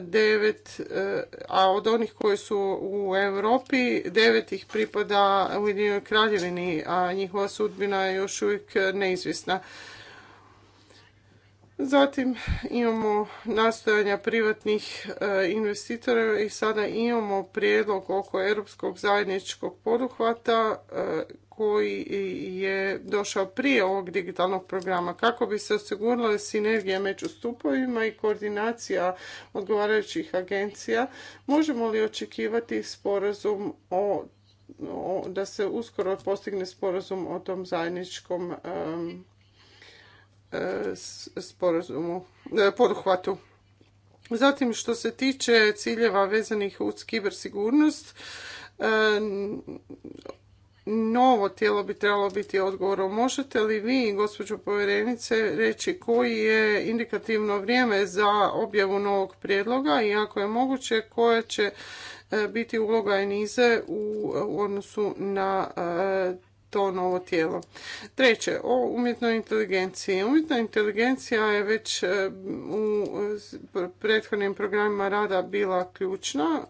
Devet, a od onih koji su u Europi, devet ih pripada Ujedinjenoj kraljevini, a njihova sudbina je još uvijek neizvjesna. Zatim imamo nastojanja privatnih eh, investitora i sada imamo prijedlog oko europskog zajedničkog poduhvata eh, koji je došao prije ovog digitalnog programa kako bi se osigurala sinergija među stupovima i koordinacija odgovarajućih agencija. Možemo li očekivati sporazum o, da se uskoro postigne sporazum o tom zajedničkom eh, E, sporazumu, e, poduhvatu. Zatim što se tiče ciljeva vezanih uz sigurnost, e, novo tijelo bi trebalo biti odgovorom. Možete li vi, gospođo povjerenice, reći koji je indikativno vrijeme za objavu novog prijedloga i ako je moguće koja će biti uloga nize u odnosu na to novo tijelo. Treće, o umjetnoj inteligenciji. Umjetna inteligencija je već e, u e, prethodnim programima rada bila ključna,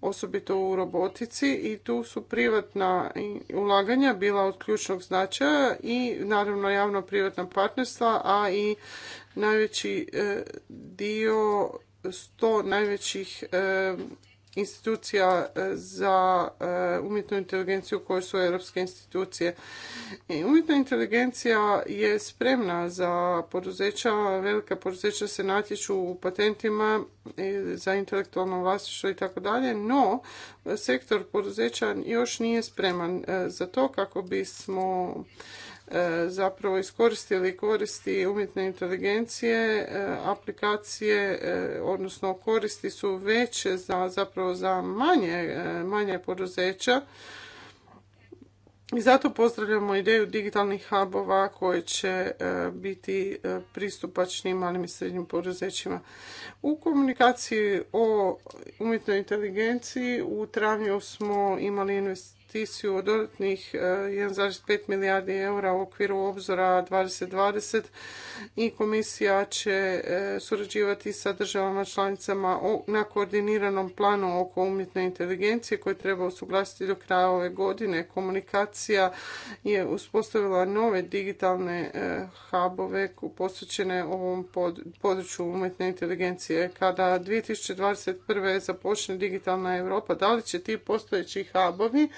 osobito u robotici i tu su privatna ulaganja bila od ključnog značaja i naravno javno-privatna partnerstva, a i najveći e, dio 100 najvećih institucija e, za e, umjetnu inteligenciju koje su europske institucije. Umjetna inteligencija je spremna za poduzeća, velika poduzeća se natječu u patentima za intelektualno vlasništvo i tako dalje, no sektor poduzeća još nije spreman e, za to kako bismo E, zapravo iskoristili koristi umjetne inteligencije, e, aplikacije, e, odnosno koristi su veće za, zapravo za manje, manje poduzeća. I zato pozdravljamo ideju digitalnih hubova koje će biti pristupačni malim i srednjim poduzećima. U komunikaciji o umjetnoj inteligenciji u travnju smo imali invest investiciju od dodatnih 1,5 e, milijardi eura u okviru obzora 2020 i komisija će e, surađivati sa državama članicama na koordiniranom planu oko umjetne inteligencije koje treba usuglasiti do kraja ove godine. Komunikacija je uspostavila nove digitalne e, hubove posvećene ovom području umjetne inteligencije. Kada 2021. započne digitalna Europa, da li će ti postojeći hubovi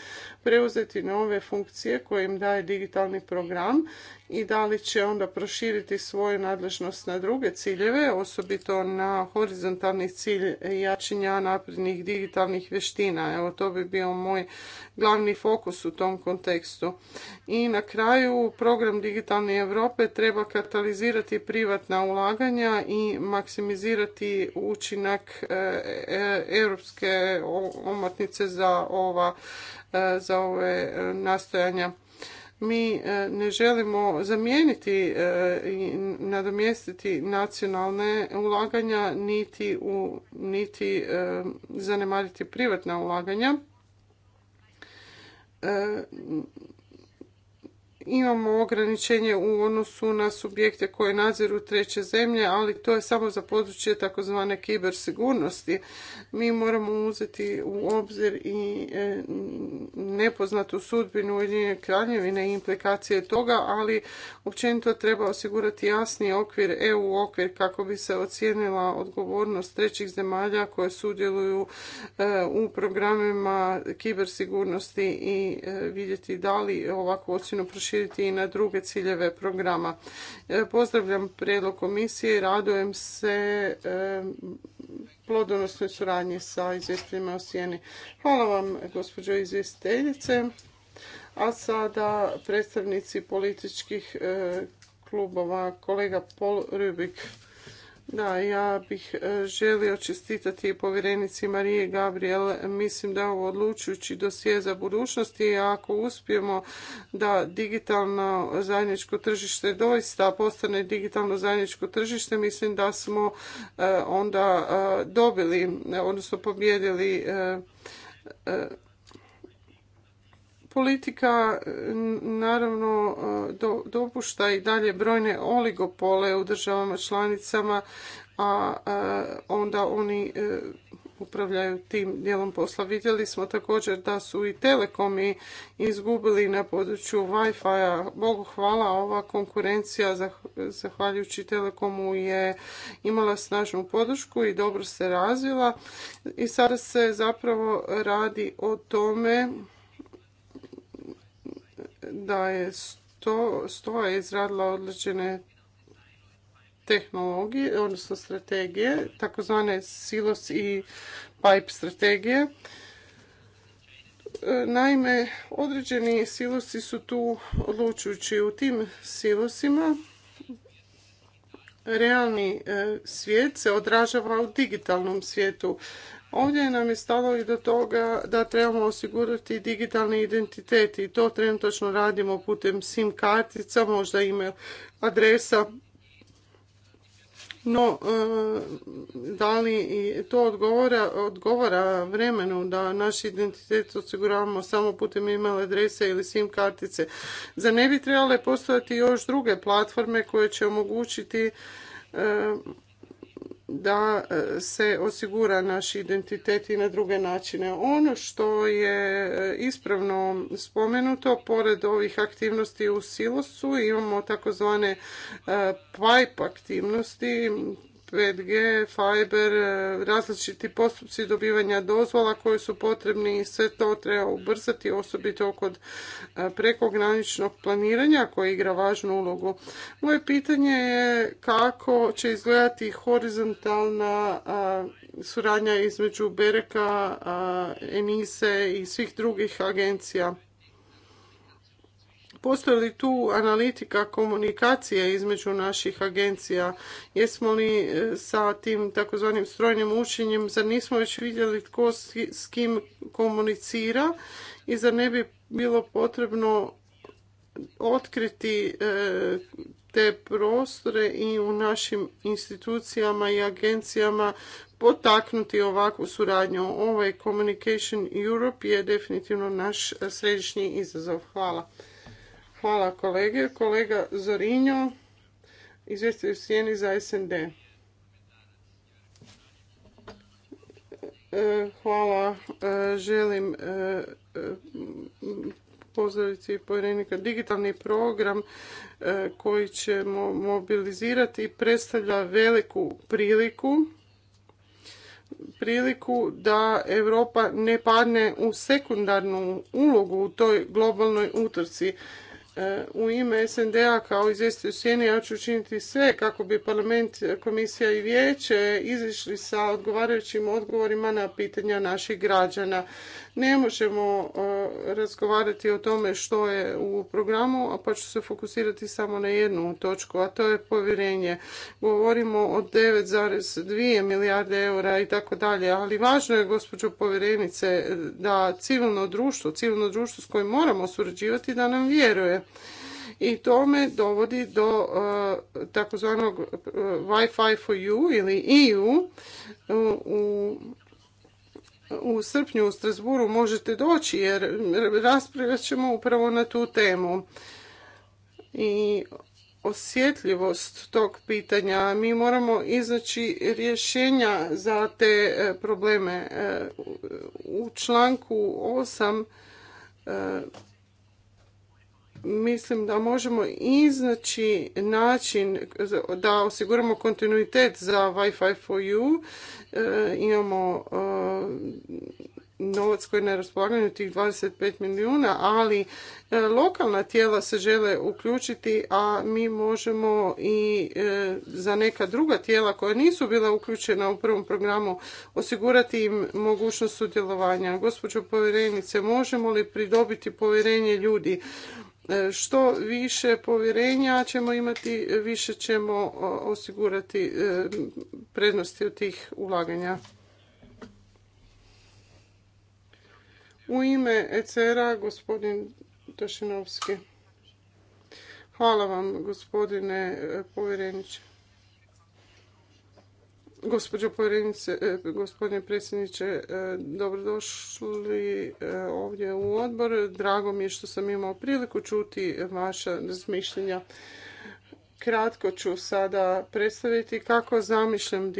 preuzeti nove funkcije koje im daje digitalni program i da li će onda proširiti svoju nadležnost na druge ciljeve, osobito na horizontalni cilj jačenja naprednih digitalnih vještina. Evo, to bi bio moj glavni fokus u tom kontekstu. I na kraju, program Digitalne Europe treba katalizirati privatna ulaganja i maksimizirati učinak e, e, europske omotnice za ova E, za ove e, nastojanja. Mi e, ne želimo zamijeniti i nadomjestiti nacionalne ulaganja niti, u, niti zanemariti privatna ulaganja imamo ograničenje u odnosu na subjekte koje nadziru treće zemlje, ali to je samo za područje takozvane kibersigurnosti. Mi moramo uzeti u obzir i e, nepoznatu sudbinu Ujedinjene kraljevine i implikacije toga, ali općenito treba osigurati jasni okvir, EU okvir, kako bi se ocijenila odgovornost trećih zemalja koje sudjeluju e, u programima kibersigurnosti i e, vidjeti da li ovakvu ocjenu proširiti i na druge ciljeve programa. E, pozdravljam prijedlog komisije i radujem se e, plodonosnoj suradnji sa izvjestiteljima o sjeni. Hvala vam, gospođo izvjestiteljice. A sada predstavnici političkih e, klubova, kolega Pol Rubik. Da, ja bih e, želio čestitati povjerenici Marije Gabriel. Mislim da je ovo odlučujući dosije za budućnost i ako uspijemo da digitalno zajedničko tržište doista postane digitalno zajedničko tržište, mislim da smo e, onda e, dobili, odnosno pobjedili politika naravno e, dopušta i dalje brojne oligopole u državama članicama, a e, onda oni e, upravljaju tim dijelom posla. Vidjeli smo također da su i telekomi izgubili na području Wi-Fi-a. Bogu hvala, ova konkurencija zahvaljujući telekomu je imala snažnu podršku i dobro se razvila. I sada se zapravo radi o tome da je stoja izradila određene tehnologije, odnosno strategije, takozvane silos i pipe strategije. E, naime, određeni silosi su tu odlučujući u tim silosima. Realni e, svijet se odražava u digitalnom svijetu. Ovdje nam je stalo i do toga da trebamo osigurati digitalni identitet i to trenutačno radimo putem SIM kartica, možda email adresa. No, e, da li i to odgovara, vremenu da naš identitet osiguravamo samo putem email adrese ili SIM kartice? Za ne bi trebale postojati još druge platforme koje će omogućiti e, da e, se osigura naš identitet i na druge načine. Ono što je e, ispravno spomenuto, pored ovih aktivnosti u silosu, imamo takozvane e, pipe aktivnosti, 5G, fiber, e, različiti postupci dobivanja dozvola koji su potrebni i sve to treba ubrzati, osobito kod e, prekograničnog planiranja koji igra važnu ulogu. Moje pitanje je kako će izgledati horizontalna e, suradnja između Bereka, Enise i svih drugih agencija Postoji li tu analitika komunikacije između naših agencija? Jesmo li e, sa tim takozvanim strojnim učenjem, zar nismo već vidjeli tko s kim komunicira i zar ne bi bilo potrebno otkriti e, te prostore i u našim institucijama i agencijama potaknuti ovakvu suradnju. Ovaj Communication Europe je definitivno naš e, središnji izazov. Hvala. Hvala kolege. Kolega Zorinjo, izvjestitelj sjeni za SND. E, hvala. E, želim e, pozdraviti povjerenika. Digitalni program koji ćemo mobilizirati predstavlja veliku priliku priliku da Europa ne padne u sekundarnu ulogu u toj globalnoj utrci. E, u ime SND-a kao izvjestitelj u sjeni ja ću učiniti sve kako bi parlament, komisija i vijeće izišli sa odgovarajućim odgovorima na pitanja naših građana. Ne možemo e, razgovarati o tome što je u programu, pa ću se fokusirati samo na jednu točku, a to je povjerenje. Govorimo o 9,2 milijarde eura i tako dalje, ali važno je, gospođo povjerenice, da civilno društvo, civilno društvo s kojim moramo surađivati, da nam vjeruje i to me dovodi do e, takozvanog e, Wi-Fi for you ili EU e, u srpnju u Strasburu možete doći jer raspravljat ćemo upravo na tu temu. I osjetljivost tog pitanja. Mi moramo iznaći rješenja za te probleme. U članku 8 mislim da možemo iznaći način da osiguramo kontinuitet za Wi-Fi for you. E, imamo e, novac koji je na raspolaganju tih 25 milijuna, ali e, lokalna tijela se žele uključiti, a mi možemo i za neka druga tijela koja nisu bila uključena u prvom programu osigurati im mogućnost sudjelovanja. Gospođo povjerenice, možemo li pridobiti povjerenje ljudi? E, što više povjerenja ćemo imati, više ćemo osigurati e, prednosti od tih ulaganja. U ime ECR-a gospodin tašinovski Hvala vam gospodine e, povjereniče. Gospođo povjerenice, e, gospodine predsjedniče, e, dobrodošli e, ovdje u odbor. Drago mi je što sam imao priliku čuti vaša razmišljenja Kratko ću sada predstaviti kako zamišljam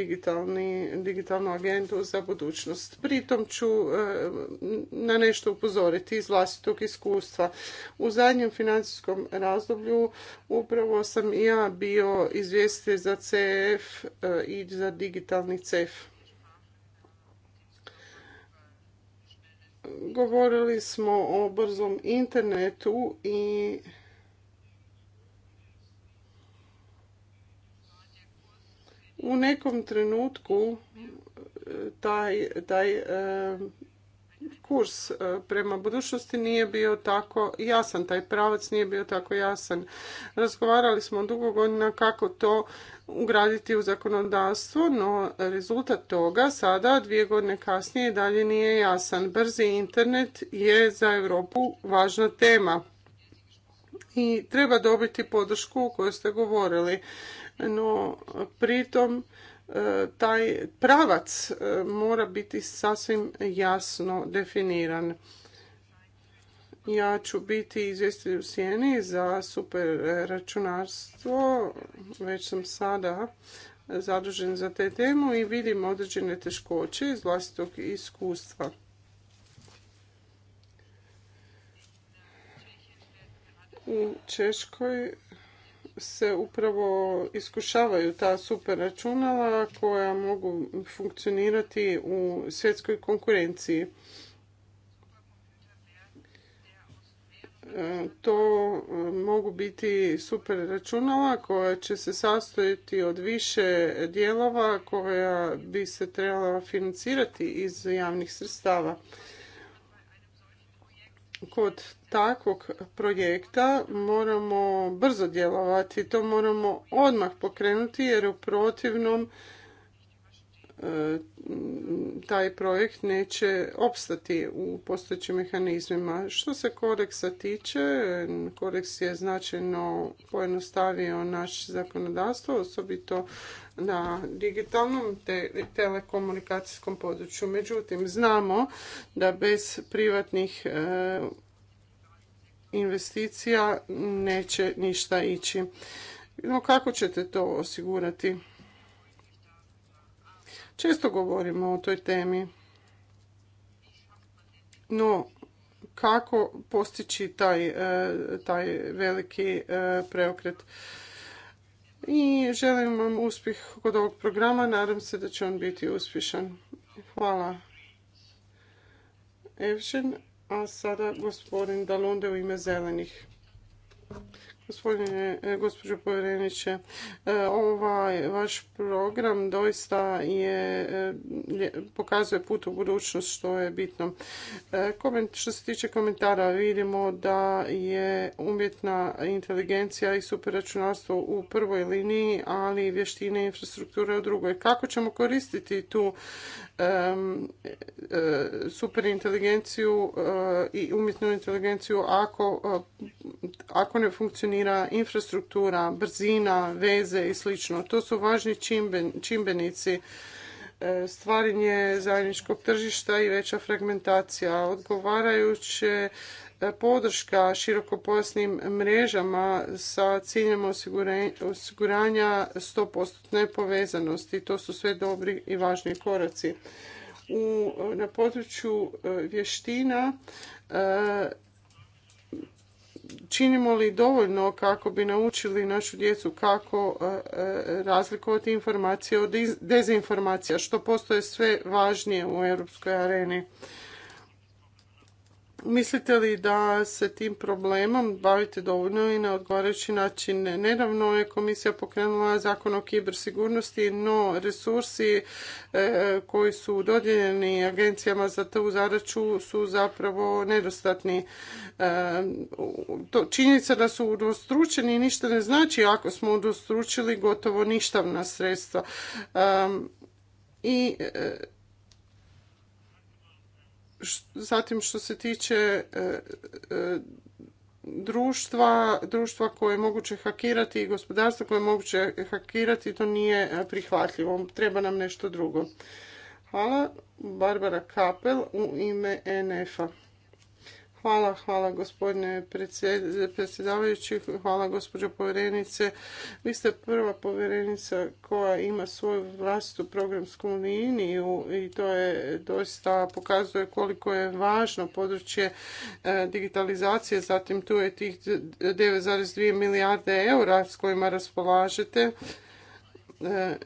digitalnu agendu za budućnost. Pritom ću e, na nešto upozoriti iz vlastitog iskustva. U zadnjem financijskom razdoblju upravo sam i ja bio izvjestitelj za CF e, i za digitalni CEF. Govorili smo o brzom internetu i u nekom trenutku e, taj, taj e, kurs e, prema budućnosti nije bio tako jasan, taj pravac nije bio tako jasan. Razgovarali smo dugo godina kako to ugraditi u zakonodavstvo, no rezultat toga sada, dvije godine kasnije, dalje nije jasan. Brzi internet je za Europu važna tema i treba dobiti podršku o kojoj ste govorili no pritom e, taj pravac e, mora biti sasvim jasno definiran. Ja ću biti izvjestitelj u sjeni za super računarstvo, već sam sada zadužen za te temu i vidim određene teškoće iz vlastitog iskustva. U Češkoj se upravo iskušavaju ta super računala koja mogu funkcionirati u svjetskoj konkurenciji. E, to e, mogu biti super računala koja će se sastojiti od više dijelova koja bi se trebala financirati iz javnih sredstava kod takvog projekta moramo brzo djelovati, to moramo odmah pokrenuti jer u protivnom e, taj projekt neće opstati u postojećim mehanizmima. Što se koreksa tiče, koreks je značajno pojednostavio naše zakonodavstvo, osobito na digitalnom telekomunikacijskom području. Međutim, znamo da bez privatnih e, investicija neće ništa ići. No kako ćete to osigurati? Često govorimo o toj temi. No, kako postići taj, e, taj veliki e, preokret? i želim vam uspjeh kod ovog programa. Nadam se da će on biti uspješan. Hvala. Evšen, a sada gospodin Dalunde u ime zelenih. Gospodine, e, gospođo povjereniče, e, ovaj vaš program doista je, e, pokazuje put u budućnost što je bitno. Što se tiče komentara, vidimo da je umjetna inteligencija i superračunarstvo u prvoj liniji, ali vještine infrastrukture u drugoj. Kako ćemo koristiti tu E, superinteligenciju e, i umjetnu inteligenciju ako, e, ako ne funkcionira infrastruktura, brzina, veze i sl. To su važni čimbenici stvaranje zajedničkog tržišta i veća fragmentacija. Odgovarajuće E, podrška širokopojasnim mrežama sa ciljem osiguranja 100% povezanosti. To su sve dobri i važni koraci. U, na području e, vještina e, činimo li dovoljno kako bi naučili našu djecu kako razlikovati informacije od dezinformacija, što postoje sve važnije u europskoj areni. Mislite li da se tim problemom bavite dovoljno i na odgovarajući način? Nedavno je komisija pokrenula zakon o kibersigurnosti, no resursi e, koji su dodijeljeni agencijama za tu zadaću su zapravo nedostatni. E, činjenica da su udostručeni ništa ne znači ako smo udostručili gotovo ništavna sredstva. E, I Zatim što se tiče e, e, društva, društva koje je moguće hakirati i gospodarstva koje je moguće hakirati, to nije e, prihvatljivo. Treba nam nešto drugo. Hvala. Barbara Kapel u ime NF-a. Hvala, hvala gospodine predsjedavajući, hvala gospođo povjerenice. Vi ste prva povjerenica koja ima svoju vlastitu programsku liniju i to je doista pokazuje koliko je važno područje e, digitalizacije. Zatim tu je tih 9,2 milijarde eura s kojima raspolažete. E, e,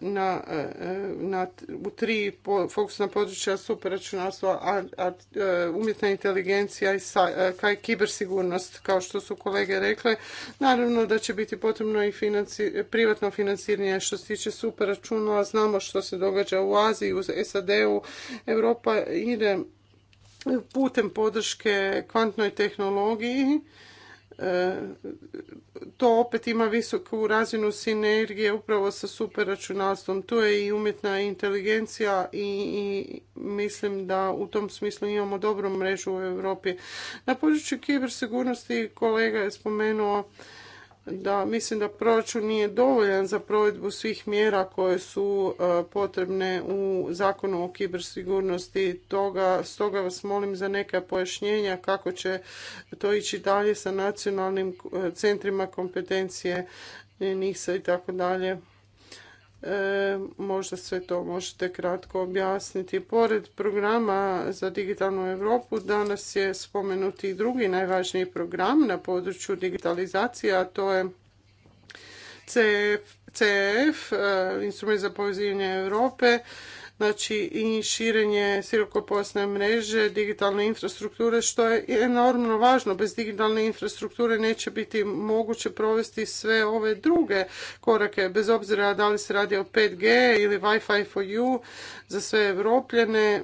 na, u tri fokusna područja superračunarstva, a e, umjetna inteligencija i kibersigurnost, kao što su kolege rekle. Naravno da će biti potrebno i privatno financiranje što se tiče superračunala. Znamo što se događa u Aziji, u SAD-u. Europa ide putem podrške kvantnoj tehnologiji to opet ima visoku razinu sinergije upravo sa superračunalstvom. Tu je i umjetna inteligencija i, mislim da u tom smislu imamo dobru mrežu u Europi. Na području kibersigurnosti kolega je spomenuo da mislim da proračun nije dovoljan za provedbu svih mjera koje su e, potrebne u Zakonu o kibersigurnosti. Toga, stoga vas molim za neka pojašnjenja kako će to ići dalje sa nacionalnim e, centrima kompetencije NISA i tako dalje. E, možda sve to možete kratko objasniti. Pored programa za digitalnu Europu danas je spomenuti i drugi najvažniji program na području digitalizacije, a to je CF, CEF, e, instrument za povezivanje Europe znači i širenje sirokoposne mreže, digitalne infrastrukture, što je enormno važno. Bez digitalne infrastrukture neće biti moguće provesti sve ove druge korake, bez obzira da li se radi o 5G ili Wi-Fi for you za sve evropljene,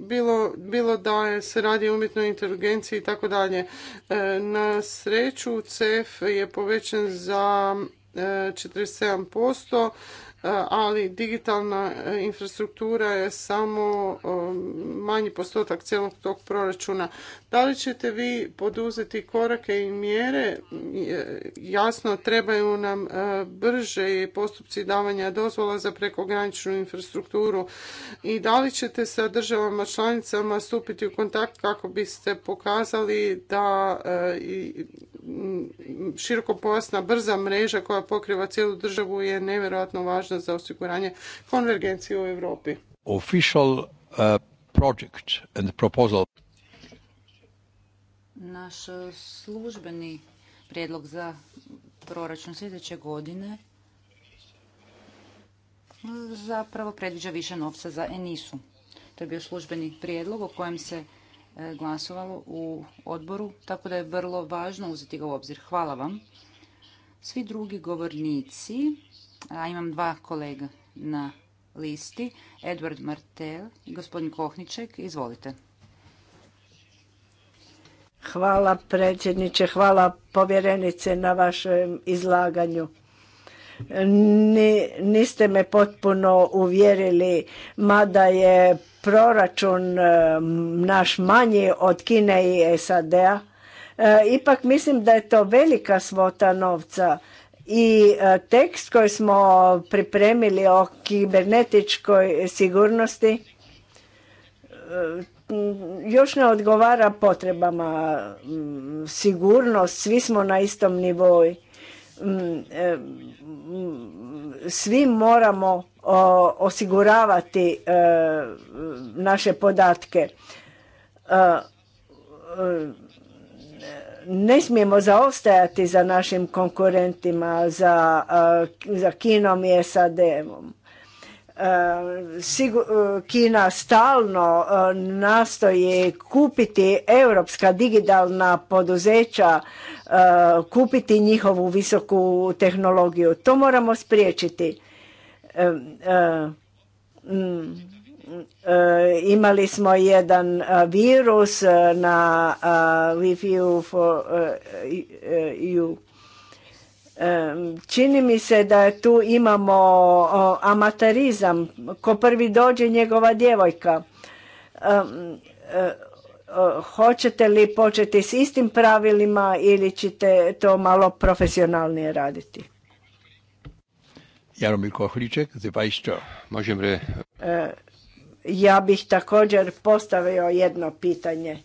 bilo, bilo da se radi o umjetnoj inteligenciji i tako dalje. E, na sreću CEF je povećan za 47%, e, ali digitalna e, infrastruktura je samo e, manji postotak cijelog tog proračuna. Da li ćete vi poduzeti korake i mjere? Jasno, trebaju nam e, brže postupci davanja dozvola za prekograničnu infrastrukturu. I da li ćete sa državama članicama stupiti u kontakt kako biste pokazali da širokopojasna brza mreža koja pokriva cijelu državu je nevjerojatno važna za osiguranje konvergencije u Europi. Official uh, project and proposal. Naš uh, službeni prijedlog za proračun sljedeće godine mm, zapravo predviđa više novca za Enisu. To je bio službeni prijedlog o kojem se uh, glasovalo u odboru, tako da je vrlo važno uzeti ga u obzir. Hvala vam. Svi drugi govornici a imam dva kolega na listi. Edward Martel i gospodin Kohniček. Izvolite. Hvala predsjedniče, hvala povjerenice na vašem izlaganju. Ni, niste me potpuno uvjerili, mada je proračun e, naš manji od Kine i SAD-a. E, ipak mislim da je to velika svota novca i e, tekst koji smo pripremili o kibernetičkoj sigurnosti e, još ne odgovara potrebama sigurnost, svi smo na istom nivou. E, svi moramo osiguravati naše podatke ne smijemo zaostajati za našim konkurentima, za, za Kinom i SAD-om. Kina stalno nastoji kupiti europska digitalna poduzeća, kupiti njihovu visoku tehnologiju. To moramo spriječiti. Eh, imali smo jedan eh, virus eh, na wi for Čini mi se da tu imamo amatarizam. Ko prvi dođe njegova djevojka. Hoćete li početi s istim pravilima ili ćete to malo profesionalnije raditi? Jaromir Kohliček, Show. Pa Možem re ja bih također postavio jedno pitanje.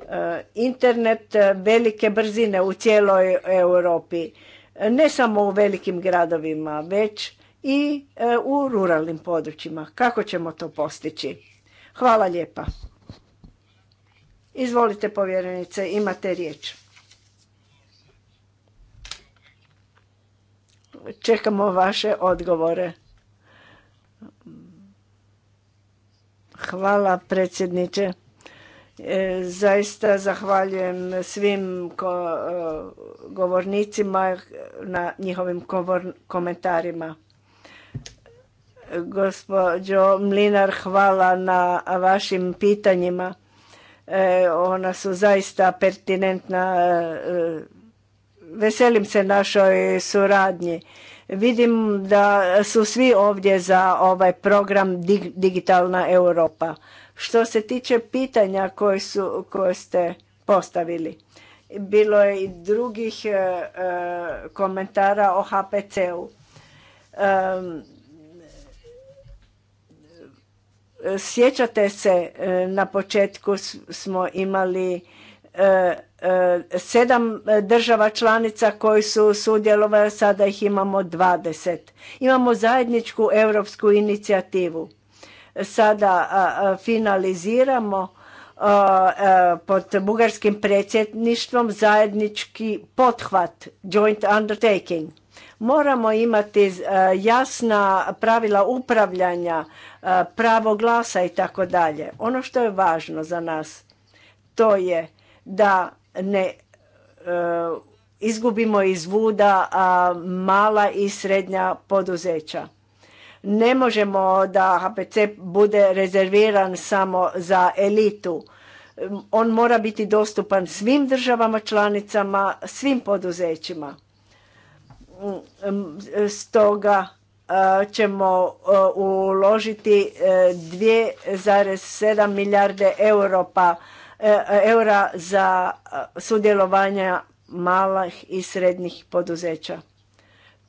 E, internet e, velike brzine u cijeloj Europi, e, ne samo u velikim gradovima, već i u ruralnim područjima. Kako ćemo to postići? Hvala lijepa. Izvolite povjerenice, imate riječ. Čekamo vaše odgovore. Hvala predsjedniče. E, zaista zahvaljujem svim e, govornicima na njihovim komentarima. Gospođo Mlinar, hvala na vašim pitanjima. E, ona su zaista pertinentna. Veselim se našoj suradnji Vidim da su svi ovdje za ovaj program Digitalna Europa. Što se tiče pitanja koje, su, koje ste postavili, bilo je i drugih e, e, komentara o HPC-u. sjećate se, e, na početku smo imali E, sedam e, država članica koji su sudjelovali, sada ih imamo 20. Imamo zajedničku europsku inicijativu. Sada finaliziramo pod bugarskim predsjedništvom zajednički pothvat, joint undertaking. Moramo imati e, jasna pravila upravljanja, pravo glasa i tako dalje. Ono što je važno za nas, to je da ne e, izgubimo iz vuda mala i srednja poduzeća. Ne možemo da HPC bude rezerviran samo za elitu. On mora biti dostupan svim državama članicama, svim poduzećima. Stoga e, ćemo e, uložiti 2,7 milijarde europa E, e, eura za e, sudjelovanja malih i srednjih poduzeća.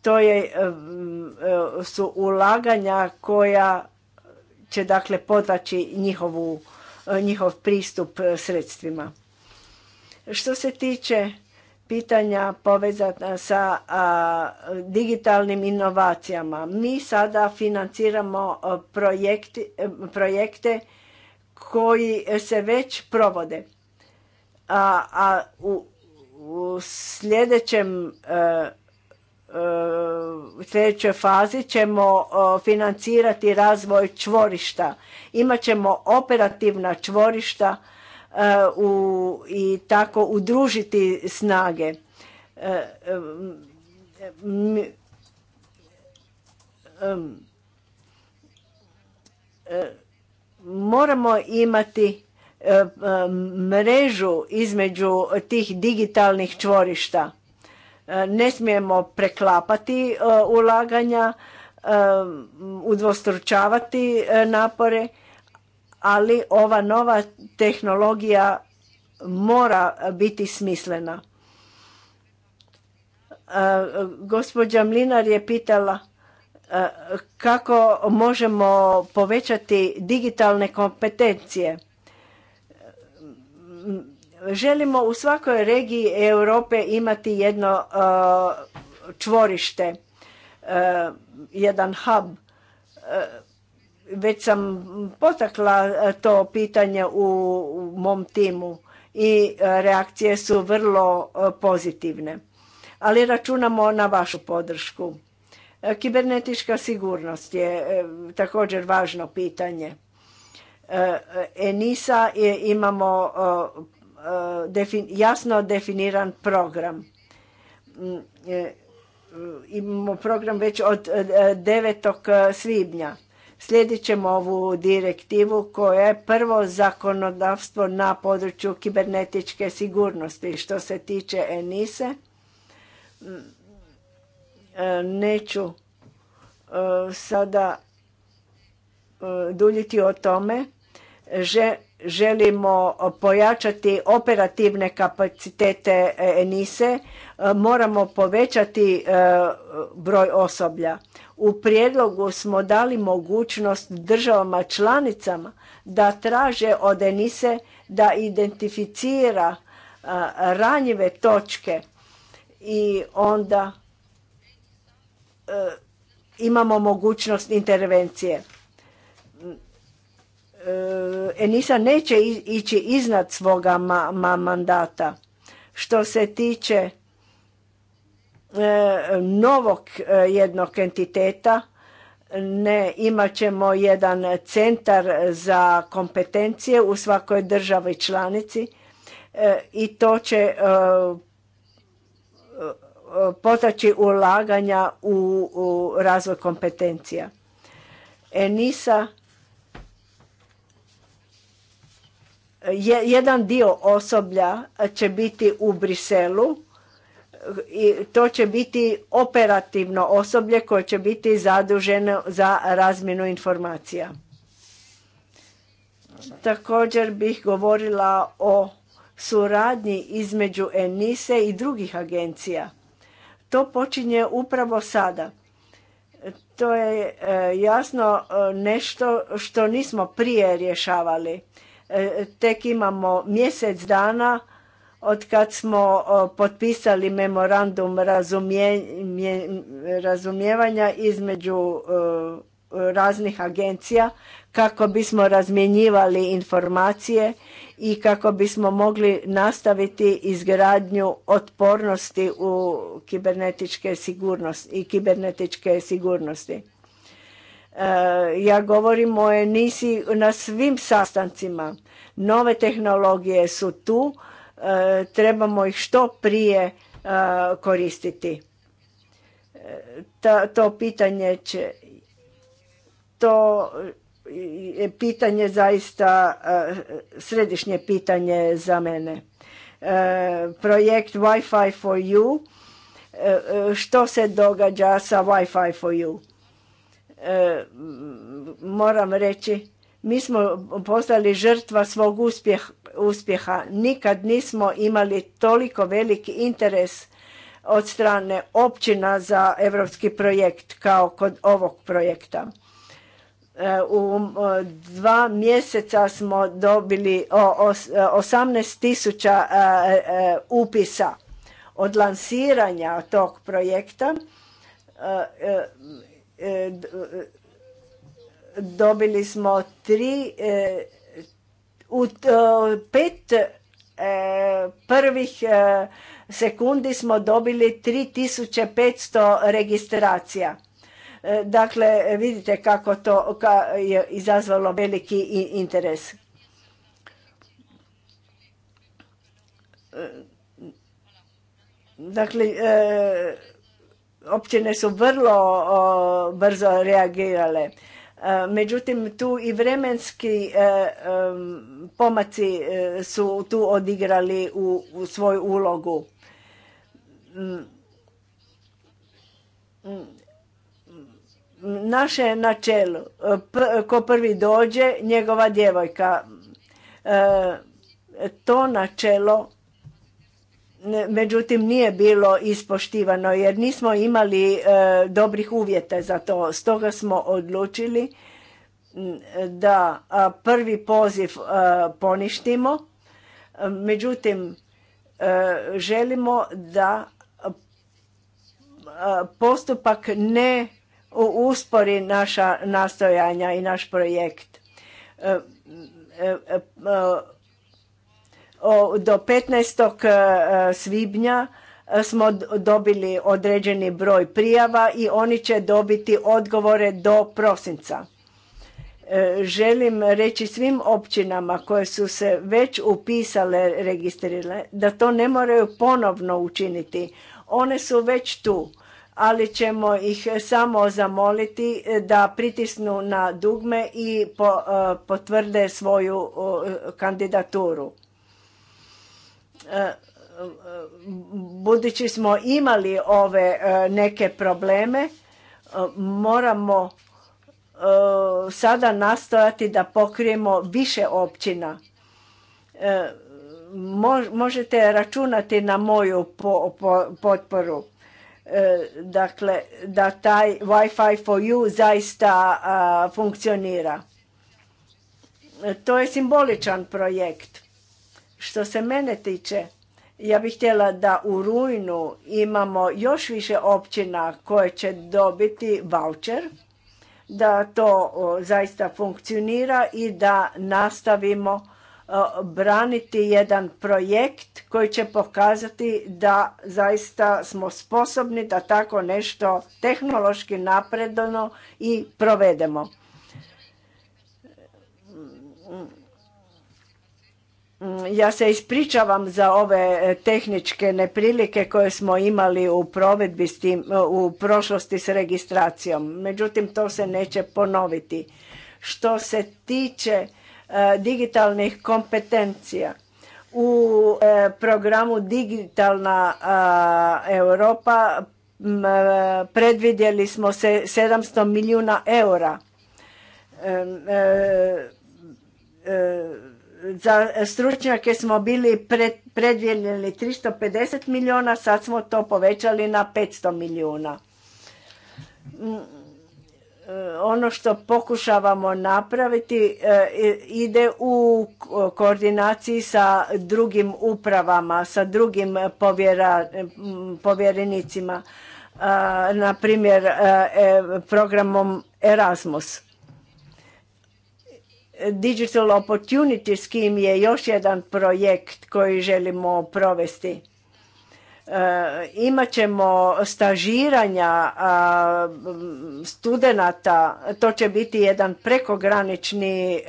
To je, su ulaganja koja će dakle njihovu, njihov pristup sredstvima. Što se tiče pitanja povezana sa digitalnim inovacijama. Mi sada financiramo projekti, projekte koji se već provode. A, a u, u sljedećem e, e, sljedećoj fazi ćemo financirati razvoj čvorišta. Imaćemo operativna čvorišta e, u, i tako udružiti snage moramo imati e, e, mrežu između tih digitalnih čvorišta. E, ne smijemo preklapati ulaganja, udvostručavati napore, ali ova nova tehnologija mora biti smislena. Gospođa Mlinar je pitala kako možemo povećati digitalne kompetencije. Želimo u svakoj regiji Europe imati jedno e, čvorište, e, jedan hub. E, već sam potakla to pitanje u mom timu i reakcije su vrlo pozitivne. Ali računamo na vašu podršku E, kibernetička sigurnost je e, također važno pitanje. E, ENISA imamo jasno definiran program. Mm, imamo program već od 9. svibnja. Slijedit ćemo ovu direktivu koja je prvo zakonodavstvo na području kibernetičke sigurnosti što se tiče ENISE. Mm, E, neću e, sada e, duljiti o tome. Želimo pojačati operativne kapacitete Enise, moramo povećati broj osoblja. U prijedlogu smo dali mogućnost državama članicama da traže od Enise da identificira ranjive točke i onda E, imamo mogućnost intervencije. E, Enisa neće ići iznad svoga mandata. Što se tiče e, novog jednog entiteta, ne imat ćemo jedan centar za kompetencije u svakoj državi članici i to će potaći ulaganja u, razvoj kompetencija. Enisa jedan dio osoblja će biti u Briselu i to će biti operativno osoblje koje će biti zaduženo za razmjenu informacija. Također bih govorila o suradnji između Enise i drugih agencija to počinje upravo sada. To je e, jasno e, nešto što nismo prije rješavali. E, tek imamo mjesec dana od kad smo potpisali memorandum razumijevanja između raznih agencija kako bismo razmjenjivali informacije i kako bismo mogli nastaviti izgradnju otpornosti u kibernetičke sigurnosti i kibernetičke sigurnosti. E, ja govorim o enisi na svim sastancima. Nove tehnologije su tu, e, trebamo ih što prije e, koristiti. To pitanje će to je pitanje zaista e, središnje pitanje za mene. E, projekt Wi-Fi for you. E, što se događa sa Wi-Fi for you? Moram reći, mi smo postali žrtva svog uspjeha. Nikad nismo imali toliko veliki interes od strane općina za evropski projekt kao kod ovog projekta. U dva mjeseca smo dobili 18 tisuća e, e, upisa od lansiranja tog projekta. E, dobili smo tri, u pet prvih sekundi smo dobili 3500 registracija. E, dakle, vidite kako to je izazvalo veliki interes. E, dakle, e, općine su vrlo brzo reagirale. Međutim, tu i vremenski pomaci su tu odigrali u svoju ulogu mm. Mm naše načelo, ko prvi dođe, njegova djevojka. E, to načelo, međutim, nije bilo ispoštivano jer nismo imali e, dobrih uvjeta za to. Stoga smo odlučili da prvi poziv e, poništimo. Međutim, želimo da postupak ne uspori naša nastojanja i naš projekt. E, e, e, do 15. svibnja smo dobili određeni broj prijava i oni će dobiti odgovore do prosinca. Želim reći svim općinama koje su se već upisale, registrirale, da to ne moraju ponovno učiniti. One su već tu ali ćemo ih samo zamoliti e, da pritisnu na dugme i e, potvrde svoju kandidaturu. E, budući smo imali ove neke probleme, moramo sada nastojati da pokrijemo više općina. Možete računati na moju potporu. E, dakle da taj Wi-Fi for you zaista funkcionira. E, to je simboličan projekt. Što se mene tiče, ja bih htjela da u rujnu imamo još više općina koje će dobiti voucher, da to zaista funkcionira i da nastavimo E, braniti jedan projekt koji će pokazati da zaista smo sposobni da tako nešto tehnološki napredno i provedemo. Ja se ispričavam za ove e, tehničke neprilike koje smo imali u provedbi s tim, e, u prošlosti s registracijom. Međutim, to se neće ponoviti. Što se tiče E, digitalnih kompetencija. U e, programu Digitalna Europa e, predvidjeli smo 700 milijuna eura za stručnjake smo bili predvidjeli 350 milijuna, sad smo to povećali na 500 milijuna ono što pokušavamo napraviti e, ide u koordinaciji sa drugim upravama, sa drugim povjerenicima, e, na primjer e, programom Erasmus. Digital Opportunity Scheme je još jedan projekt koji želimo provesti E, imat ćemo stažiranja studenata, to će biti jedan prekogranični e,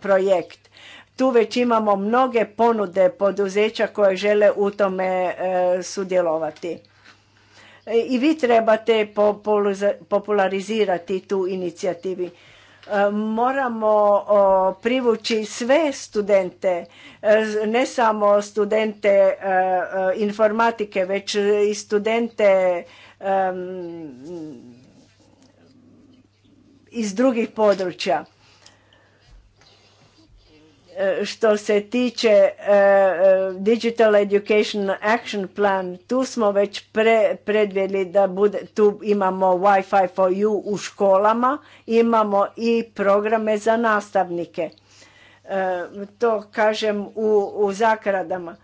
projekt. Tu već imamo mnoge ponude poduzeća koje žele u tome e, sudjelovati. I vi trebate popularizirati tu inicijativu. E, moramo privući sve studente, e, ne samo studente e, informatike, već i studente iz drugih područja što se tiče e, e, Digital Education Action Plan, tu smo već pre, da tu imamo Wi-Fi for you u školama, imamo i programe za nastavnike. E, to kažem u, u zakradama.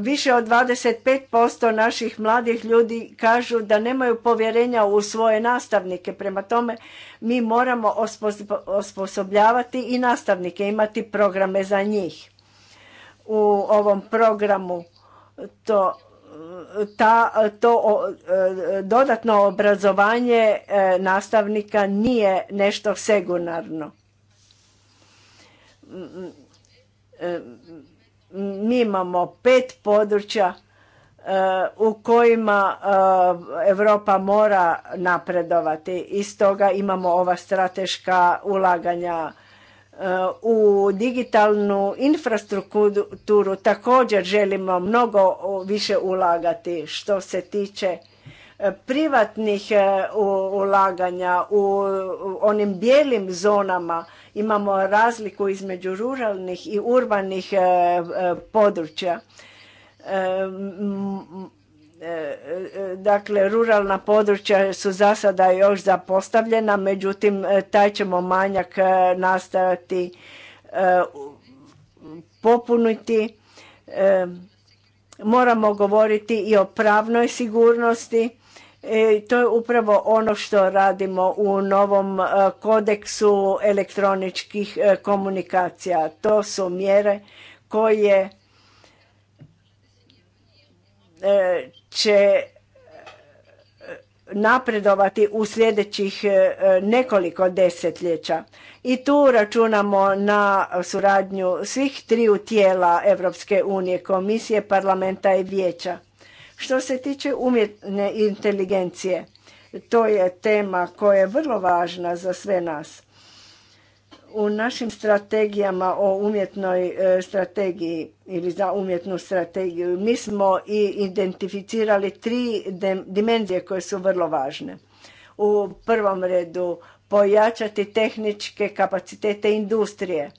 Više od 25% naših mladih ljudi kažu da nemaju povjerenja u svoje nastavnike. Prema tome mi moramo osposobljavati i nastavnike, imati programe za njih. U ovom programu to ta, to dodatno obrazovanje e, nastavnika nije nešto segunarno. E, mi imamo pet područja e, u kojima e, Europa mora napredovati i stoga imamo ova strateška ulaganja e, u digitalnu infrastrukturu također želimo mnogo više ulagati što se tiče privatnih ulaganja u onim bijelim zonama Imamo razliku između ruralnih i urbanih e, e, područja. E, dakle, ruralna područja su za sada još zapostavljena, međutim, taj ćemo manjak nastaviti popuniti. Moramo govoriti i o pravnoj sigurnosti E, to je upravo ono što radimo u novom e, kodeksu elektroničkih e, komunikacija. To su mjere koje će napredovati u sljedećih nekoliko desetljeća. I tu računamo na suradnju svih triju tijela Europske unije, komisije, parlamenta i vijeća što se tiče umjetne inteligencije, to je tema koja je vrlo važna za sve nas. U našim strategijama o umjetnoj e, strategiji ili za umjetnu strategiju mi smo i identificirali tri dimenzije koje su vrlo važne. U prvom redu pojačati tehničke kapacitete industrije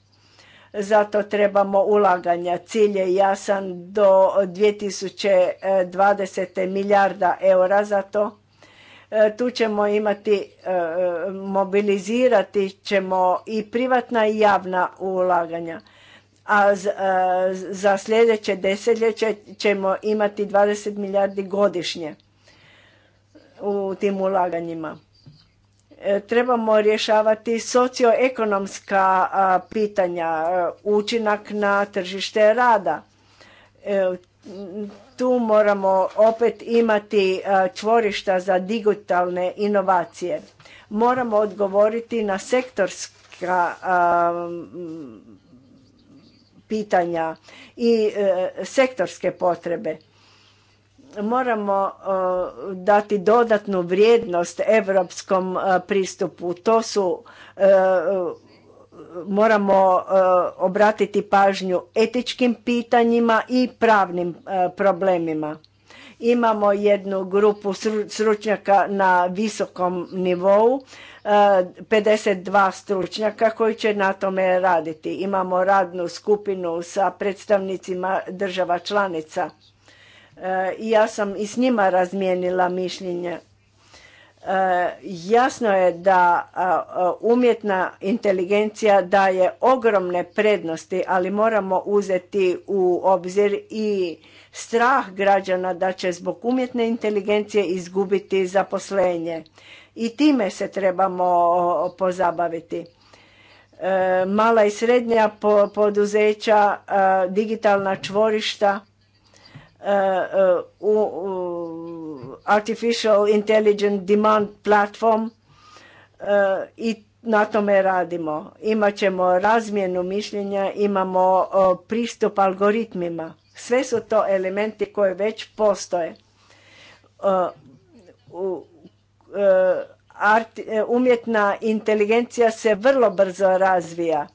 zato trebamo ulaganja. Cilj je jasan do 2020. milijarda eura za to. E, tu ćemo imati, e, mobilizirati ćemo i privatna i javna ulaganja. A e, za sljedeće desetljeće ćemo imati 20 milijardi godišnje u tim ulaganjima E, trebamo rješavati socioekonomska pitanja, e, učinak na tržište rada. E, tu moramo opet imati čvorišta za digitalne inovacije. Moramo odgovoriti na sektorska pitanja i sektorske potrebe moramo e, dati dodatnu vrijednost europskom e, pristupu. To su e, moramo obratiti pažnju etičkim pitanjima i pravnim problemima. Imamo jednu grupu stručnjaka na visokom nivou, 52 stručnjaka koji će na tome raditi. Imamo radnu skupinu sa predstavnicima država članica i ja sam i s njima razmijenila mišljenje. E, jasno je da umjetna inteligencija daje ogromne prednosti, ali moramo uzeti u obzir i strah građana da će zbog umjetne inteligencije izgubiti zaposlenje. I time se trebamo pozabaviti. E, mala i srednja poduzeća, digitalna čvorišta, u Artificial Intelligent Demand Platform eh, i na tome radimo. Imaćemo razmjenu mišljenja, imamo eh, pristup algoritmima. Sve su to elementi koji već postoje. Eh, umjetna inteligencija se vrlo brzo razvija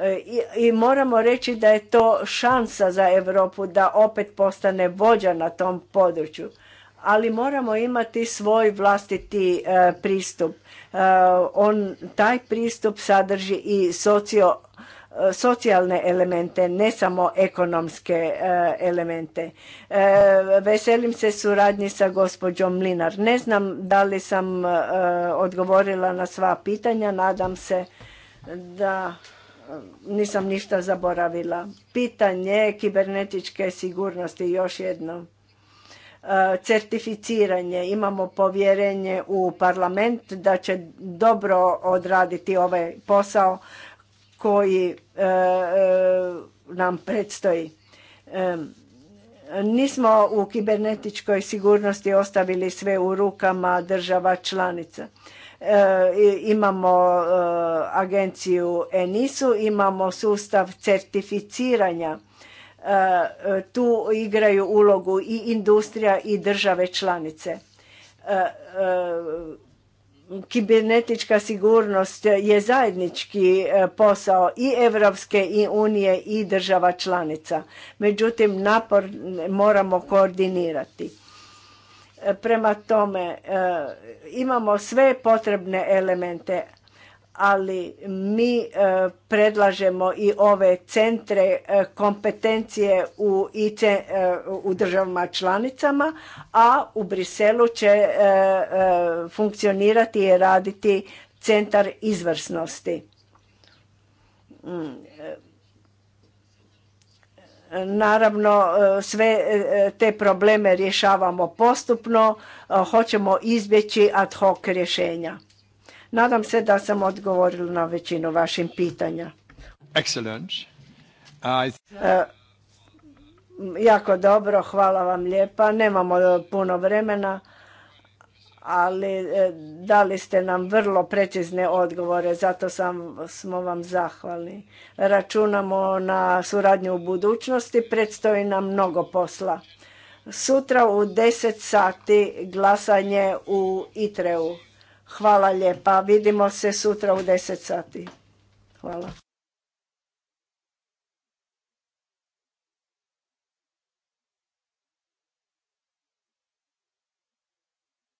i, i moramo reći da je to šansa za Europu da opet postane vođa na tom području. Ali moramo imati svoj vlastiti e, pristup. E, on taj pristup sadrži i socio, e, socijalne elemente, ne samo ekonomske elemente. Veselim se suradnji sa gospođom Mlinar. Ne znam da li sam odgovorila na sva pitanja, nadam se da nisam ništa zaboravila. Pitanje kibernetičke sigurnosti još jedno. E, certificiranje. Imamo povjerenje u parlament da će dobro odraditi ovaj posao koji e, e, nam predstoji. Nismo u kibernetičkoj sigurnosti ostavili sve u rukama država članica E, imamo e, agenciju ENISU, imamo sustav certificiranja. E, tu igraju ulogu i industrija i države članice. Kibernetička sigurnost je zajednički posao i Evropske i Unije i država članica. Međutim, napor moramo koordinirati Prema tome, e, imamo sve potrebne elemente, ali mi e, predlažemo i ove centre e, kompetencije u, u državama članicama, a u Briselu će funkcionirati i raditi centar izvrsnosti mm, Naravno, e, sve e, te probleme rješavamo postupno, e, hoćemo izbjeći ad hoc rješenja. Nadam se da sam odgovorila na većinu vašim pitanja. jako dobro, hvala vam lijepa. Nemamo puno vremena ali e, dali ste nam vrlo precizne odgovore, zato sam, smo vam zahvalni. Računamo na suradnju u budućnosti, predstoji nam mnogo posla. Sutra u 10 sati glasanje u Itreu. Hvala lijepa, vidimo se sutra u 10 sati. Hvala.